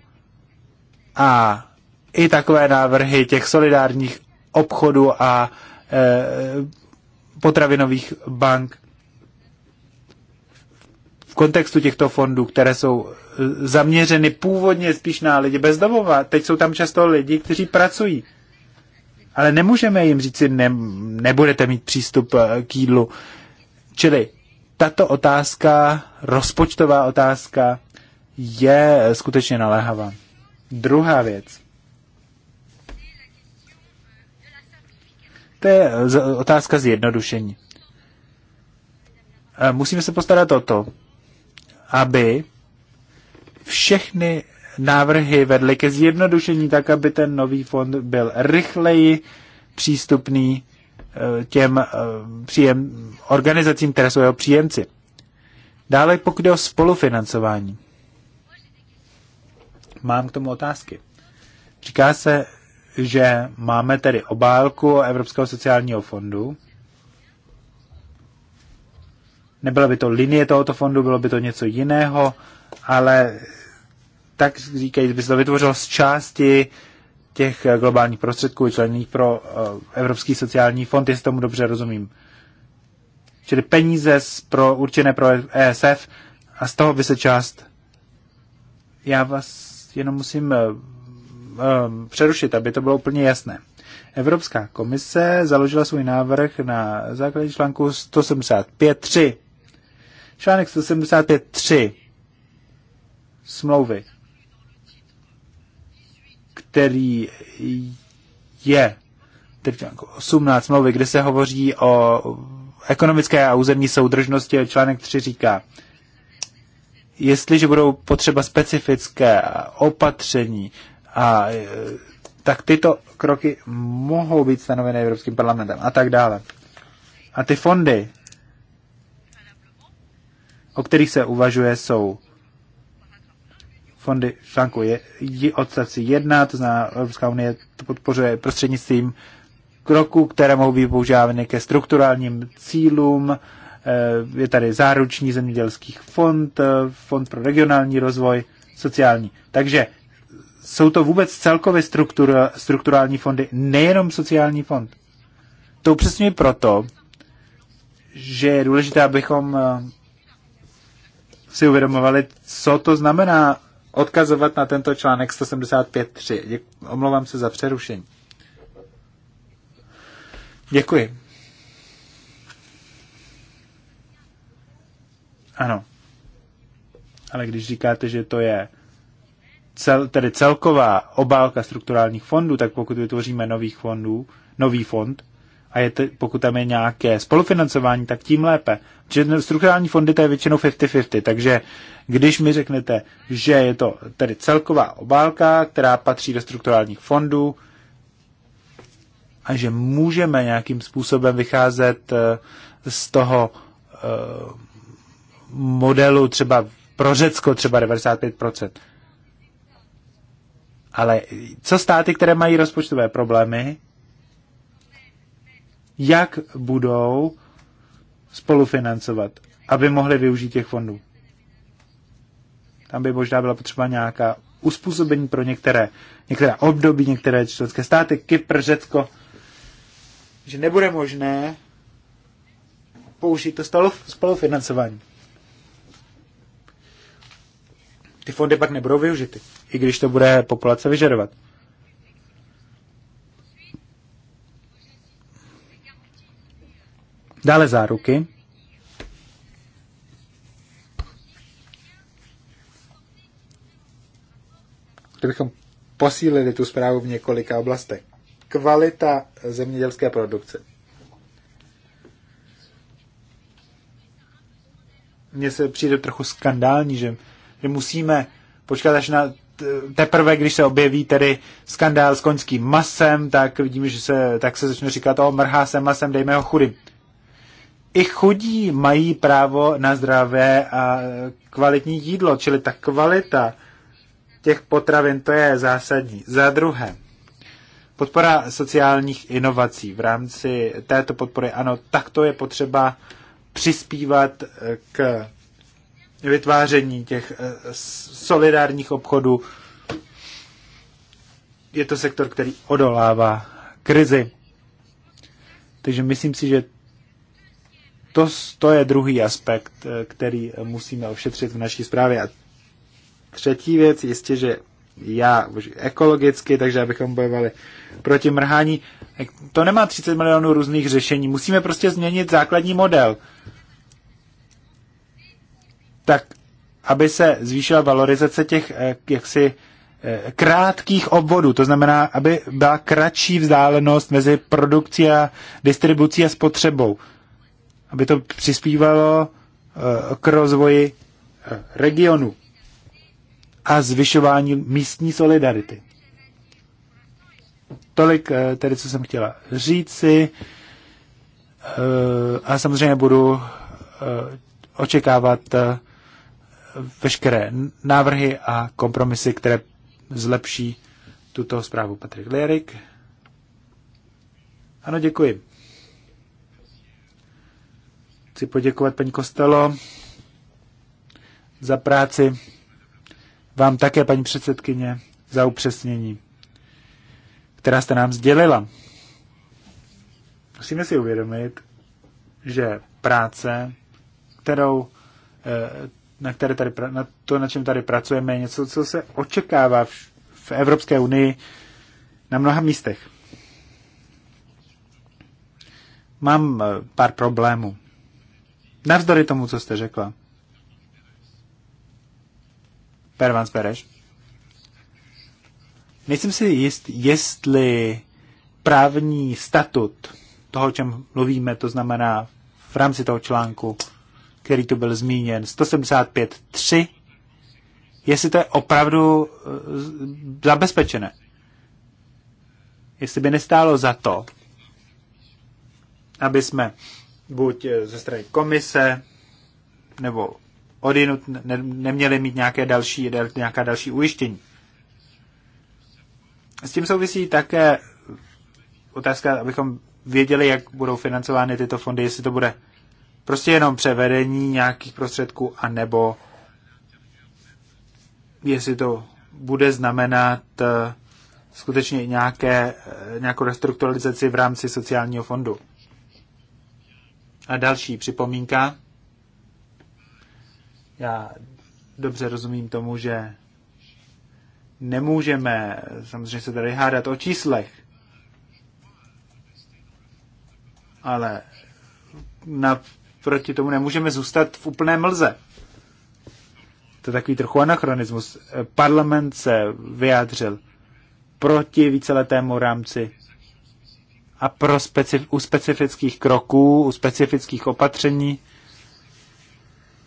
A i takové návrhy těch solidárních obchodů a e, potravinových bank v kontextu těchto fondů, které jsou eh, zaměřeny původně spíš na lidi bezdomova. Teď jsou tam často lidi, kteří pracují. Ale nemůžeme jim říci, ne, nebudete mít přístup eh, k jídlu. Čili tato otázka, rozpočtová otázka, je skutečně naléhavá. Druhá věc. To je eh, otázka zjednodušení. Musíme se postarat o to, aby všechny návrhy vedly ke zjednodušení tak, aby ten nový fond byl rychleji přístupný eh, těm eh, příjem, organizacím, které jsou jeho příjemci. Dále pokud jde o spolufinancování. Mám k tomu otázky. Říká se, že máme tedy obálku Evropského sociálního fondu, Nebyla by to linie tohoto fondu, bylo by to něco jiného, ale tak říkají, by se to vytvořilo z části těch eh, globálních prostředků člených pro eh, Evropský sociální fond, jestli tomu dobře rozumím. Čili peníze z pro, určené pro ESF a z toho by se část... Já vás jenom musím eh, přerušit, aby to bylo úplně jasné. Evropská komise založila svůj návrh na základě článku 175.3 Článek 175.3 smlouvy, který je tedy 18 smlouvy, kde se hovoří o ekonomické a územní soudržnosti, článek 3 říká, jestliže budou potřeba specifické opatření, a, e, tak tyto kroky mohou být stanoveny Evropským parlamentem a tak dále. A ty fondy, o kterých se uvažuje, jsou fondy v článku je, odstavci 1, to znamená Evropská unie to podpořuje prostřednictvím kroků, které mohou být používány ke strukturálním cílům. Eh, je tady záruční zemědělských fond, eh, fond pro regionální rozvoj, sociální. Takže jsou to vůbec celkově strukturální fondy, nejenom sociální fond. To upřesňuji proto, že je důležité, abychom eh, si uvědomovali, co to znamená odkazovat na tento článek 175.3. Omlouvám se za přerušení. Děkuji. Ano. Ale když říkáte, že to je cel, tedy celková obálka strukturálních fondů, tak pokud vytvoříme nový, fondů, nový fond, a je t- pokud tam je nějaké spolufinancování, tak tím lépe. Protože strukturální fondy to je většinou 50-50, takže když mi řeknete, že je to tedy celková obálka, která patří do strukturálních fondů a že můžeme nějakým způsobem vycházet eh, z toho eh, modelu třeba pro Řecko třeba 95%. Ale co státy, které mají rozpočtové problémy, jak budou spolufinancovat, aby mohli využít těch fondů. Tam by možná byla potřeba nějaká uspůsobení pro některé, některé období, některé členské státy, Kypr, Řecko, že nebude možné použít to spolufinancování. Ty fondy pak nebudou využity, i když to bude populace vyžadovat. Dále záruky. Kdybychom posílili tu zprávu v několika oblastech. Kvalita zemědělské produkce. Mně se přijde trochu skandální, že, že musíme počkat až na teprve, když se objeví tedy skandál s koňským masem, tak vidíme, že se, tak se začne říkat, o, mrhá se masem, dejme ho chudým i chudí mají právo na zdravé a kvalitní jídlo, čili ta kvalita těch potravin, to je zásadní. Za druhé, podpora sociálních inovací. V rámci této podpory, ano, takto je potřeba přispívat eh, k vytváření těch eh, solidárních obchodů. Je to sektor, který odolává krizi. Takže myslím si, že to, to je druhý aspekt, eh, který musíme ošetřit v naší zprávě. A třetí věc, jistě, že já ekologicky, takže abychom bojovali proti mrhání. To nemá 30 milionů různých řešení. Musíme prostě změnit základní model. Tak, aby se zvýšila valorizace těch eh, jaksi eh, krátkých obvodů, to znamená, aby byla kratší vzdálenost mezi produkcí a distribucí a spotřebou aby to přispívalo eh, k rozvoji eh, regionu a zvyšování místní solidarity. Tolik eh, tedy, co jsem chtěla říci. A samozřejmě budu očekávat veškeré návrhy a kompromisy, které zlepší tuto zprávu. Patrik Lerik. Ano, děkuji. Chci poděkovat paní Kostelo za práci. Vám také, paní předsedkyně, za upřesnění, která jste nám sdělila. Musíme si uvědomit, že práce, kterou, eh, na, které tady, na to, na čem tady pracujeme, je něco, co se očekává v, v Evropské unii na mnoha místech. Mám eh, pár problémů. Navzdory tomu, co jste řekla. Pervans Bereš. Nejsem si jist, jestli právní statut toho, o čem mluvíme, to znamená v rámci toho článku, který tu byl zmíněn, 175.3, jestli to je opravdu eh, zabezpečené. Jestli by nestálo za to, aby jsme buď eh, ze strany komise, nebo odinut ne, neměli mít nějaké další, nějaká další ujištění. S tím souvisí také otázka, abychom věděli, jak budou financovány tyto fondy, jestli to bude prostě jenom převedení nějakých prostředků, anebo jestli to bude znamenat eh, skutečně nějaké, eh, nějakou restrukturalizaci v rámci sociálního fondu. A další připomínka. Já dobře rozumím tomu, že nemůžeme samozřejmě se tady hádat o číslech, ale na, proti tomu nemůžeme zůstat v úplné mlze. To je takový trochu anachronismus. Parlament se vyjádřil proti víceletému rámci a pro speci- u specifických kroků, u specifických opatření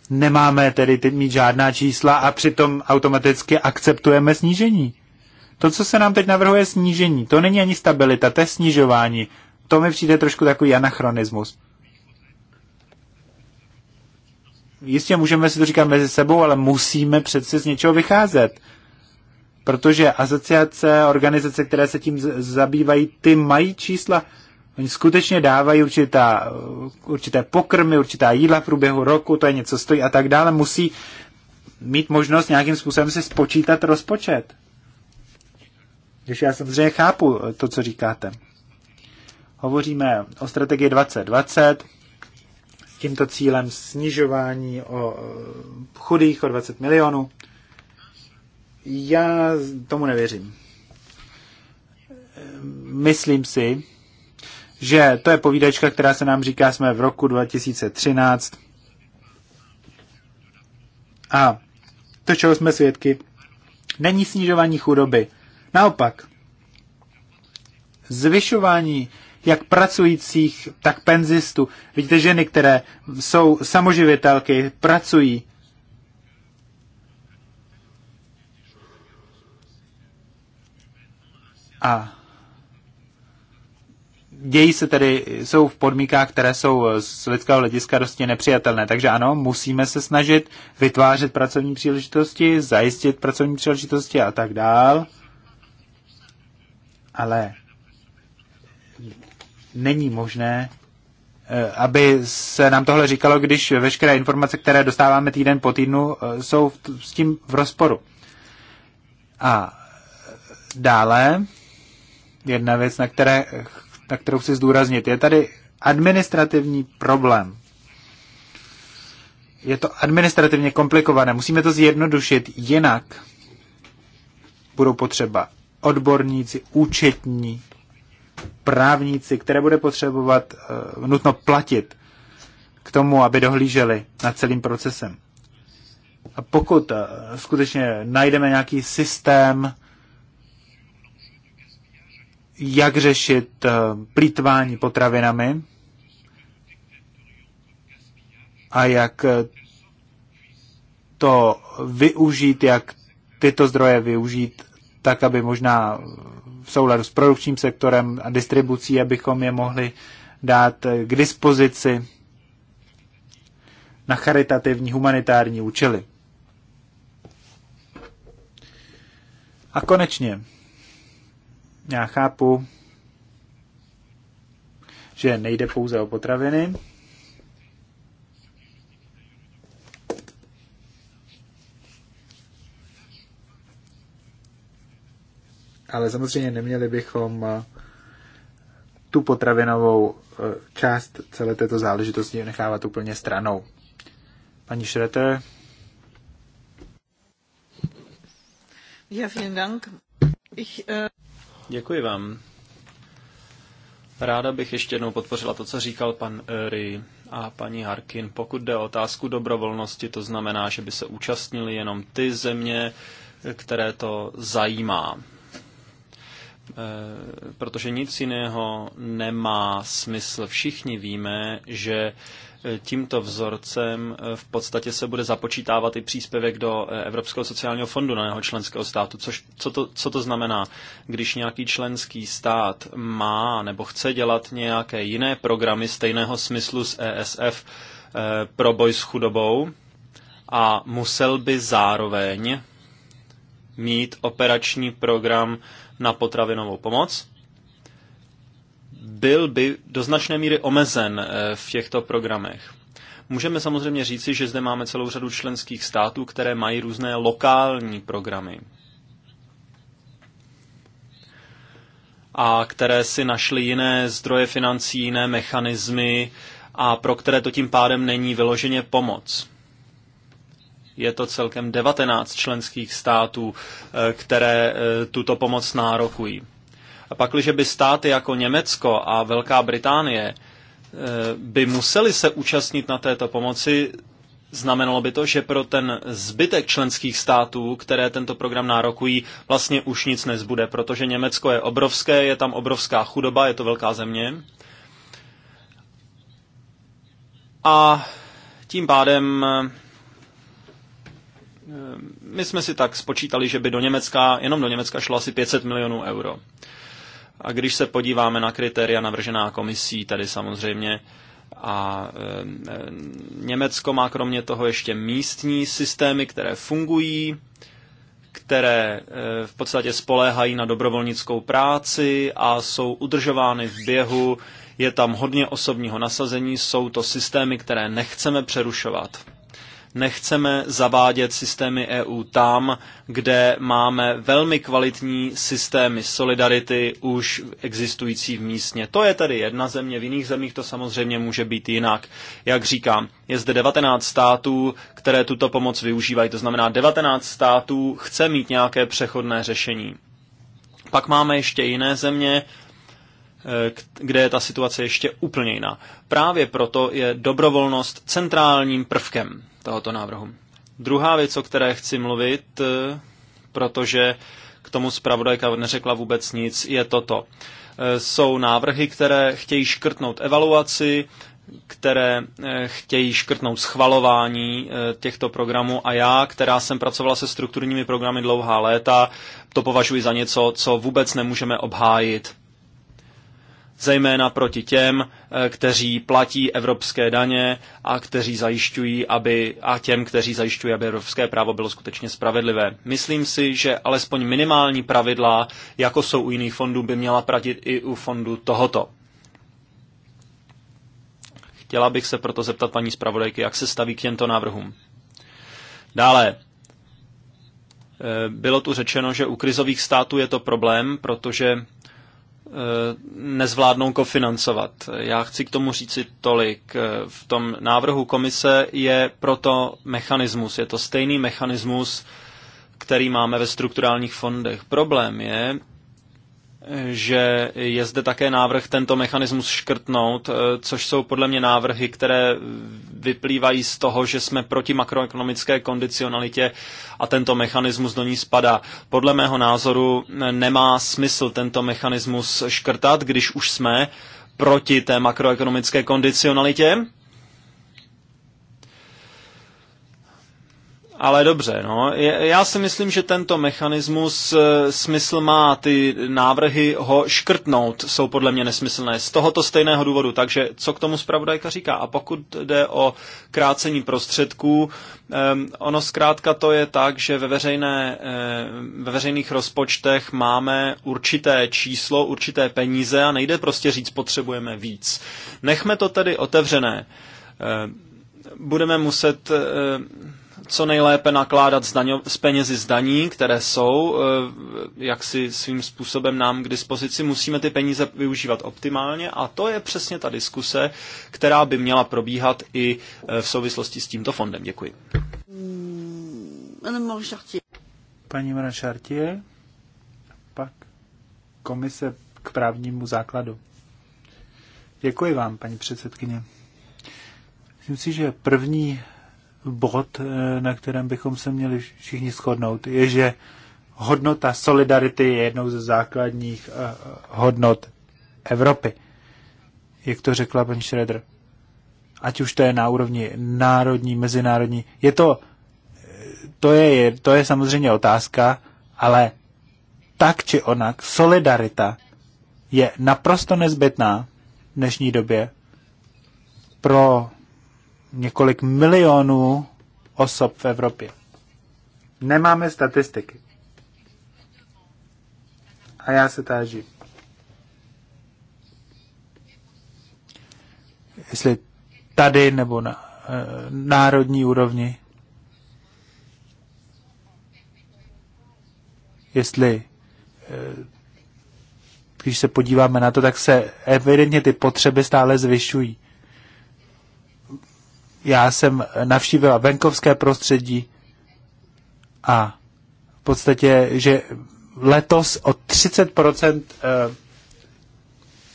nemáme tedy mít žádná čísla a přitom automaticky akceptujeme snížení. To, co se nám teď navrhuje snížení, to není ani stabilita, to je snižování. To mi přijde trošku takový anachronismus. Jistě můžeme si to říkat mezi sebou, ale musíme přece z něčeho vycházet protože asociace, organizace, které se tím zabývají, ty mají čísla. Oni skutečně dávají určitá, určité pokrmy, určitá jídla v průběhu roku, to je něco stojí a tak dále. Musí mít možnost nějakým způsobem si spočítat rozpočet. Když já samozřejmě chápu to, co říkáte. Hovoříme o strategii 2020, s tímto cílem snižování o eh, chudých o 20 milionů. Já tomu nevěřím. Myslím si, že to je povídačka, která se nám říká, jsme v roku 2013 a to, čeho jsme svědky, není snižování chudoby. Naopak, zvyšování jak pracujících, tak penzistů. Vidíte ženy, které jsou samoživitelky, pracují A dějí se tedy, jsou v podmínkách, které jsou eh, z lidského hlediska dosti nepřijatelné. Takže ano, musíme se snažit vytvářet pracovní příležitosti, zajistit pracovní příležitosti a tak dál. Ale není možné, eh, aby se nám tohle říkalo, když veškeré informace, které dostáváme týden po týdnu, eh, jsou s tím v rozporu. A dále jedna věc, na, které, na kterou chci zdůraznit. Je tady administrativní problém. Je to administrativně komplikované. Musíme to zjednodušit, jinak budou potřeba odborníci, účetní, právníci, které bude potřebovat uh, nutno platit k tomu, aby dohlíželi nad celým procesem. A pokud uh, skutečně najdeme nějaký systém, jak řešit eh, plítvání potravinami a jak eh, to využít, jak tyto zdroje využít tak, aby možná v souladu s produkčním sektorem a distribucí, abychom je mohli dát eh, k dispozici na charitativní humanitární účely. A konečně já chápu, že nejde pouze o potraviny. Ale samozřejmě neměli bychom eh, tu potravinovou eh, část celé této záležitosti nechávat úplně stranou. Paní Šreter. Ja, vielen Dank. Ich, äh... Děkuji vám. Ráda bych ještě jednou podpořila to, co říkal pan Ry a paní Harkin. Pokud jde o otázku dobrovolnosti, to znamená, že by se účastnili jenom ty země, které to zajímá. E, protože nic jiného nemá smysl. Všichni víme, že tímto vzorcem eh, v podstatě se bude započítávat i příspěvek do eh, Evropského sociálního fondu na jeho členského státu. Což, co, to, co to znamená? Když nějaký členský stát má nebo chce dělat nějaké jiné programy stejného smyslu s ESF eh, pro boj s chudobou a musel by zároveň mít operační program na potravinovou pomoc, byl by do značné míry omezen eh, v těchto programech. Můžeme samozřejmě říci, že zde máme celou řadu členských států, které mají různé lokální programy a které si našly jiné zdroje financí, jiné mechanismy a pro které to tím pádem není vyloženě pomoc. Je to celkem 19 členských států, eh, které eh, tuto pomoc nárokují. A pak, když by státy jako Německo a Velká Británie eh, by museli se účastnit na této pomoci, znamenalo by to, že pro ten zbytek členských států, které tento program nárokují, vlastně už nic nezbude, protože Německo je obrovské, je tam obrovská chudoba, je to velká země. A tím pádem eh, my jsme si tak spočítali, že by do Německa, jenom do Německa šlo asi 500 milionů euro. A když se podíváme na kritéria navržená komisí, tady samozřejmě a e, Německo má kromě toho ještě místní systémy, které fungují, které e, v podstatě spoléhají na dobrovolnickou práci a jsou udržovány v běhu. Je tam hodně osobního nasazení, jsou to systémy, které nechceme přerušovat. Nechceme zavádět systémy EU tam, kde máme velmi kvalitní systémy solidarity už existující v místně. To je tedy jedna země, v jiných zemích to samozřejmě může být jinak. Jak říkám, je zde 19 států, které tuto pomoc využívají, to znamená 19 států chce mít nějaké přechodné řešení. Pak máme ještě jiné země, eh, kde je ta situace ještě úplně jiná. Právě proto je dobrovolnost centrálním prvkem tohoto návrhu. Druhá věc, o které chci mluvit, eh, protože k tomu zpravodajka neřekla vůbec nic, je toto. Eh, jsou návrhy, které chtějí škrtnout evaluaci, které eh, chtějí škrtnout schvalování těchto programů a já, která jsem pracovala se strukturními programy dlouhá léta, to považuji za něco, co vůbec nemůžeme obhájit zejména proti těm, eh, kteří platí evropské daně a kteří zajišťují, aby, a těm, kteří zajišťují, aby evropské právo bylo skutečně spravedlivé. Myslím si, že alespoň minimální pravidla, jako jsou u jiných fondů, by měla platit i u fondu tohoto. Chtěla bych se proto zeptat paní zpravodajky, jak se staví k těmto návrhům. Dále, eh, bylo tu řečeno, že u krizových států je to problém, protože Eh, nezvládnou kofinancovat. Já chci k tomu říci tolik. Eh, v tom návrhu komise je proto mechanismus. Je to stejný mechanismus, který máme ve strukturálních fondech. Problém je, že je zde také návrh tento mechanismus škrtnout, eh, což jsou podle mě návrhy, které vyplývají z toho, že jsme proti makroekonomické kondicionalitě a tento mechanismus do ní spadá. Podle mého názoru eh, nemá smysl tento mechanismus škrtat, když už jsme proti té makroekonomické kondicionalitě Ale dobře, no. Já si myslím, že tento mechanismus e, smysl má. Ty návrhy ho škrtnout jsou podle mě nesmyslné. Z tohoto stejného důvodu. Takže co k tomu zpravodajka říká? A pokud jde o krácení prostředků, ono zkrátka to je tak, že ve, veřejné, e, ve veřejných rozpočtech máme určité číslo, určité peníze a nejde prostě říct, potřebujeme víc. Nechme to tedy otevřené. Budeme muset e, co nejlépe nakládat s, daňo, s penězi z daní, které jsou, eh, jak si svým způsobem nám k dispozici, musíme ty peníze využívat optimálně a to je přesně ta diskuse, která by měla probíhat i eh, v souvislosti s tímto fondem. Děkuji. Paní Mara Chartier, pak komise k právnímu základu. Děkuji vám, paní předsedkyně. Myslím si, že první bod, eh, na kterém bychom se měli všichni shodnout, je, že hodnota solidarity je jednou ze základních eh, hodnot Evropy. Jak to řekla paní Schroeder. Ať už to je na úrovni národní, mezinárodní. Je to, eh, to je, to je samozřejmě otázka, ale tak či onak solidarita je naprosto nezbytná v dnešní době pro několik milionů osob v Evropě. Nemáme statistiky. A já se táží. Jestli tady nebo na e, národní úrovni, jestli e, když se podíváme na to, tak se evidentně ty potřeby stále zvyšují. Já jsem navštívila venkovské prostředí a v podstatě, že letos o 30% eh,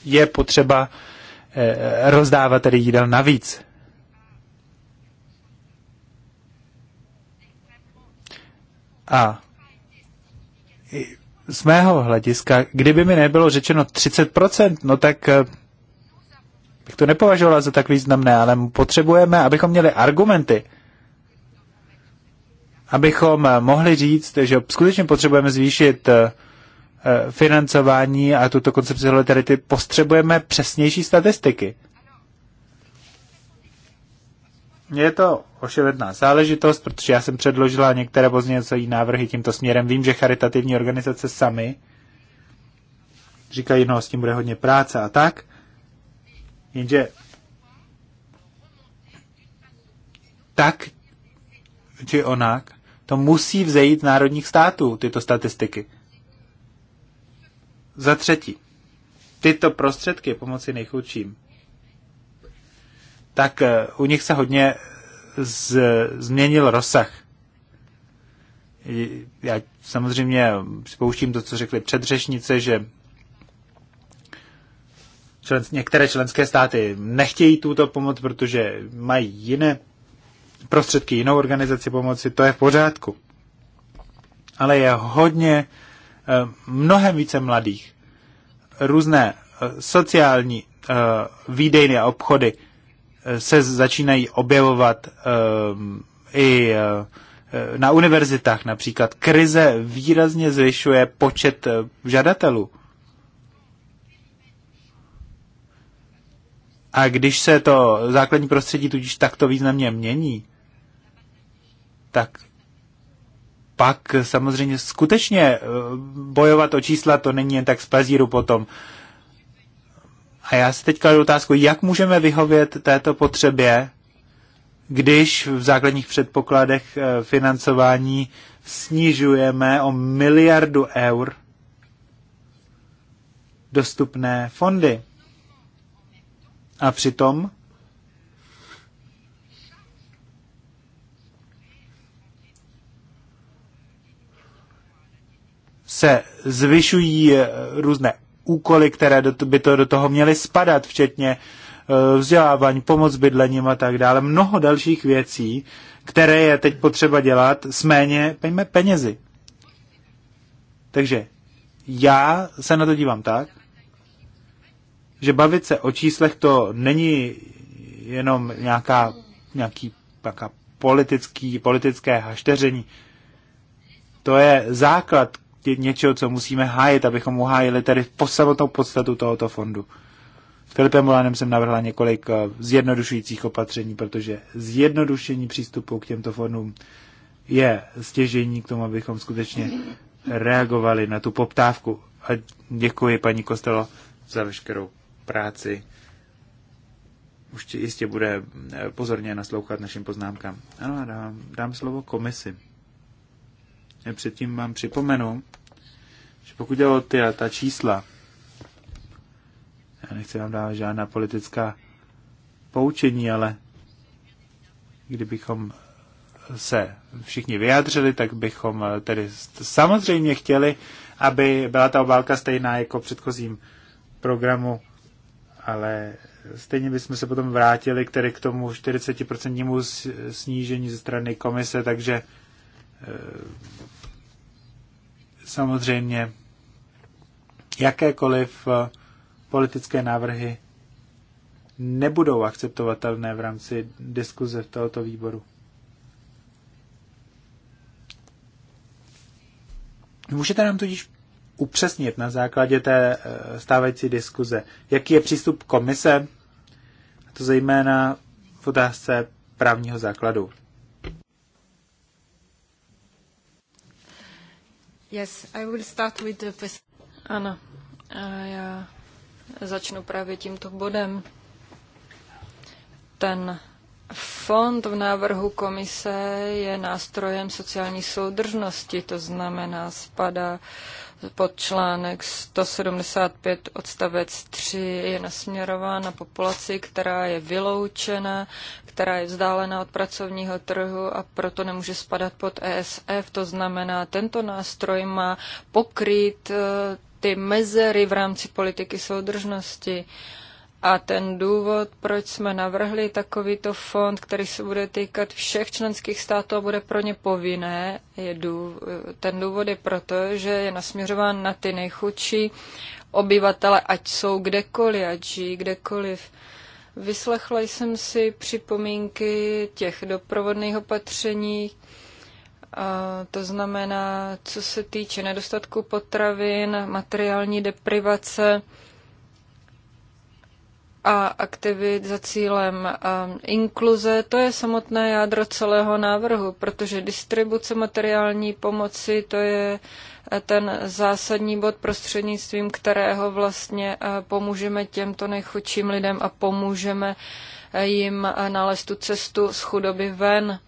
je potřeba eh, rozdávat tedy jídel navíc. A z mého hlediska, kdyby mi nebylo řečeno 30%, no tak eh, bych to nepovažovala za tak významné, ale potřebujeme, abychom měli argumenty, abychom mohli říct, že skutečně potřebujeme zvýšit eh, financování a tuto koncepci solidarity, potřebujeme přesnější statistiky. Je to oševedná záležitost, protože já jsem předložila některé pozdějovací návrhy tímto směrem. Vím, že charitativní organizace sami říkají, no s tím bude hodně práce a tak. Jenže tak či onak, to musí vzejít národních států, tyto statistiky. Za třetí, tyto prostředky pomoci nejchudším, tak eh, u nich se hodně z, změnil rozsah. Já samozřejmě připouštím to, co řekli předřešnice, že člen, některé členské státy nechtějí tuto pomoc, protože mají jiné prostředky, jinou organizaci pomoci, to je v pořádku. Ale je hodně, eh, mnohem více mladých, různé eh, sociální eh, výdejny a obchody se začínají objevovat i na univerzitách například. Krize výrazně zvyšuje počet žadatelů A když se to základní prostředí tudíž takto významně mění, tak pak samozřejmě skutečně e, bojovat o čísla, to není jen tak z plezíru potom. A já si teď kladu otázku, jak můžeme vyhovět této potřebě, když v základních předpokladech e, financování snižujeme o miliardu eur dostupné fondy. A přitom se zvyšují eh, různé úkoly, které by to do toho měly spadat, včetně eh, vzdělávání, pomoc bydlením a tak dále. Mnoho dalších věcí, které je teď potřeba dělat s méně penězi. Takže já se na to dívám tak, že bavit se o číslech to není jenom nějaká, nějaký, nějaká politický, politické hašteření. To je základ něčeho, co musíme hájit, abychom uhájili tedy po samotnou podstatu tohoto fondu. S Filipem Volanem jsem navrhla několik eh, zjednodušujících opatření, protože zjednodušení přístupu k těmto fondům je stěžení k tomu, abychom skutečně reagovali na tu poptávku. A děkuji paní Kostelo za veškerou práci. Už jistě bude eh, pozorně naslouchat našim poznámkám. Ano, a dám, dám slovo komisi. Já předtím vám připomenu, že pokud jde o ty, ta čísla, já nechci vám dávat žádná politická poučení, ale kdybychom se všichni vyjádřili, tak bychom eh, tedy samozřejmě chtěli, aby byla ta obálka stejná jako v předchozím programu ale stejně bychom se potom vrátili k, tedy k tomu 40% snížení ze strany komise, takže eh, samozřejmě jakékoliv eh, politické návrhy nebudou akceptovatelné v rámci diskuze v tohoto výboru. Můžete nám tudíž upřesnit na základě té eh, stávající diskuze. Jaký je přístup komise, to zejména v otázce právního základu? Yes, I will start with the... Ano, já začnu právě tímto bodem. Ten Fond v návrhu komise je nástrojem sociální soudržnosti, to znamená spadá pod článek 175 odstavec 3 je nasměrován na populaci, která je vyloučena, která je vzdálená od pracovního trhu a proto nemůže spadat pod ESF. To znamená, tento nástroj má pokrýt eh, ty mezery v rámci politiky soudržnosti. Uh, a ten důvod, proč jsme navrhli takovýto fond, který se bude týkat všech členských států a bude pro ně povinné, je důvod, ten důvod je proto, že je nasměřován na ty nejchudší obyvatele, ať jsou kdekoliv, ať žijí kdekoliv. Vyslechla jsem si připomínky těch doprovodných opatření, a to znamená, co se týče nedostatku potravin, materiální deprivace, a aktivit za cílem um, inkluze, to je samotné jádro celého návrhu, protože distribuce materiální pomoci, to je eh, ten zásadní bod prostřednictvím, kterého vlastně eh, pomůžeme těmto nejchudším lidem a pomůžeme eh, jim nalézt tu cestu z chudoby ven.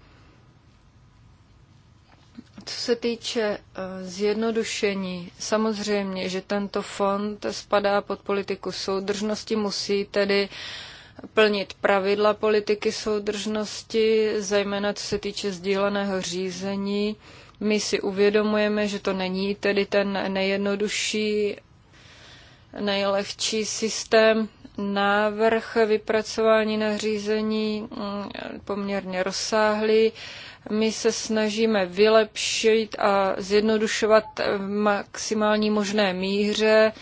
Co se týče eh, zjednodušení, samozřejmě, že tento fond spadá pod politiku soudržnosti, musí tedy plnit pravidla politiky soudržnosti, zejména co se týče sdíleného řízení. My si uvědomujeme, že to není tedy ten nejjednodušší, nejlehčí systém. Návrh vypracování nařízení mm, poměrně rozsáhlý my se snažíme vylepšit a zjednodušovat v maximální možné míře.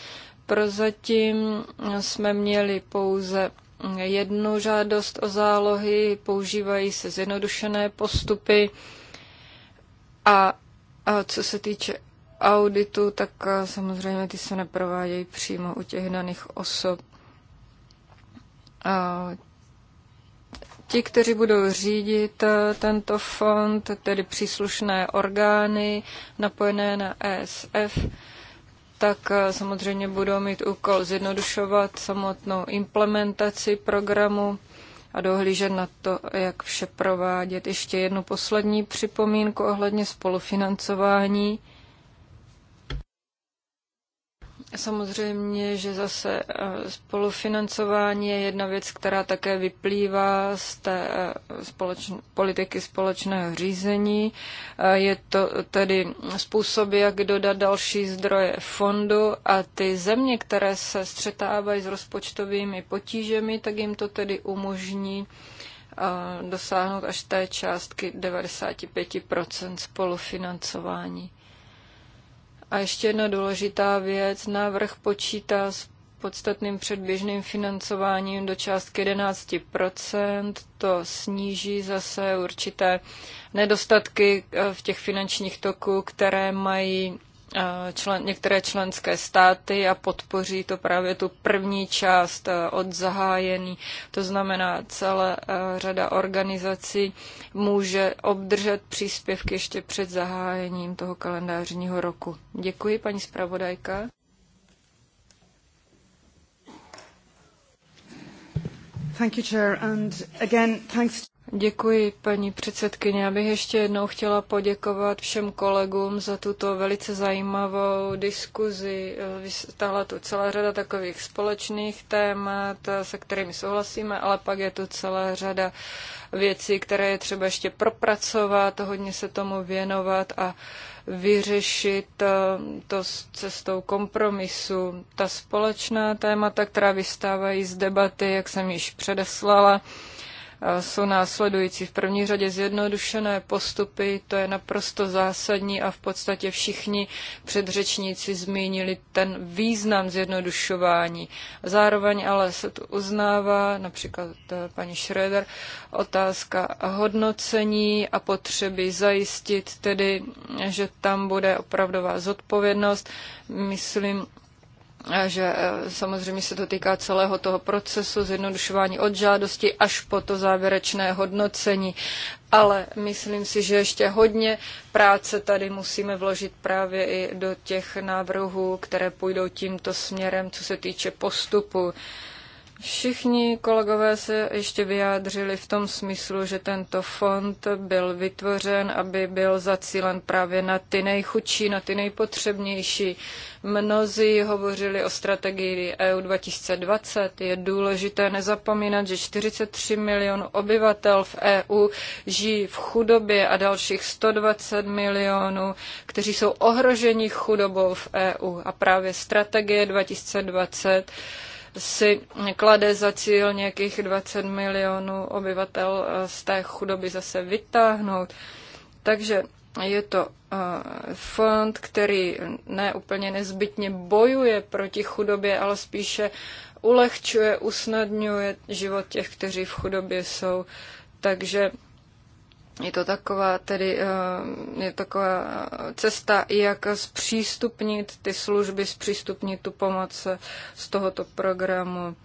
Prozatím jsme měli pouze jednu žádost o zálohy, používají se zjednodušené postupy a, a co se týče auditu, tak samozřejmě ty se neprovádějí přímo u těch daných osob. A ti, kteří budou řídit eh, tento fond, tedy příslušné orgány napojené na ESF, tak eh, samozřejmě budou mít úkol zjednodušovat samotnou implementaci programu a dohlížet na to, jak vše provádět. Ještě jednu poslední připomínku ohledně spolufinancování. Samozřejmě, že zase eh, spolufinancování je jedna věc, která také vyplývá z té eh, společn- politiky společného řízení. Eh, je to tedy způsob, jak dodat další zdroje fondu a ty země, které se střetávají s rozpočtovými potížemi, tak jim to tedy umožní dosáhnout až té částky 95 spolufinancování. A ještě jedna důležitá věc, návrh počítá s podstatným předběžným financováním do částky 11 To sníží zase určité nedostatky eh, v těch finančních toků, které mají člen, některé členské státy a podpoří to právě tu první část e, od zahájení. To znamená, celá e, řada organizací může obdržet příspěvky ještě před zahájením toho kalendářního roku. Děkuji, paní zpravodajka. Thank you, Chair, and again, thanks Děkuji, paní předsedkyně. Já bych ještě jednou chtěla poděkovat všem kolegům za tuto velice zajímavou diskuzi. Vystála tu celá řada takových společných témat, se kterými souhlasíme, ale pak je tu celá řada věcí, které je třeba ještě propracovat, hodně se tomu věnovat a vyřešit eh, to s cestou kompromisu. Ta společná témata, která vystávají z debaty, jak jsem již předeslala, jsou následující. V první řadě zjednodušené postupy, to je naprosto zásadní a v podstatě všichni předřečníci zmínili ten význam zjednodušování. Zároveň ale se tu uznává, například eh, paní Schröder, otázka hodnocení a potřeby zajistit tedy, že tam bude opravdová zodpovědnost. Myslím, že e, samozřejmě se to týká celého toho procesu zjednodušování od žádosti až po to závěrečné hodnocení. Ale myslím si, že ještě hodně práce tady musíme vložit právě i do těch návrhů, které půjdou tímto směrem, co se týče postupu. Uh, Všichni kolegové se ještě vyjádřili v tom smyslu, že tento fond byl vytvořen, aby byl zacílen právě na ty nejchudší, na ty nejpotřebnější. Mnozí hovořili o strategii EU 2020. Je důležité nezapomínat, že 43 milionů obyvatel v EU žijí v chudobě a dalších 120 milionů, kteří jsou ohroženi chudobou v EU. A právě strategie 2020 si klade za cíl nějakých 20 milionů obyvatel eh, z té chudoby zase vytáhnout. Takže je to eh, fond, který ne úplně nezbytně bojuje proti chudobě, ale spíše ulehčuje, usnadňuje život těch, kteří v chudobě jsou. Takže je to taková, tedy, eh, je taková cesta, jak zpřístupnit ty služby, zpřístupnit tu pomoc z tohoto programu.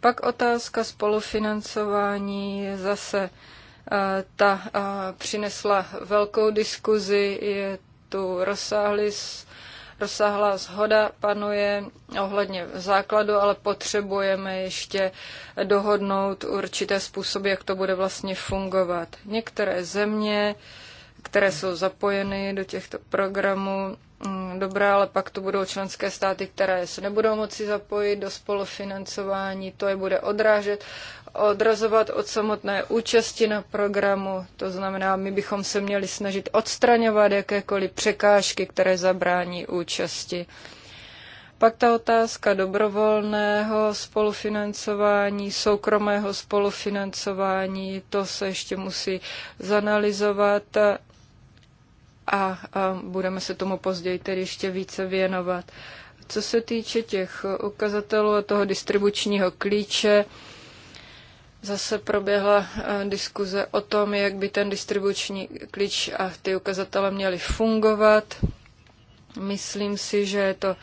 Pak otázka spolufinancování zase eh, ta eh, přinesla velkou diskuzi, je tu rozsáhlý Rozsáhlá zhoda panuje ohledně základu, ale potřebujeme ještě dohodnout určité způsoby, jak to bude vlastně fungovat. Některé země, které jsou zapojeny do těchto programů, mm, Dobrá, ale pak to budou členské státy, které se nebudou moci zapojit do spolufinancování, to je bude odrážet odrazovat od samotné účasti na programu. To znamená, my bychom se měli snažit odstraňovat jakékoliv překážky, které zabrání účasti. Pak ta otázka dobrovolného spolufinancování, soukromého spolufinancování, to se ještě musí zanalizovat a, a budeme se tomu později tedy ještě více věnovat. Co se týče těch ukazatelů a toho distribučního klíče, Zase proběhla eh, diskuze o tom, jak by ten distribuční klíč a ty ukazatele měly fungovat. Myslím si, že je to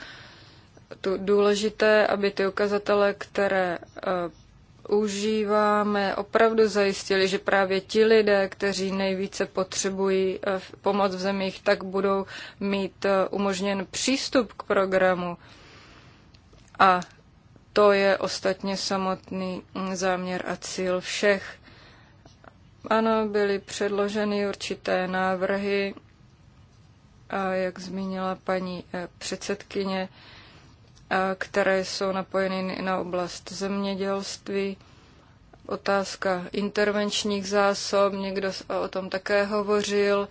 tu důležité, aby ty ukazatele, které eh, užíváme, opravdu zajistili, že právě ti lidé, kteří nejvíce potřebují eh, pomoc v zemích, tak budou mít umožněn přístup k programu. A to je ostatně samotný mm, záměr a cíl všech. Ano, byly předloženy určité návrhy, a jak zmínila paní eh, předsedkyně, které jsou napojeny na oblast zemědělství. Otázka intervenčních zásob, někdo o tom také hovořil.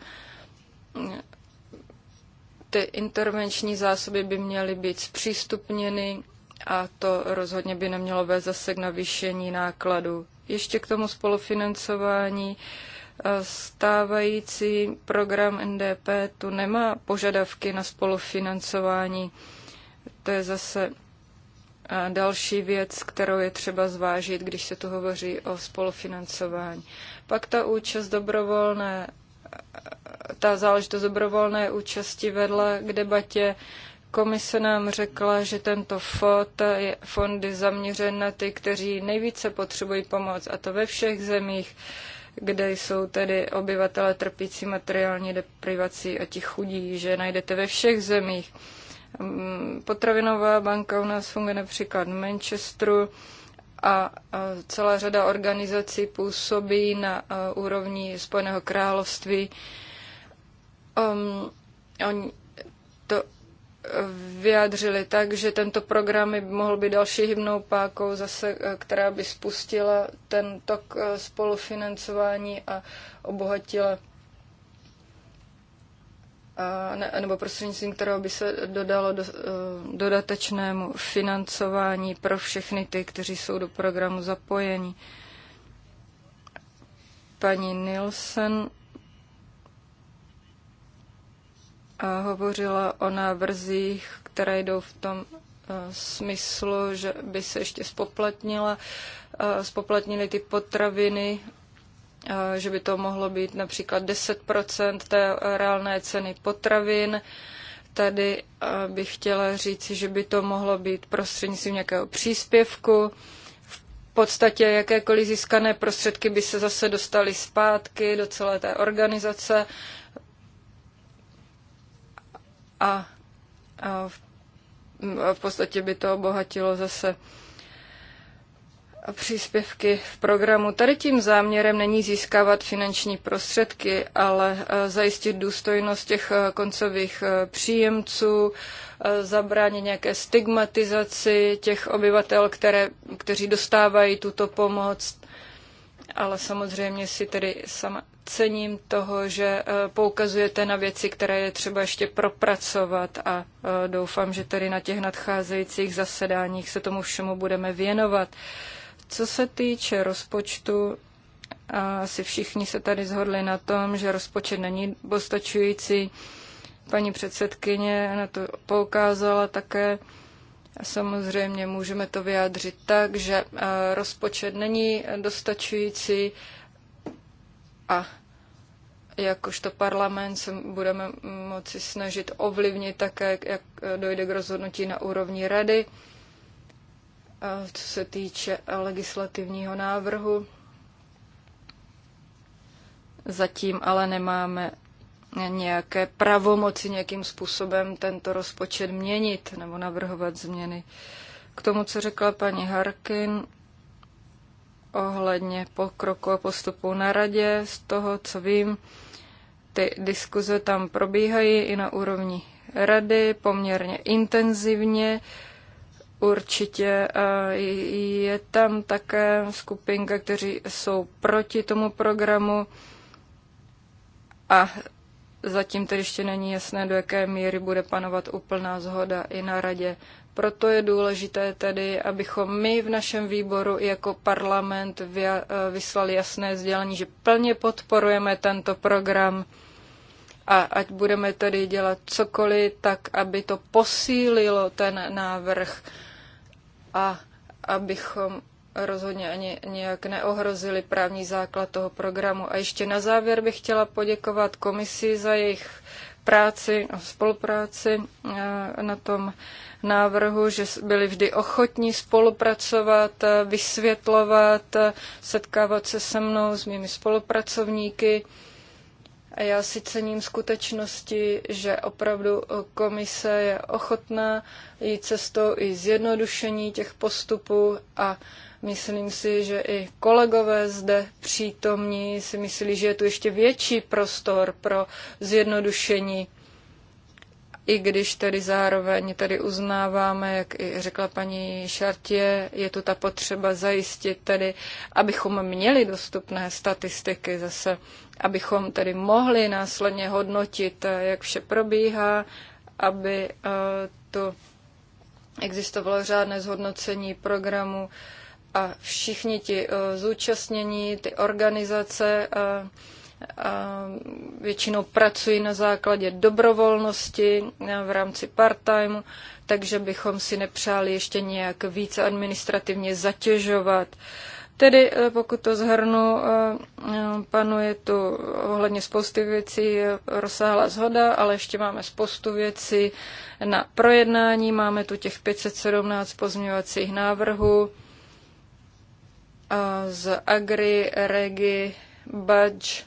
Ty intervenční zásoby by měly být zpřístupněny a to rozhodně by nemělo vést zase k navýšení nákladů. Ještě k tomu spolufinancování. Eh, stávající program NDP tu nemá požadavky na spolufinancování. To je zase eh, další věc, kterou je třeba zvážit, když se tu hovoří o spolufinancování. Pak ta účast dobrovolné, eh, ta záležitost dobrovolné účasti vedla k debatě Komise nám řekla, že tento fond je, fond je zaměřen na ty, kteří nejvíce potřebují pomoc, a to ve všech zemích, kde jsou tedy obyvatele trpící materiální deprivací a ti chudí, že najdete ve všech zemích. Mm, potravinová banka u nás funguje například v Manchesteru a celá řada organizací působí na úrovni Spojeného království. Um, oni to vyjádřili tak, že tento program by mohl být další hybnou pákou, zase, eh, která by spustila ten tok eh, spolufinancování a obohatila a ne, nebo prostřednictvím kterého by se dodalo do, eh, dodatečnému financování pro všechny ty, kteří jsou do programu zapojeni. Paní Nilsen hovořila o návrzích, které jdou v tom e, smyslu, že by se ještě spoplatnila, e, spoplatnily ty potraviny, e, že by to mohlo být například 10% té reálné ceny potravin. Tady bych chtěla říci, že by to mohlo být prostřednictvím nějakého příspěvku. V podstatě jakékoliv získané prostředky by se zase dostaly zpátky do celé té organizace a, a v, v podstatě by to obohatilo zase příspěvky v programu. Tady tím záměrem není získávat finanční prostředky, ale e, zajistit důstojnost těch e, koncových e, příjemců, zabránit nějaké stigmatizaci těch obyvatel, které, kteří dostávají tuto pomoc. Ale samozřejmě si tedy sama cením toho, že eh, poukazujete na věci, které je třeba ještě propracovat a eh, doufám, že tedy na těch nadcházejících zasedáních se tomu všemu budeme věnovat. Co se týče rozpočtu, asi všichni se tady zhodli na tom, že rozpočet není dostačující. Paní předsedkyně na to poukázala také. A samozřejmě můžeme to vyjádřit tak, že eh, rozpočet není dostačující, a jakožto parlament se budeme moci snažit ovlivnit také, jak dojde k rozhodnutí na úrovni rady, co se týče legislativního návrhu. Zatím ale nemáme nějaké pravomoci nějakým způsobem tento rozpočet měnit nebo navrhovat změny. K tomu, co řekla paní Harkin, ohledně pokroku a postupu na radě. Z toho, co vím, ty diskuze tam probíhají i na úrovni rady poměrně intenzivně. Určitě je tam také skupinka, kteří jsou proti tomu programu a zatím tedy ještě není jasné, do jaké míry bude panovat úplná zhoda i na radě. Proto je důležité tedy, abychom my v našem výboru i jako parlament eh, vyslali jasné sdělení, že plně podporujeme tento program a ať budeme tedy dělat cokoliv, tak aby to posílilo ten návrh a abychom rozhodně ani nějak neohrozili právní základ toho programu. A ještě na závěr bych chtěla poděkovat komisi za jejich práci a spolupráci eh, na tom návrhu, že byli vždy ochotní spolupracovat, vysvětlovat, setkávat se se mnou, s mými spolupracovníky. A já si cením skutečnosti, že opravdu komise je ochotná jít cestou i zjednodušení těch postupů a myslím si, že i kolegové zde přítomní si myslí, že je tu ještě větší prostor pro zjednodušení i když tedy zároveň tady uznáváme, jak i řekla paní Šartě, je tu ta potřeba zajistit tedy, abychom měli dostupné statistiky zase, abychom tedy mohli následně hodnotit, jak vše probíhá, aby eh, to existovalo řádné zhodnocení programu a všichni ti eh, zúčastnění, ty organizace, eh, Většinou pracuji na základě dobrovolnosti e, v rámci part-time, takže bychom si nepřáli ještě nějak více administrativně zatěžovat. Tedy, e, pokud to zhrnu, e, panuje tu ohledně spousty věcí rozsáhlá zhoda, ale ještě máme spoustu věcí na projednání. Máme tu těch 517 pozměňovacích návrhů z Agri, Regi, Budge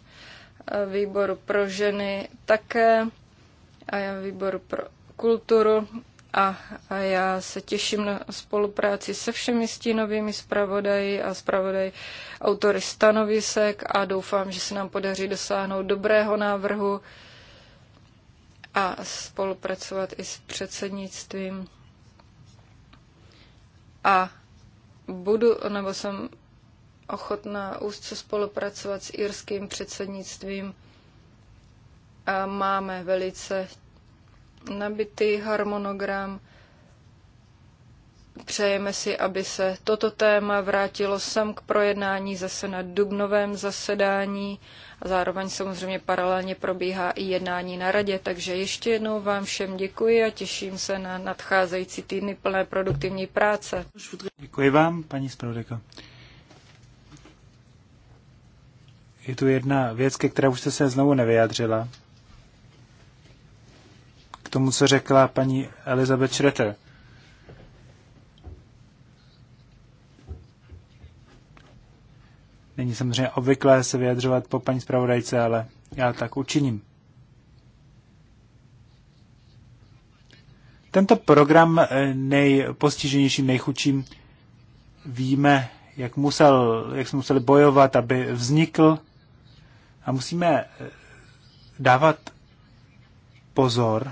výboru pro ženy také a já výboru pro kulturu a, a já se těším na spolupráci se všemi stínovými zpravodaji a zpravodaji autory stanovisek a doufám, že se nám podaří dosáhnout dobrého návrhu a spolupracovat i s předsednictvím. A budu, nebo jsem ochotná úzce spolupracovat s irským předsednictvím a máme velice nabitý harmonogram. Přejeme si, aby se toto téma vrátilo sem k projednání zase na dubnovém zasedání a zároveň samozřejmě paralelně probíhá i jednání na radě. Takže ještě jednou vám všem děkuji a těším se na nadcházející týdny plné produktivní práce. Děkuji vám, paní Spravodajko. je tu jedna věc, ke které už jste se znovu nevyjádřila. K tomu, co řekla paní Elizabeth Schroeter. Není samozřejmě obvyklé se vyjadřovat po paní zpravodajce, ale já tak učiním. Tento program eh, nejpostiženějším, nejchučím víme, jak, musel, jak jsme museli bojovat, aby vznikl a musíme eh, dávat pozor,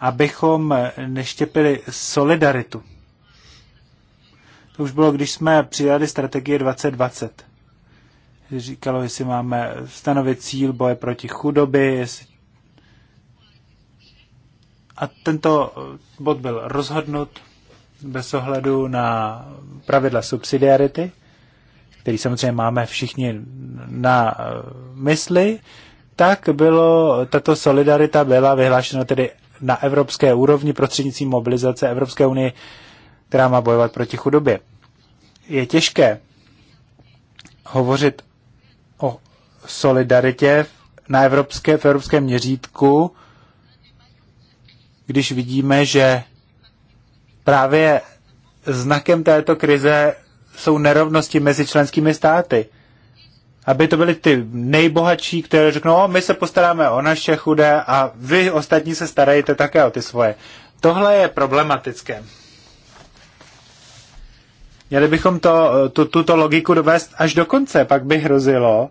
abychom eh, neštěpili solidaritu. To už bylo, když jsme přijali strategie 2020. Říkalo, jestli máme stanovit cíl boje proti chudobě, jestli... A tento eh, bod byl rozhodnut bez ohledu na pravidla subsidiarity který samozřejmě máme všichni na mysli, tak bylo, tato solidarita byla vyhlášena tedy na evropské úrovni prostřednictvím mobilizace Evropské unie, která má bojovat proti chudobě. Je těžké hovořit o solidaritě na evropské, v evropském měřítku, když vidíme, že právě znakem této krize jsou nerovnosti mezi členskými státy. Aby to byly ty nejbohatší, které řeknou, o, my se postaráme o naše chudé a vy ostatní se starajte také o ty svoje. Tohle je problematické. Měli bychom to, tu, tuto logiku dovést až do konce, pak by hrozilo,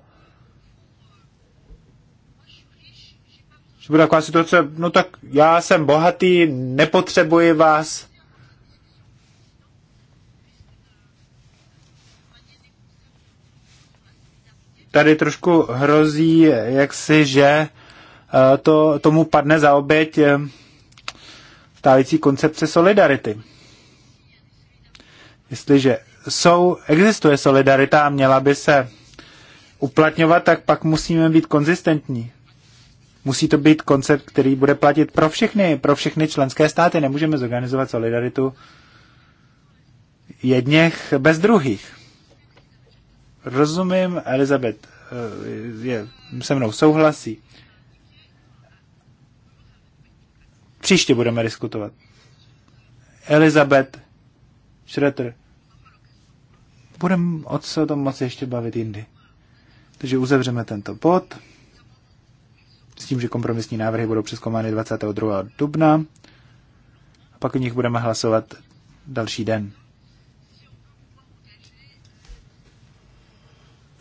že bude taková situace, no tak já jsem bohatý, nepotřebuji vás, tady trošku hrozí, jak si, že eh, to, tomu padne za oběť eh, stávající koncepce solidarity. Jestliže jsou, existuje solidarita a měla by se uplatňovat, tak pak musíme být konzistentní. Musí to být koncept, který bude platit pro všechny, pro všechny členské státy. Nemůžeme zorganizovat solidaritu jedněch bez druhých rozumím, Elizabeth eh, je, se mnou souhlasí. Příště budeme diskutovat. Elizabeth Schroeder. Budeme o co tom moci ještě bavit jindy. Takže uzavřeme tento bod s tím, že kompromisní návrhy budou přeskoumány 22. dubna a pak o nich budeme hlasovat další den.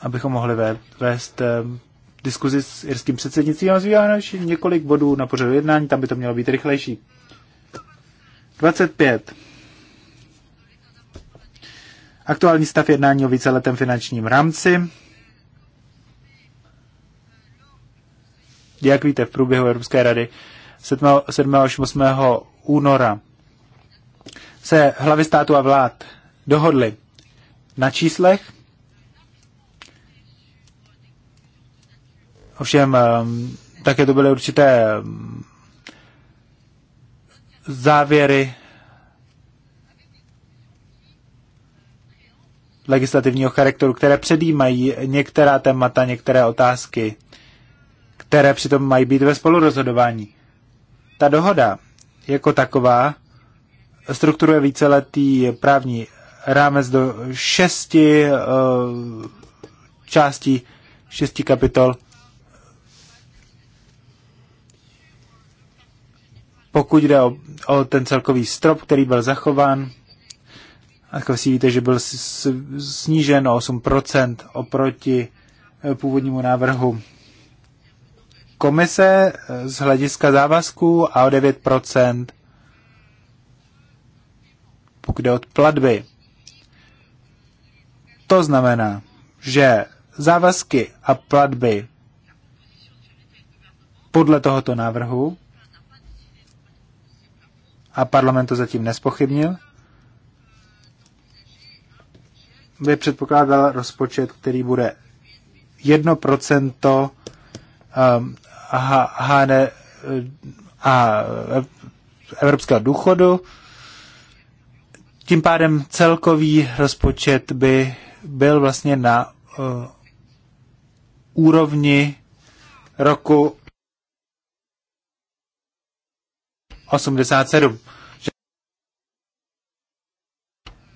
abychom mohli vést eh, diskuzi s irským předsednictvím a zvíjáme několik bodů na pořadu jednání, tam by to mělo být rychlejší. 25. Aktuální stav jednání o víceletém finančním rámci. Jak víte, v průběhu Evropské rady 7. 7. až 8. února se hlavy státu a vlád dohodly na číslech, Ovšem, ehm, také to byly určité ehm, závěry legislativního charakteru, které předjímají některá témata, některé otázky, které přitom mají být ve spolurozhodování. Ta dohoda jako taková strukturuje víceletý právní rámec do šesti uh, částí, šesti kapitol Pokud jde o, o ten celkový strop, který byl zachován, tak jako si víte, že byl snížen o 8% oproti eh, původnímu návrhu komise eh, z hlediska závazků a o 9% pokud jde od platby. To znamená, že závazky a platby podle tohoto návrhu a parlament to zatím nespochybnil, by předpokládal rozpočet, který bude 1% um, HN eh, a evropského důchodu. Tím pádem celkový rozpočet by byl vlastně na eh, úrovni roku 87.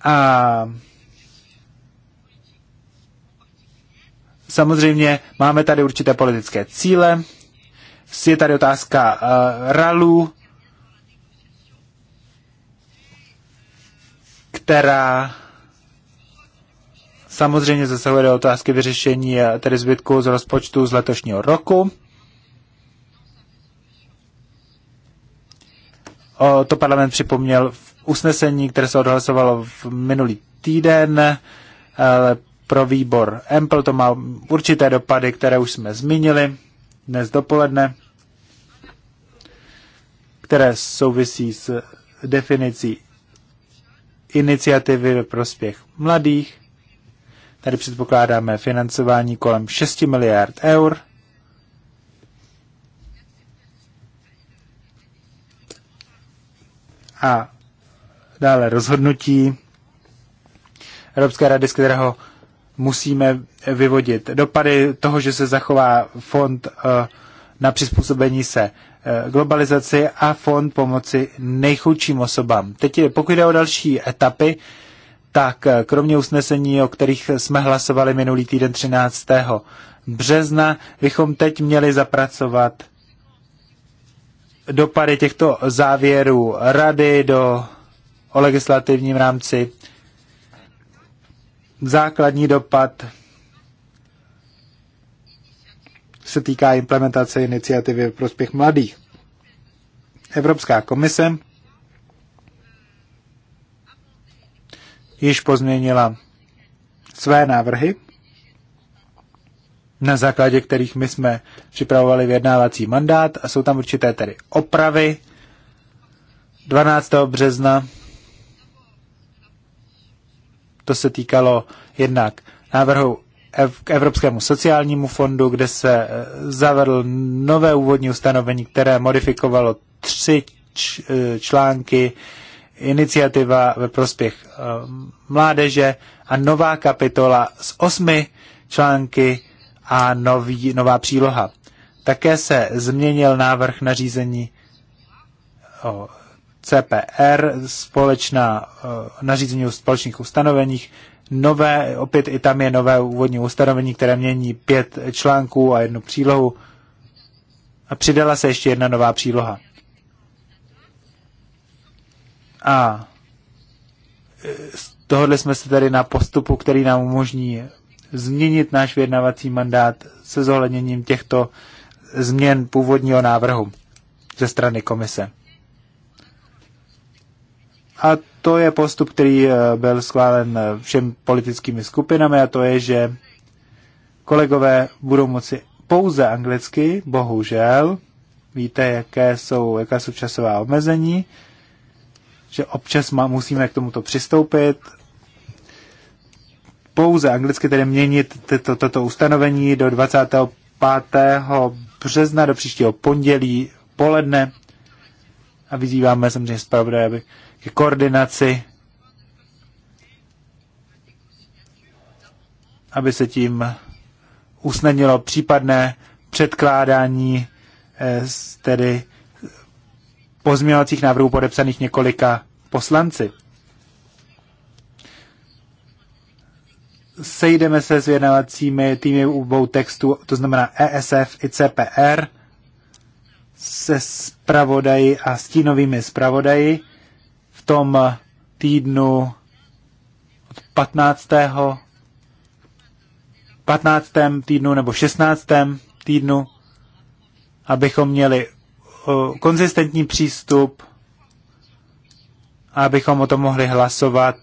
A samozřejmě máme tady určité politické cíle. Je tady otázka uh, RALu, která samozřejmě zasahuje do otázky vyřešení eh, tedy zbytku z rozpočtu z letošního roku. to parlament připomněl v usnesení, které se odhlasovalo v minulý týden, pro výbor Empl to má určité dopady, které už jsme zmínili dnes dopoledne, které souvisí s definicí iniciativy ve prospěch mladých. Tady předpokládáme financování kolem 6 miliard eur – A dále rozhodnutí Evropské rady, z kterého musíme vyvodit dopady toho, že se zachová fond eh, na přizpůsobení se eh, globalizaci a fond pomoci nejchudším osobám. Teď pokud jde o další etapy, tak eh, kromě usnesení, o kterých jsme hlasovali minulý týden 13. března, bychom teď měli zapracovat dopady těchto závěrů rady do, o legislativním rámci, základní dopad se týká implementace iniciativy v prospěch mladých. Evropská komise již pozměnila své návrhy na základě kterých my jsme připravovali vyjednávací mandát a jsou tam určité tedy opravy. 12. března to se týkalo jednak návrhu k Evropskému sociálnímu fondu, kde se eh, zavedl nové úvodní ustanovení, které modifikovalo tři eh, články iniciativa ve prospěch eh, mládeže a nová kapitola z osmi články a nový, nová příloha. Také se změnil návrh na řízení o CPR, společná nařízení o společných ustanoveních, nové, opět i tam je nové úvodní ustanovení, které mění pět článků a jednu přílohu a přidala se ještě jedna nová příloha. A tohohle e, jsme se tedy na postupu, který nám umožní změnit náš vědnavací mandát se zohledněním těchto změn původního návrhu ze strany komise. A to je postup, který eh, byl schválen eh, všem politickými skupinami a to je, že kolegové budou moci pouze anglicky, bohužel. Víte, jaké jsou, jaká jsou časová omezení, že občas má, musíme k tomuto přistoupit pouze anglicky tedy měnit tyto, toto ustanovení do 25. března do příštího pondělí poledne a vyzýváme samozřejmě aby ke koordinaci, aby se tím usnadnilo případné předkládání eh, tedy pozměňovacích návrhů podepsaných několika poslanci. sejdeme se s vědavacími týmy obou textů, to znamená ESF i CPR, se spravodaji a stínovými spravodaji v tom týdnu od 15. 15. týdnu nebo 16. týdnu, abychom měli eh, konzistentní přístup a abychom o tom mohli hlasovat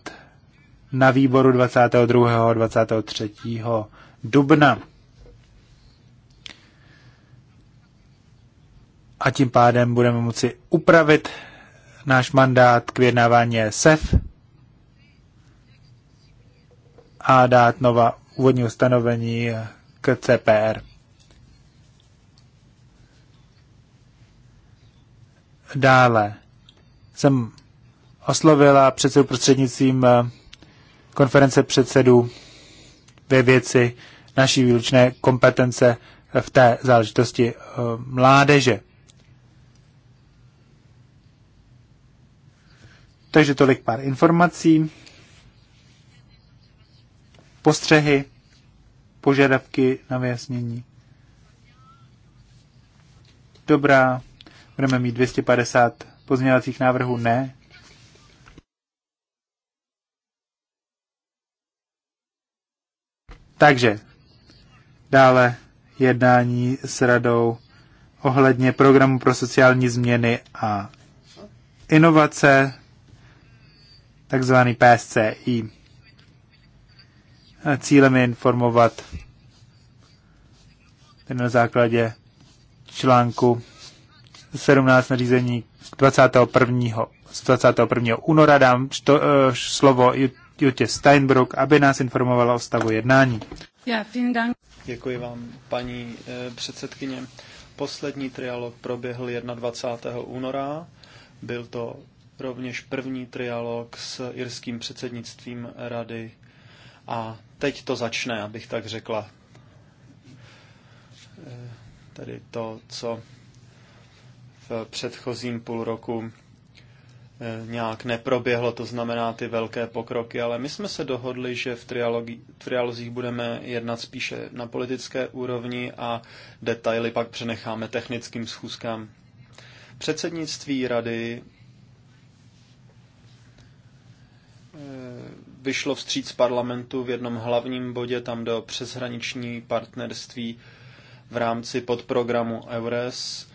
na výboru 22. a 23. dubna. A tím pádem budeme moci upravit náš mandát k vyjednávání SEF a dát nová úvodní ustanovení k CPR. Dále jsem oslovila předsedu prostřednictvím konference předsedů ve věci naší výlučné kompetence v té záležitosti eh, mládeže. Takže tolik pár informací, postřehy, požadavky na vyjasnění. Dobrá, budeme mít 250 pozměňovacích návrhů, ne, Takže dále jednání s radou ohledně programu pro sociální změny a inovace, takzvaný PSCI. Cílem je informovat ten na základě článku 17 nařízení 21. 21. února dám čto, uh, eh, slovo Jutě Steinbrock, aby nás informovala o stavu jednání. Já, Děkuji vám, paní eh, předsedkyně. Poslední trialog proběhl 21. února. Byl to rovněž první trialog s irským předsednictvím rady. A teď to začne, abych tak řekla. Eh, Tedy to, co v předchozím půl roku Eh, nějak neproběhlo, to znamená ty velké pokroky, ale my jsme se dohodli, že v trialozích budeme jednat spíše na politické úrovni a detaily pak přenecháme technickým schůzkám. Předsednictví rady eh, vyšlo vstříc parlamentu v jednom hlavním bodě, tam do přeshraniční partnerství v rámci podprogramu EURES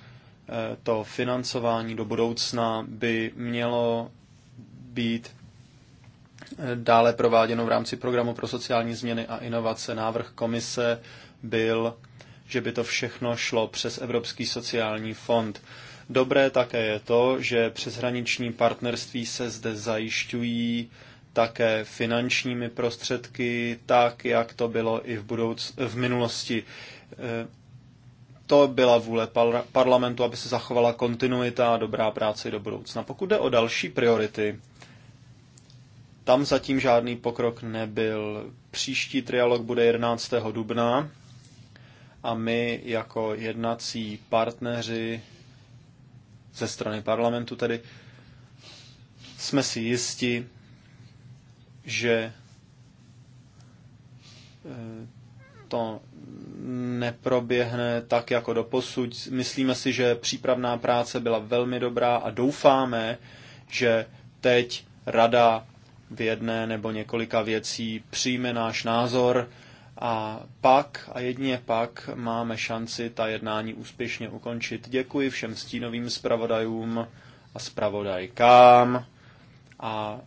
Eh, to financování do budoucna by mělo být eh, dále prováděno v rámci programu pro sociální změny a inovace. Návrh komise byl, že by to všechno šlo přes Evropský sociální fond. Dobré také je to, že přeshraniční partnerství se zde zajišťují také finančními prostředky, tak jak to bylo i v, budouc- v minulosti. Eh, to byla vůle par parlamentu, aby se zachovala kontinuita a dobrá práce do budoucna. Pokud jde o další priority, tam zatím žádný pokrok nebyl. Příští trialog bude 11. dubna a my jako jednací partneři ze strany parlamentu tedy jsme si jisti, že eh, to neproběhne tak jako doposud. Myslíme si, že přípravná práce byla velmi dobrá a doufáme, že teď rada v jedné nebo několika věcí přijme náš názor a pak a jedině pak máme šanci ta jednání úspěšně ukončit. Děkuji všem stínovým zpravodajům a zpravodajkám a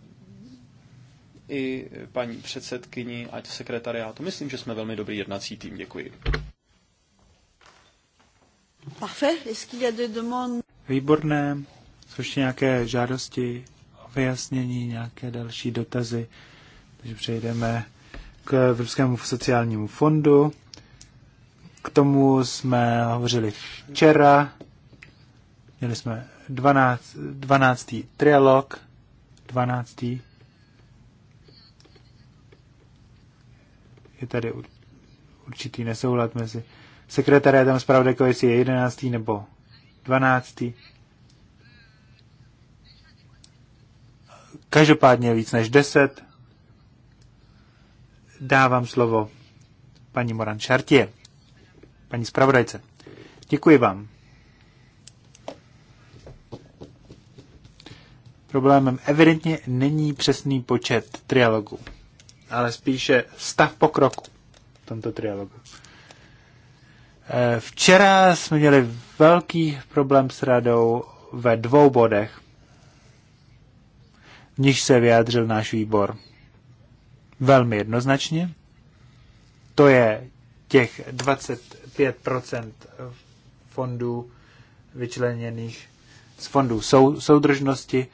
i paní předsedkyni a sekretariátu. Myslím, že jsme velmi dobrý jednací tým. Děkuji. Výborné. Jsou ještě nějaké žádosti o vyjasnění, nějaké další dotazy. Takže přejdeme k Evropskému sociálnímu fondu. K tomu jsme hovořili včera. Měli jsme 12, 12. trialog, 12. je tady určitý nesoulad mezi sekretariátem zpravodajkou, jestli je 11. nebo 12. Každopádně víc než 10. Dávám slovo paní Moran Šartě, paní zpravodajce. Děkuji vám. Problémem evidentně není přesný počet trialogů ale spíše stav pokroku v tomto trialogu. Eh, včera jsme měli velký problém s radou ve dvou bodech, v níž se vyjádřil náš výbor velmi jednoznačně. To je těch 25 fondů vyčleněných z fondů sou, soudržnosti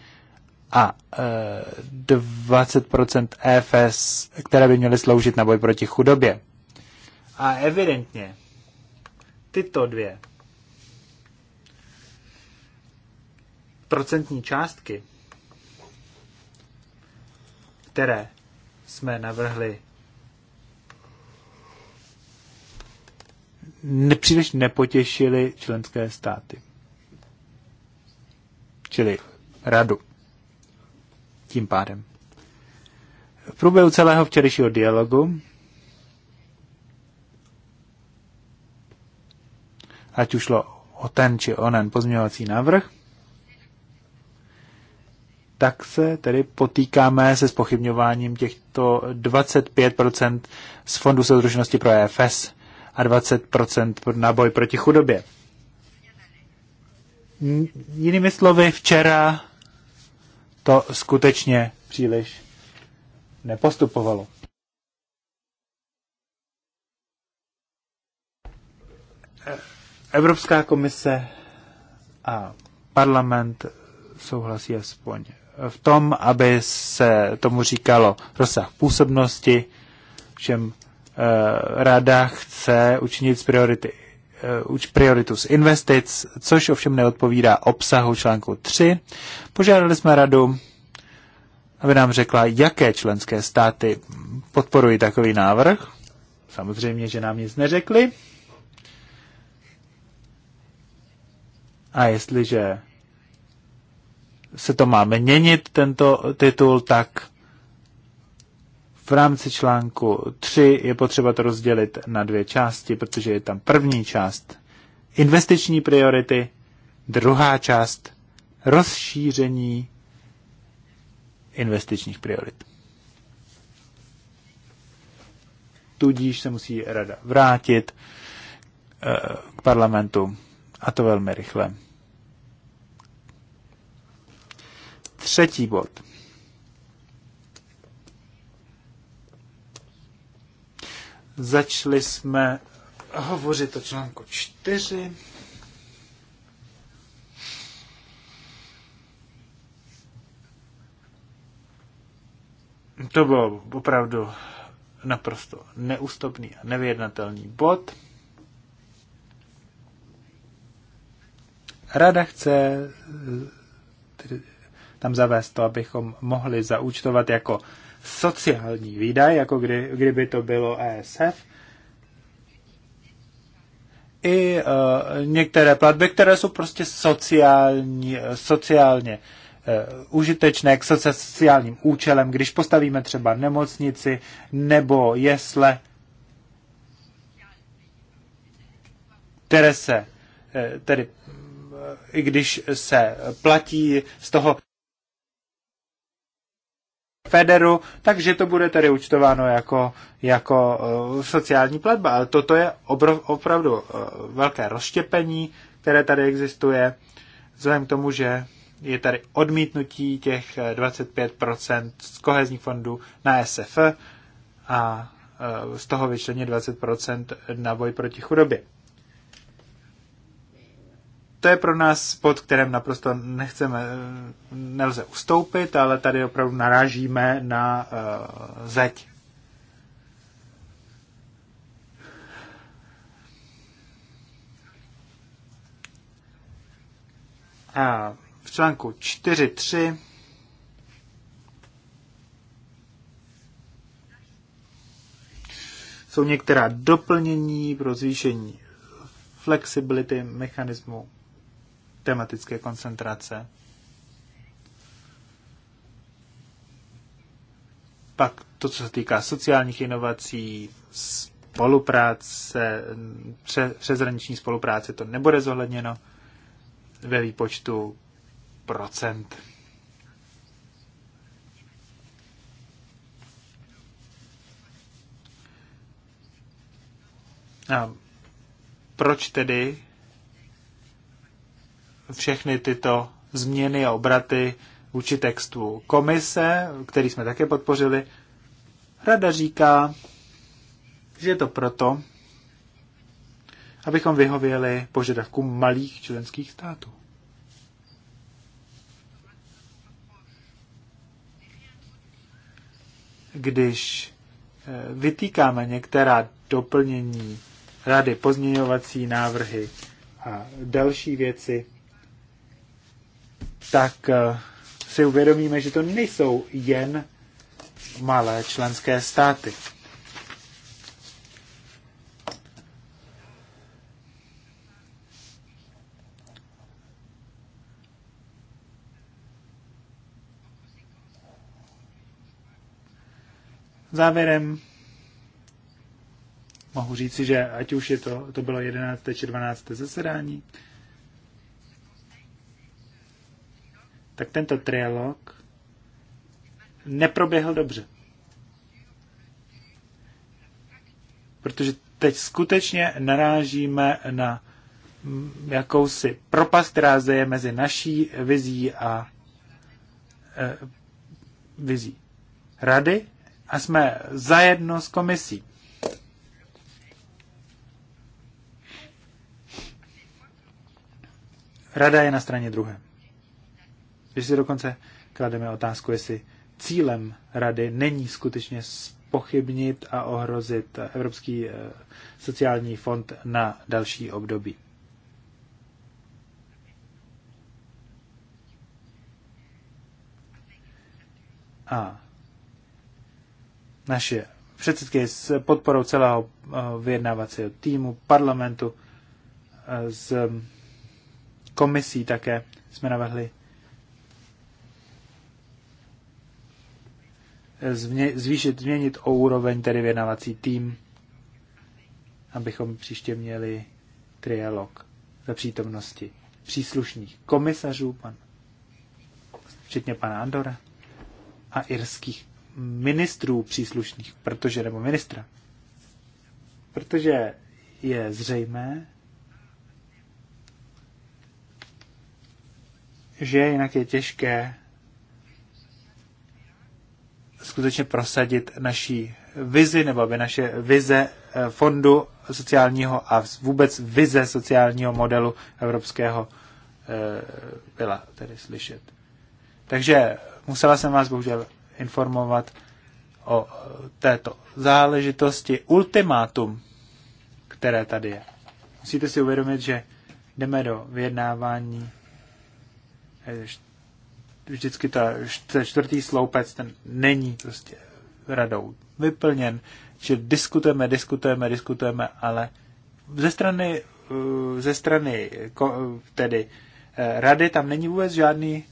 a 20% e, EFS, které by měly sloužit na boj proti chudobě. A evidentně tyto dvě procentní částky, které jsme navrhli, nepříliš nepotěšily členské státy, čili radu tím pádem. V průběhu celého včerejšího dialogu, ať už šlo o ten či onen pozměňovací návrh, tak se tedy potýkáme se spochybňováním těchto 25% z Fondu soudružnosti pro EFS a 20% na boj proti chudobě. Jinými slovy, včera to skutečně příliš nepostupovalo. Evropská komise a parlament souhlasí aspoň v tom, aby se tomu říkalo rozsah působnosti, všem e, rada chce učinit z priority Eh, prioritu z investic, což ovšem neodpovídá obsahu článku 3. Požádali jsme radu, aby nám řekla, jaké členské státy podporují takový návrh. Samozřejmě, že nám nic neřekli. A jestliže se to má měnit, tento titul, tak v rámci článku 3 je potřeba to rozdělit na dvě části, protože je tam první část investiční priority, druhá část rozšíření investičních priorit. Tudíž se musí rada vrátit eh, k parlamentu a to velmi rychle. Třetí bod Začali jsme hovořit o článku 4. To bylo opravdu naprosto neústupný a nevyjednatelný bod. Rada chce eh, tam zavést to, abychom mohli zaúčtovat jako sociální výdaj, jako kdy, kdyby to bylo ESF. I uh, některé platby, které jsou prostě sociální, e, sociálně uh, užitečné k sociálním účelem, když postavíme třeba nemocnici nebo jesle, které se uh, tedy i když se platí z toho Federu, takže to bude tedy účtováno jako, jako eh, sociální platba. Ale toto je obrov, opravdu eh, velké rozštěpení, které tady existuje, vzhledem k tomu, že je tady odmítnutí těch 25% eh, z kohezních fondů na SF a z toho vyčleně 20% na boj proti chudobě to je pro nás pod, kterém naprosto nechceme, nelze ustoupit, ale tady opravdu narážíme na uh, zeď. A v článku 4.3 jsou některá doplnění pro zvýšení flexibility mechanismu tematické koncentrace. Pak to, co se týká sociálních inovací, spolupráce, pře, přezraniční spolupráce, to nebude zohledněno ve výpočtu procent. A proč tedy všechny tyto změny a obraty vůči textu komise, který jsme také podpořili. Rada říká, že je to proto, abychom vyhověli požadavku malých členských států. Když eh, vytýkáme některá doplnění rady, pozměňovací návrhy a další věci, tak eh, si uvědomíme, že to nejsou jen malé členské státy. Závěrem mohu říci, že ať už je to, to bylo 11. či 12. zasedání, tak tento trialog neproběhl dobře. Protože teď skutečně narážíme na jakousi propast, která zde je mezi naší vizí a e, vizí rady a jsme zajedno s komisí. Rada je na straně druhé že si dokonce klademe otázku, jestli cílem rady není skutečně pochybnit a ohrozit Evropský eh, sociální fond na další období. A naše předsedky s podporou celého eh, vyjednávacího týmu, parlamentu, eh, s mm, komisí také jsme navrhli zvýšit, změnit o úroveň tedy vědnavací tým, abychom příště měli trialog ve přítomnosti příslušných komisařů, pan, včetně pana Andora, a irských ministrů příslušných, protože, nebo ministra. Protože je zřejmé, že jinak je těžké skutečně prosadit naší vizi, nebo aby naše vize eh, fondu sociálního a vůbec vize sociálního modelu evropského eh, byla tedy slyšet. Takže musela jsem vás bohužel informovat o této záležitosti. Ultimátum, které tady je. Musíte si uvědomit, že jdeme do vyjednávání eh, vždycky ta, ten čtvrtý sloupec, ten není prostě radou vyplněn, že diskutujeme, diskutujeme, diskutujeme, ale ze strany, eh, ze strany tedy eh, rady tam není vůbec žádný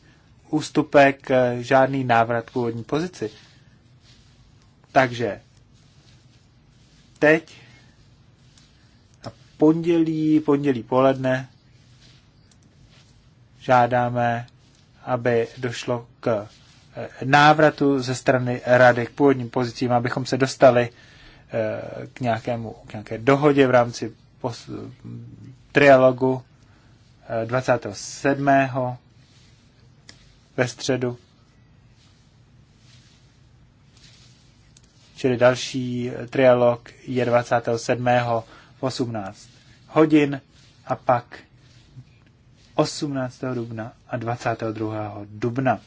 ústupek, eh, žádný návrat k původní pozici. Takže teď na pondělí, pondělí poledne žádáme aby došlo k eh, návratu ze strany rady k původním pozicím, abychom se dostali eh, k, nějakému, k nějaké dohodě v rámci pos, trialogu 27. Eh, ve středu. Čili další trialog je 27. v 18 hodin a pak 18. dubna a 22. dubna.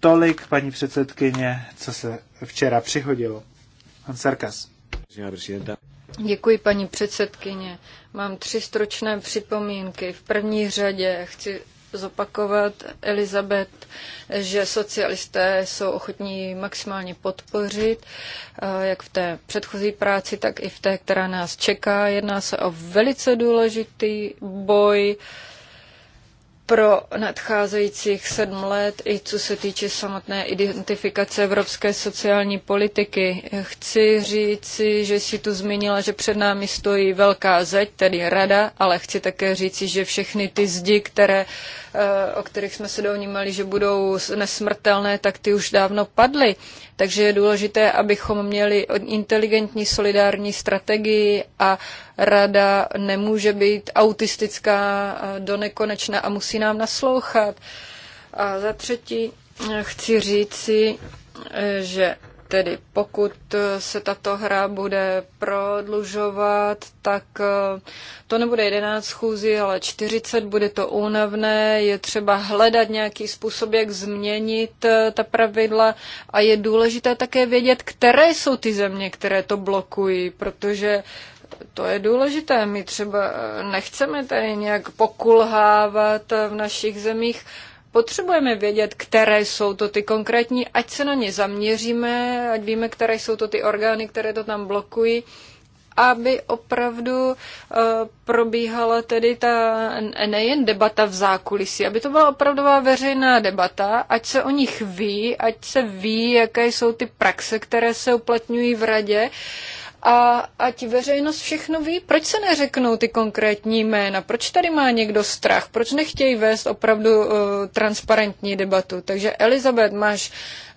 Tolik, paní předsedkyně, co se včera přihodilo. Pan Sarkas. Děkuji, paní předsedkyně. Mám tři stročné připomínky. V první řadě chci zopakovat, Elizabet, že socialisté jsou ochotní maximálně podpořit, eh, jak v té předchozí práci, tak i v té, která nás čeká. Jedná se o velice důležitý boj, pro nadcházejících sedm let, i co se týče samotné identifikace evropské sociální politiky. Chci říci, že si tu zmínila, že před námi stojí velká zeď, tedy rada, ale chci také říci, že všechny ty zdi, které, eh, o kterých jsme se dovnímali, že budou nesmrtelné, tak ty už dávno padly. Takže je důležité, abychom měli inteligentní solidární strategii a rada nemůže být autistická do nekonečna a musí nám naslouchat. A za třetí eh, chci říci, eh, že Tedy pokud se tato hra bude prodlužovat, tak eh, to nebude 11 schůzí, ale 40, bude to únavné, je třeba hledat nějaký způsob, jak změnit eh, ta pravidla a je důležité také vědět, které jsou ty země, které to blokují, protože to je důležité. My třeba eh, nechceme tady nějak pokulhávat v našich zemích, potřebujeme vědět, které jsou to ty konkrétní, ať se na ně zaměříme, ať víme, které jsou to ty orgány, které to tam blokují, aby opravdu eh, probíhala tedy ta nejen debata v zákulisí, aby to byla opravdová veřejná debata, ať se o nich ví, ať se ví, jaké jsou ty praxe, které se uplatňují v radě a ať veřejnost všechno ví, proč se neřeknou ty konkrétní jména, proč tady má někdo strach, proč nechtějí vést opravdu uh, transparentní debatu. Takže Elizabet, máš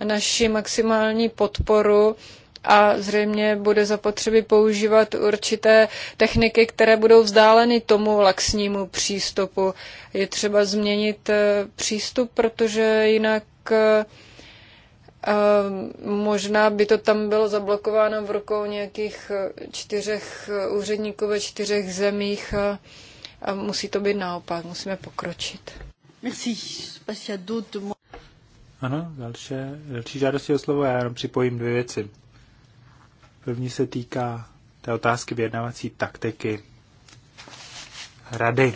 naši maximální podporu a zřejmě bude zapotřebí používat určité techniky, které budou vzdáleny tomu laxnímu přístupu. Je třeba změnit uh, přístup, protože jinak uh, a možná by to tam bylo zablokováno v rukou nějakých e, čtyřech e, úředníků ve čtyřech zemích. a, A musí to být naopak, musíme pokročit. Merci. Ano, další, další žádosti o slovo, já jenom připojím dvě věci. První se týká té otázky vyjednávací taktiky rady,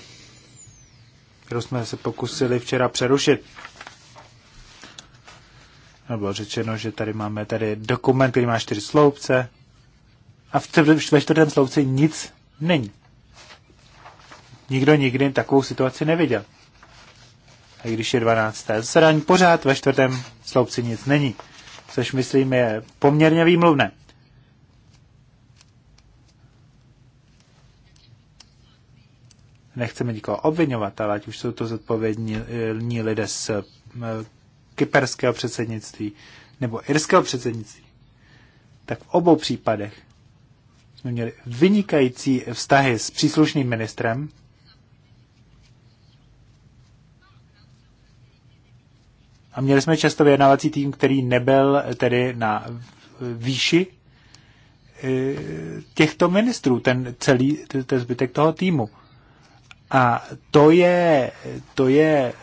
kterou jsme se pokusili včera přerušit bylo řečeno, že tady máme tady dokument, který má čtyři sloupce a v, ve čtvrtém sloupci nic není. Nikdo nikdy takovou situaci neviděl. A když je 12. zasedání, pořád ve čtvrtém sloupci nic není, což myslím je poměrně výmluvné. Nechceme nikoho obvinovat, ale ať už jsou to zodpovědní eh, lidé z eh, kyperského předsednictví nebo irského předsednictví, tak v obou případech jsme měli vynikající vztahy s příslušným ministrem, A měli jsme často vyjednávací tým, který nebyl tedy na výši e, těchto ministrů, ten celý ten zbytek toho týmu. A to je, to je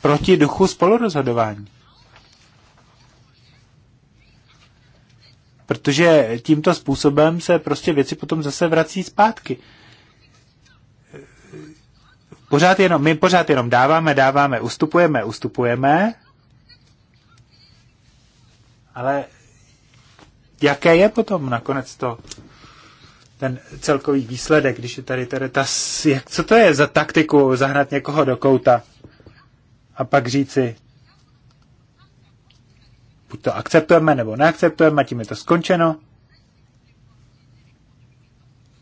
proti duchu spolurozhodování. Protože tímto způsobem se prostě věci potom zase vrací zpátky. Pořád jenom, my pořád jenom dáváme, dáváme, ustupujeme, ustupujeme, ale jaké je potom nakonec to, ten celkový výsledek, když je tady tady ta, jak, co to je za taktiku zahnat někoho do kouta? a pak říci, buď to akceptujeme nebo neakceptujeme, tím je to skončeno.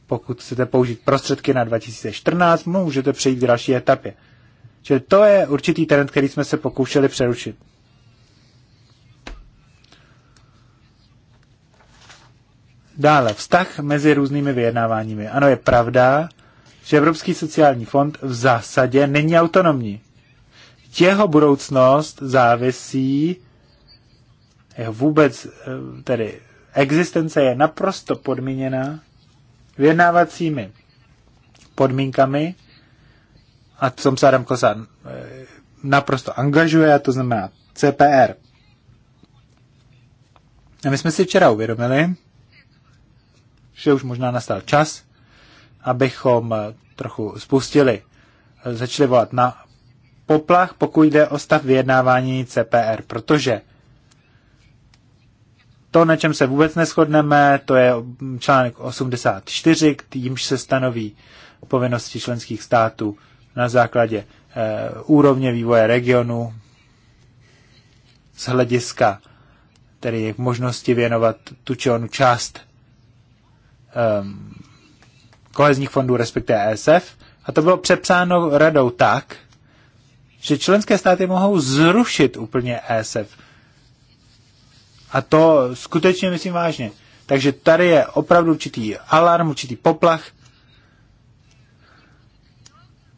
Pokud chcete použít prostředky na 2014, můžete přejít k další etapě. Čili to je určitý trend, který jsme se pokoušeli přerušit. Dále, vztah mezi různými vyjednáváními. Ano, je pravda, že Evropský sociální fond v zásadě není autonomní jeho budoucnost závisí, jeho vůbec eh, tedy existence je naprosto podmíněna vyjednávacími podmínkami a tom se Adam Kosa eh, naprosto angažuje, a to znamená CPR. A my jsme si včera uvědomili, že už možná nastal čas, abychom eh, trochu spustili, začali volat na poplach, pokud jde o stav vyjednávání CPR, protože to, na čem se vůbec neschodneme, to je článek 84, kterýmž se stanoví povinnosti členských států na základě e, úrovně vývoje regionu z hlediska tedy jejich možnosti věnovat tu či onu část um, kohezních fondů, respektive ESF. A to bylo přepsáno radou tak, že členské státy mohou zrušit úplně ESF. A to skutečně myslím vážně. Takže tady je opravdu určitý alarm, určitý poplach.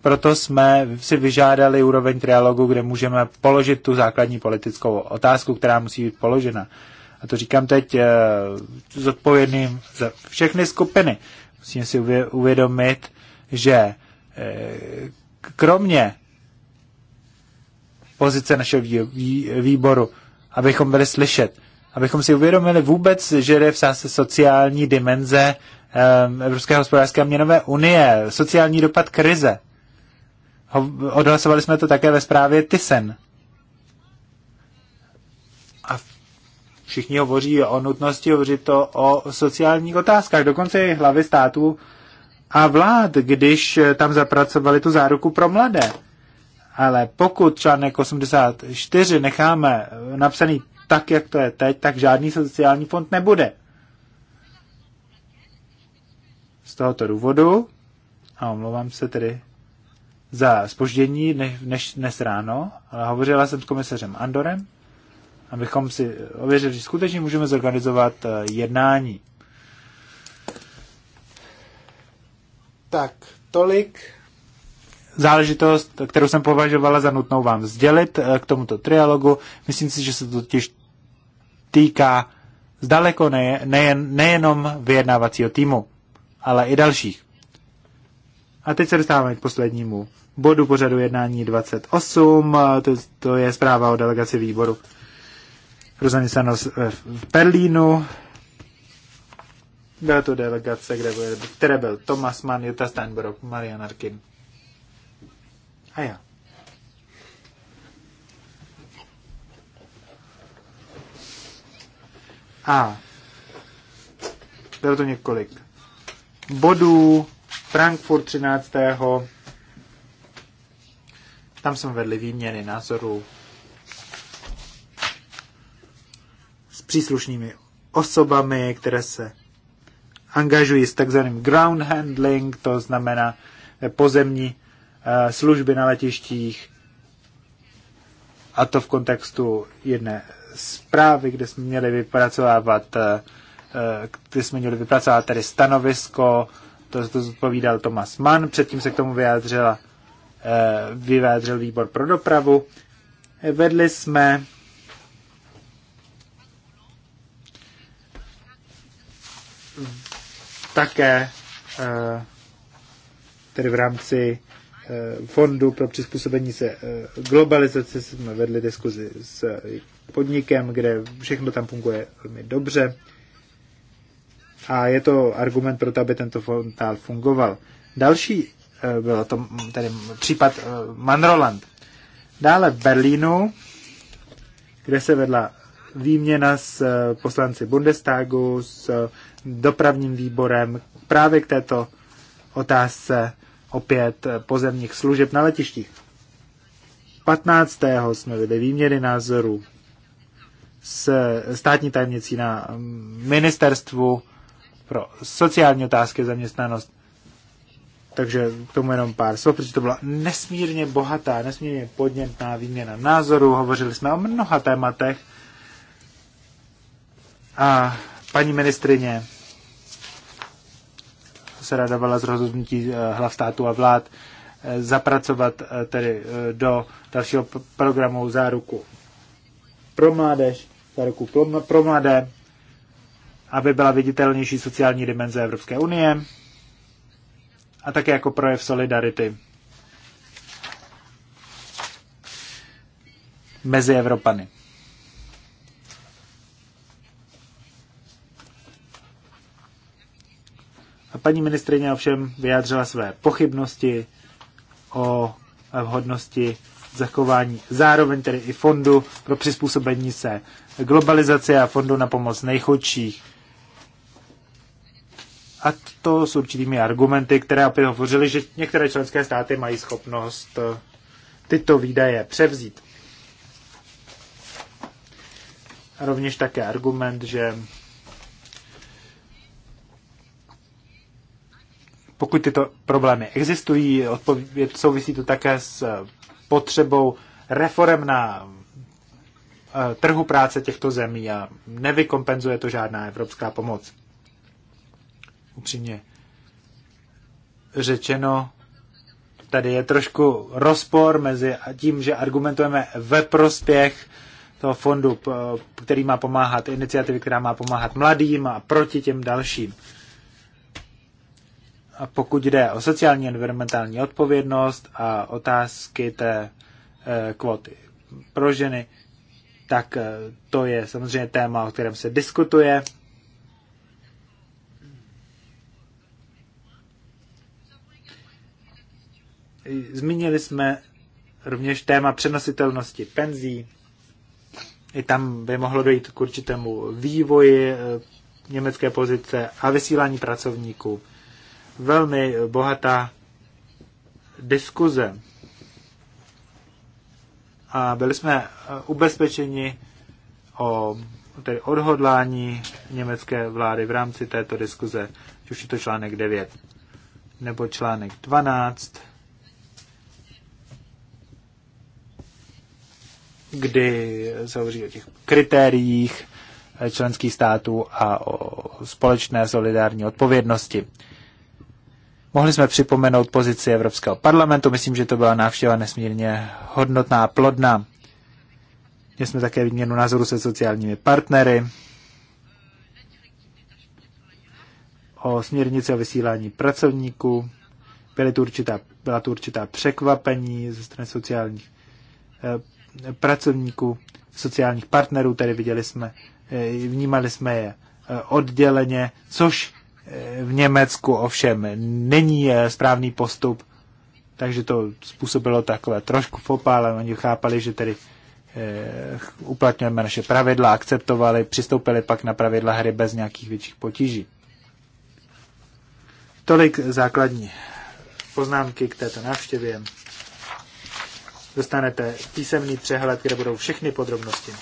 Proto jsme si vyžádali úroveň trialogu, kde můžeme položit tu základní politickou otázku, která musí být položena. A to říkám teď e, zodpovědným za všechny skupiny. Musíme si uvědomit, že e, kromě pozice našeho výboru, abychom byli slyšet, abychom si uvědomili vůbec, že jde v sásce sociální dimenze ehm, Evropské hospodářské a měnové unie, sociální dopad krize. Odhlasovali jsme to také ve zprávě Tysen. A všichni hovoří o nutnosti hovořit to o sociálních otázkách, dokonce i hlavy států a vlád, když tam zapracovali tu záruku pro mladé. Ale pokud článek 84 necháme napsaný tak, jak to je teď, tak žádný sociální fond nebude. Z tohoto důvodu, a omlouvám se tedy za spoždění než dnes ráno, ale hovořila jsem s komisařem Andorem, abychom si ověřili, že skutečně můžeme zorganizovat eh, jednání. Tak, tolik záležitost, kterou jsem považovala za nutnou vám sdělit eh, k tomuto trialogu. Myslím si, že se to totiž týká zdaleko nejen, nejen, nejenom vyjednávacího týmu, ale i dalších. A teď se dostáváme k poslednímu bodu pořadu jednání 28, eh, to, to je zpráva o delegaci výboru pro zaměstnanost eh, v Berlínu. Byla to delegace, kde byl, které byl Thomas Mann, Jutta Steinberg, Marian Arkin. A ja. A bylo to několik bodů. Frankfurt 13. Tam jsme vedli výměny názorů s příslušnými osobami, které se angažují s takzvaným ground handling, to znamená pozemní Eh, služby na letištích, a to v kontextu jedné zprávy, kde jsme měli vypracovávat, eh, eh, kde jsme měli vypracovat tedy stanovisko, to, to zodpovídal Thomas Mann, předtím se k tomu vyjádřila, vyjádřil výbor pro dopravu. Vedli jsme také tedy v rámci Eh, fondu pro přizpůsobení se eh, globalizace jsme vedli diskuzi s eh, podnikem, kde všechno tam funguje velmi dobře. A je to argument pro to, aby tento fond dál fungoval. Další byl to tady případ Manroland. Dále v Berlínu, kde se vedla výměna s poslanci Bundestagu, s dopravním výborem právě k této otázce opět eh, pozemních služeb na letištích. 15. jsme byli výměny názorů s eh, státní tajemnicí na mm, ministerstvu pro sociální otázky zaměstnanost. Takže k tomu jenom pár slov, protože to byla nesmírně bohatá, nesmírně podnětná výměna názorů. Hovořili jsme o mnoha tématech. A paní ministrině se radovala z rozhodnutí eh, hlav státu a vlád eh, zapracovat eh, tedy do dalšího programu záruku pro mládež, záruku pro mladé, aby byla viditelnější sociální dimenze Evropské unie a také jako projev solidarity mezi Evropany. Paní ministrině ovšem vyjádřila své pochybnosti o vhodnosti zachování zároveň tedy i fondu pro přizpůsobení se globalizaci a fondu na pomoc nejchudších. A to s určitými argumenty, které opět hovořily, že některé členské státy mají schopnost eh, tyto výdaje převzít. A rovněž také argument, že Pokud tyto problémy existují, souvisí to také s eh, potřebou reform na eh, trhu práce těchto zemí a nevykompenzuje to žádná evropská pomoc. Upřímně řečeno, tady je trošku rozpor mezi tím, že argumentujeme ve prospěch toho fondu, který má pomáhat iniciativy, která má pomáhat mladým a proti těm dalším. A pokud jde o sociální a environmentální odpovědnost a otázky té eh, kvoty pro ženy, tak eh, to je samozřejmě téma, o kterém se diskutuje. Zmínili jsme rovněž téma přenositelnosti penzí. I tam by mohlo dojít k určitému vývoji eh, německé pozice a vysílání pracovníků velmi bohatá diskuze. A byli jsme eh, ubezpečeni o tedy odhodlání německé vlády v rámci této diskuze, už je to článek 9 nebo článek 12, kdy se hovoří o těch kritériích eh, členských států a o společné solidární odpovědnosti. Mohli jsme připomenout pozici Evropského parlamentu, myslím, že to byla návštěva nesmírně hodnotná, plodná. Měli jsme také výměnu názoru se sociálními partnery o směrnici o vysílání pracovníků. Byly tu určitá, byla tu určitá překvapení ze strany sociálních eh, pracovníků, sociálních partnerů, tedy viděli jsme, eh, vnímali jsme je eh, odděleně, což v Německu ovšem není eh, správný postup, takže to způsobilo takové trošku fopa, ale oni chápali, že tedy eh, uplatňujeme naše pravidla, akceptovali, přistoupili pak na pravidla hry bez nějakých větších potíží. Tolik základní poznámky k této návštěvě. Dostanete písemný přehled, kde budou všechny podrobnosti.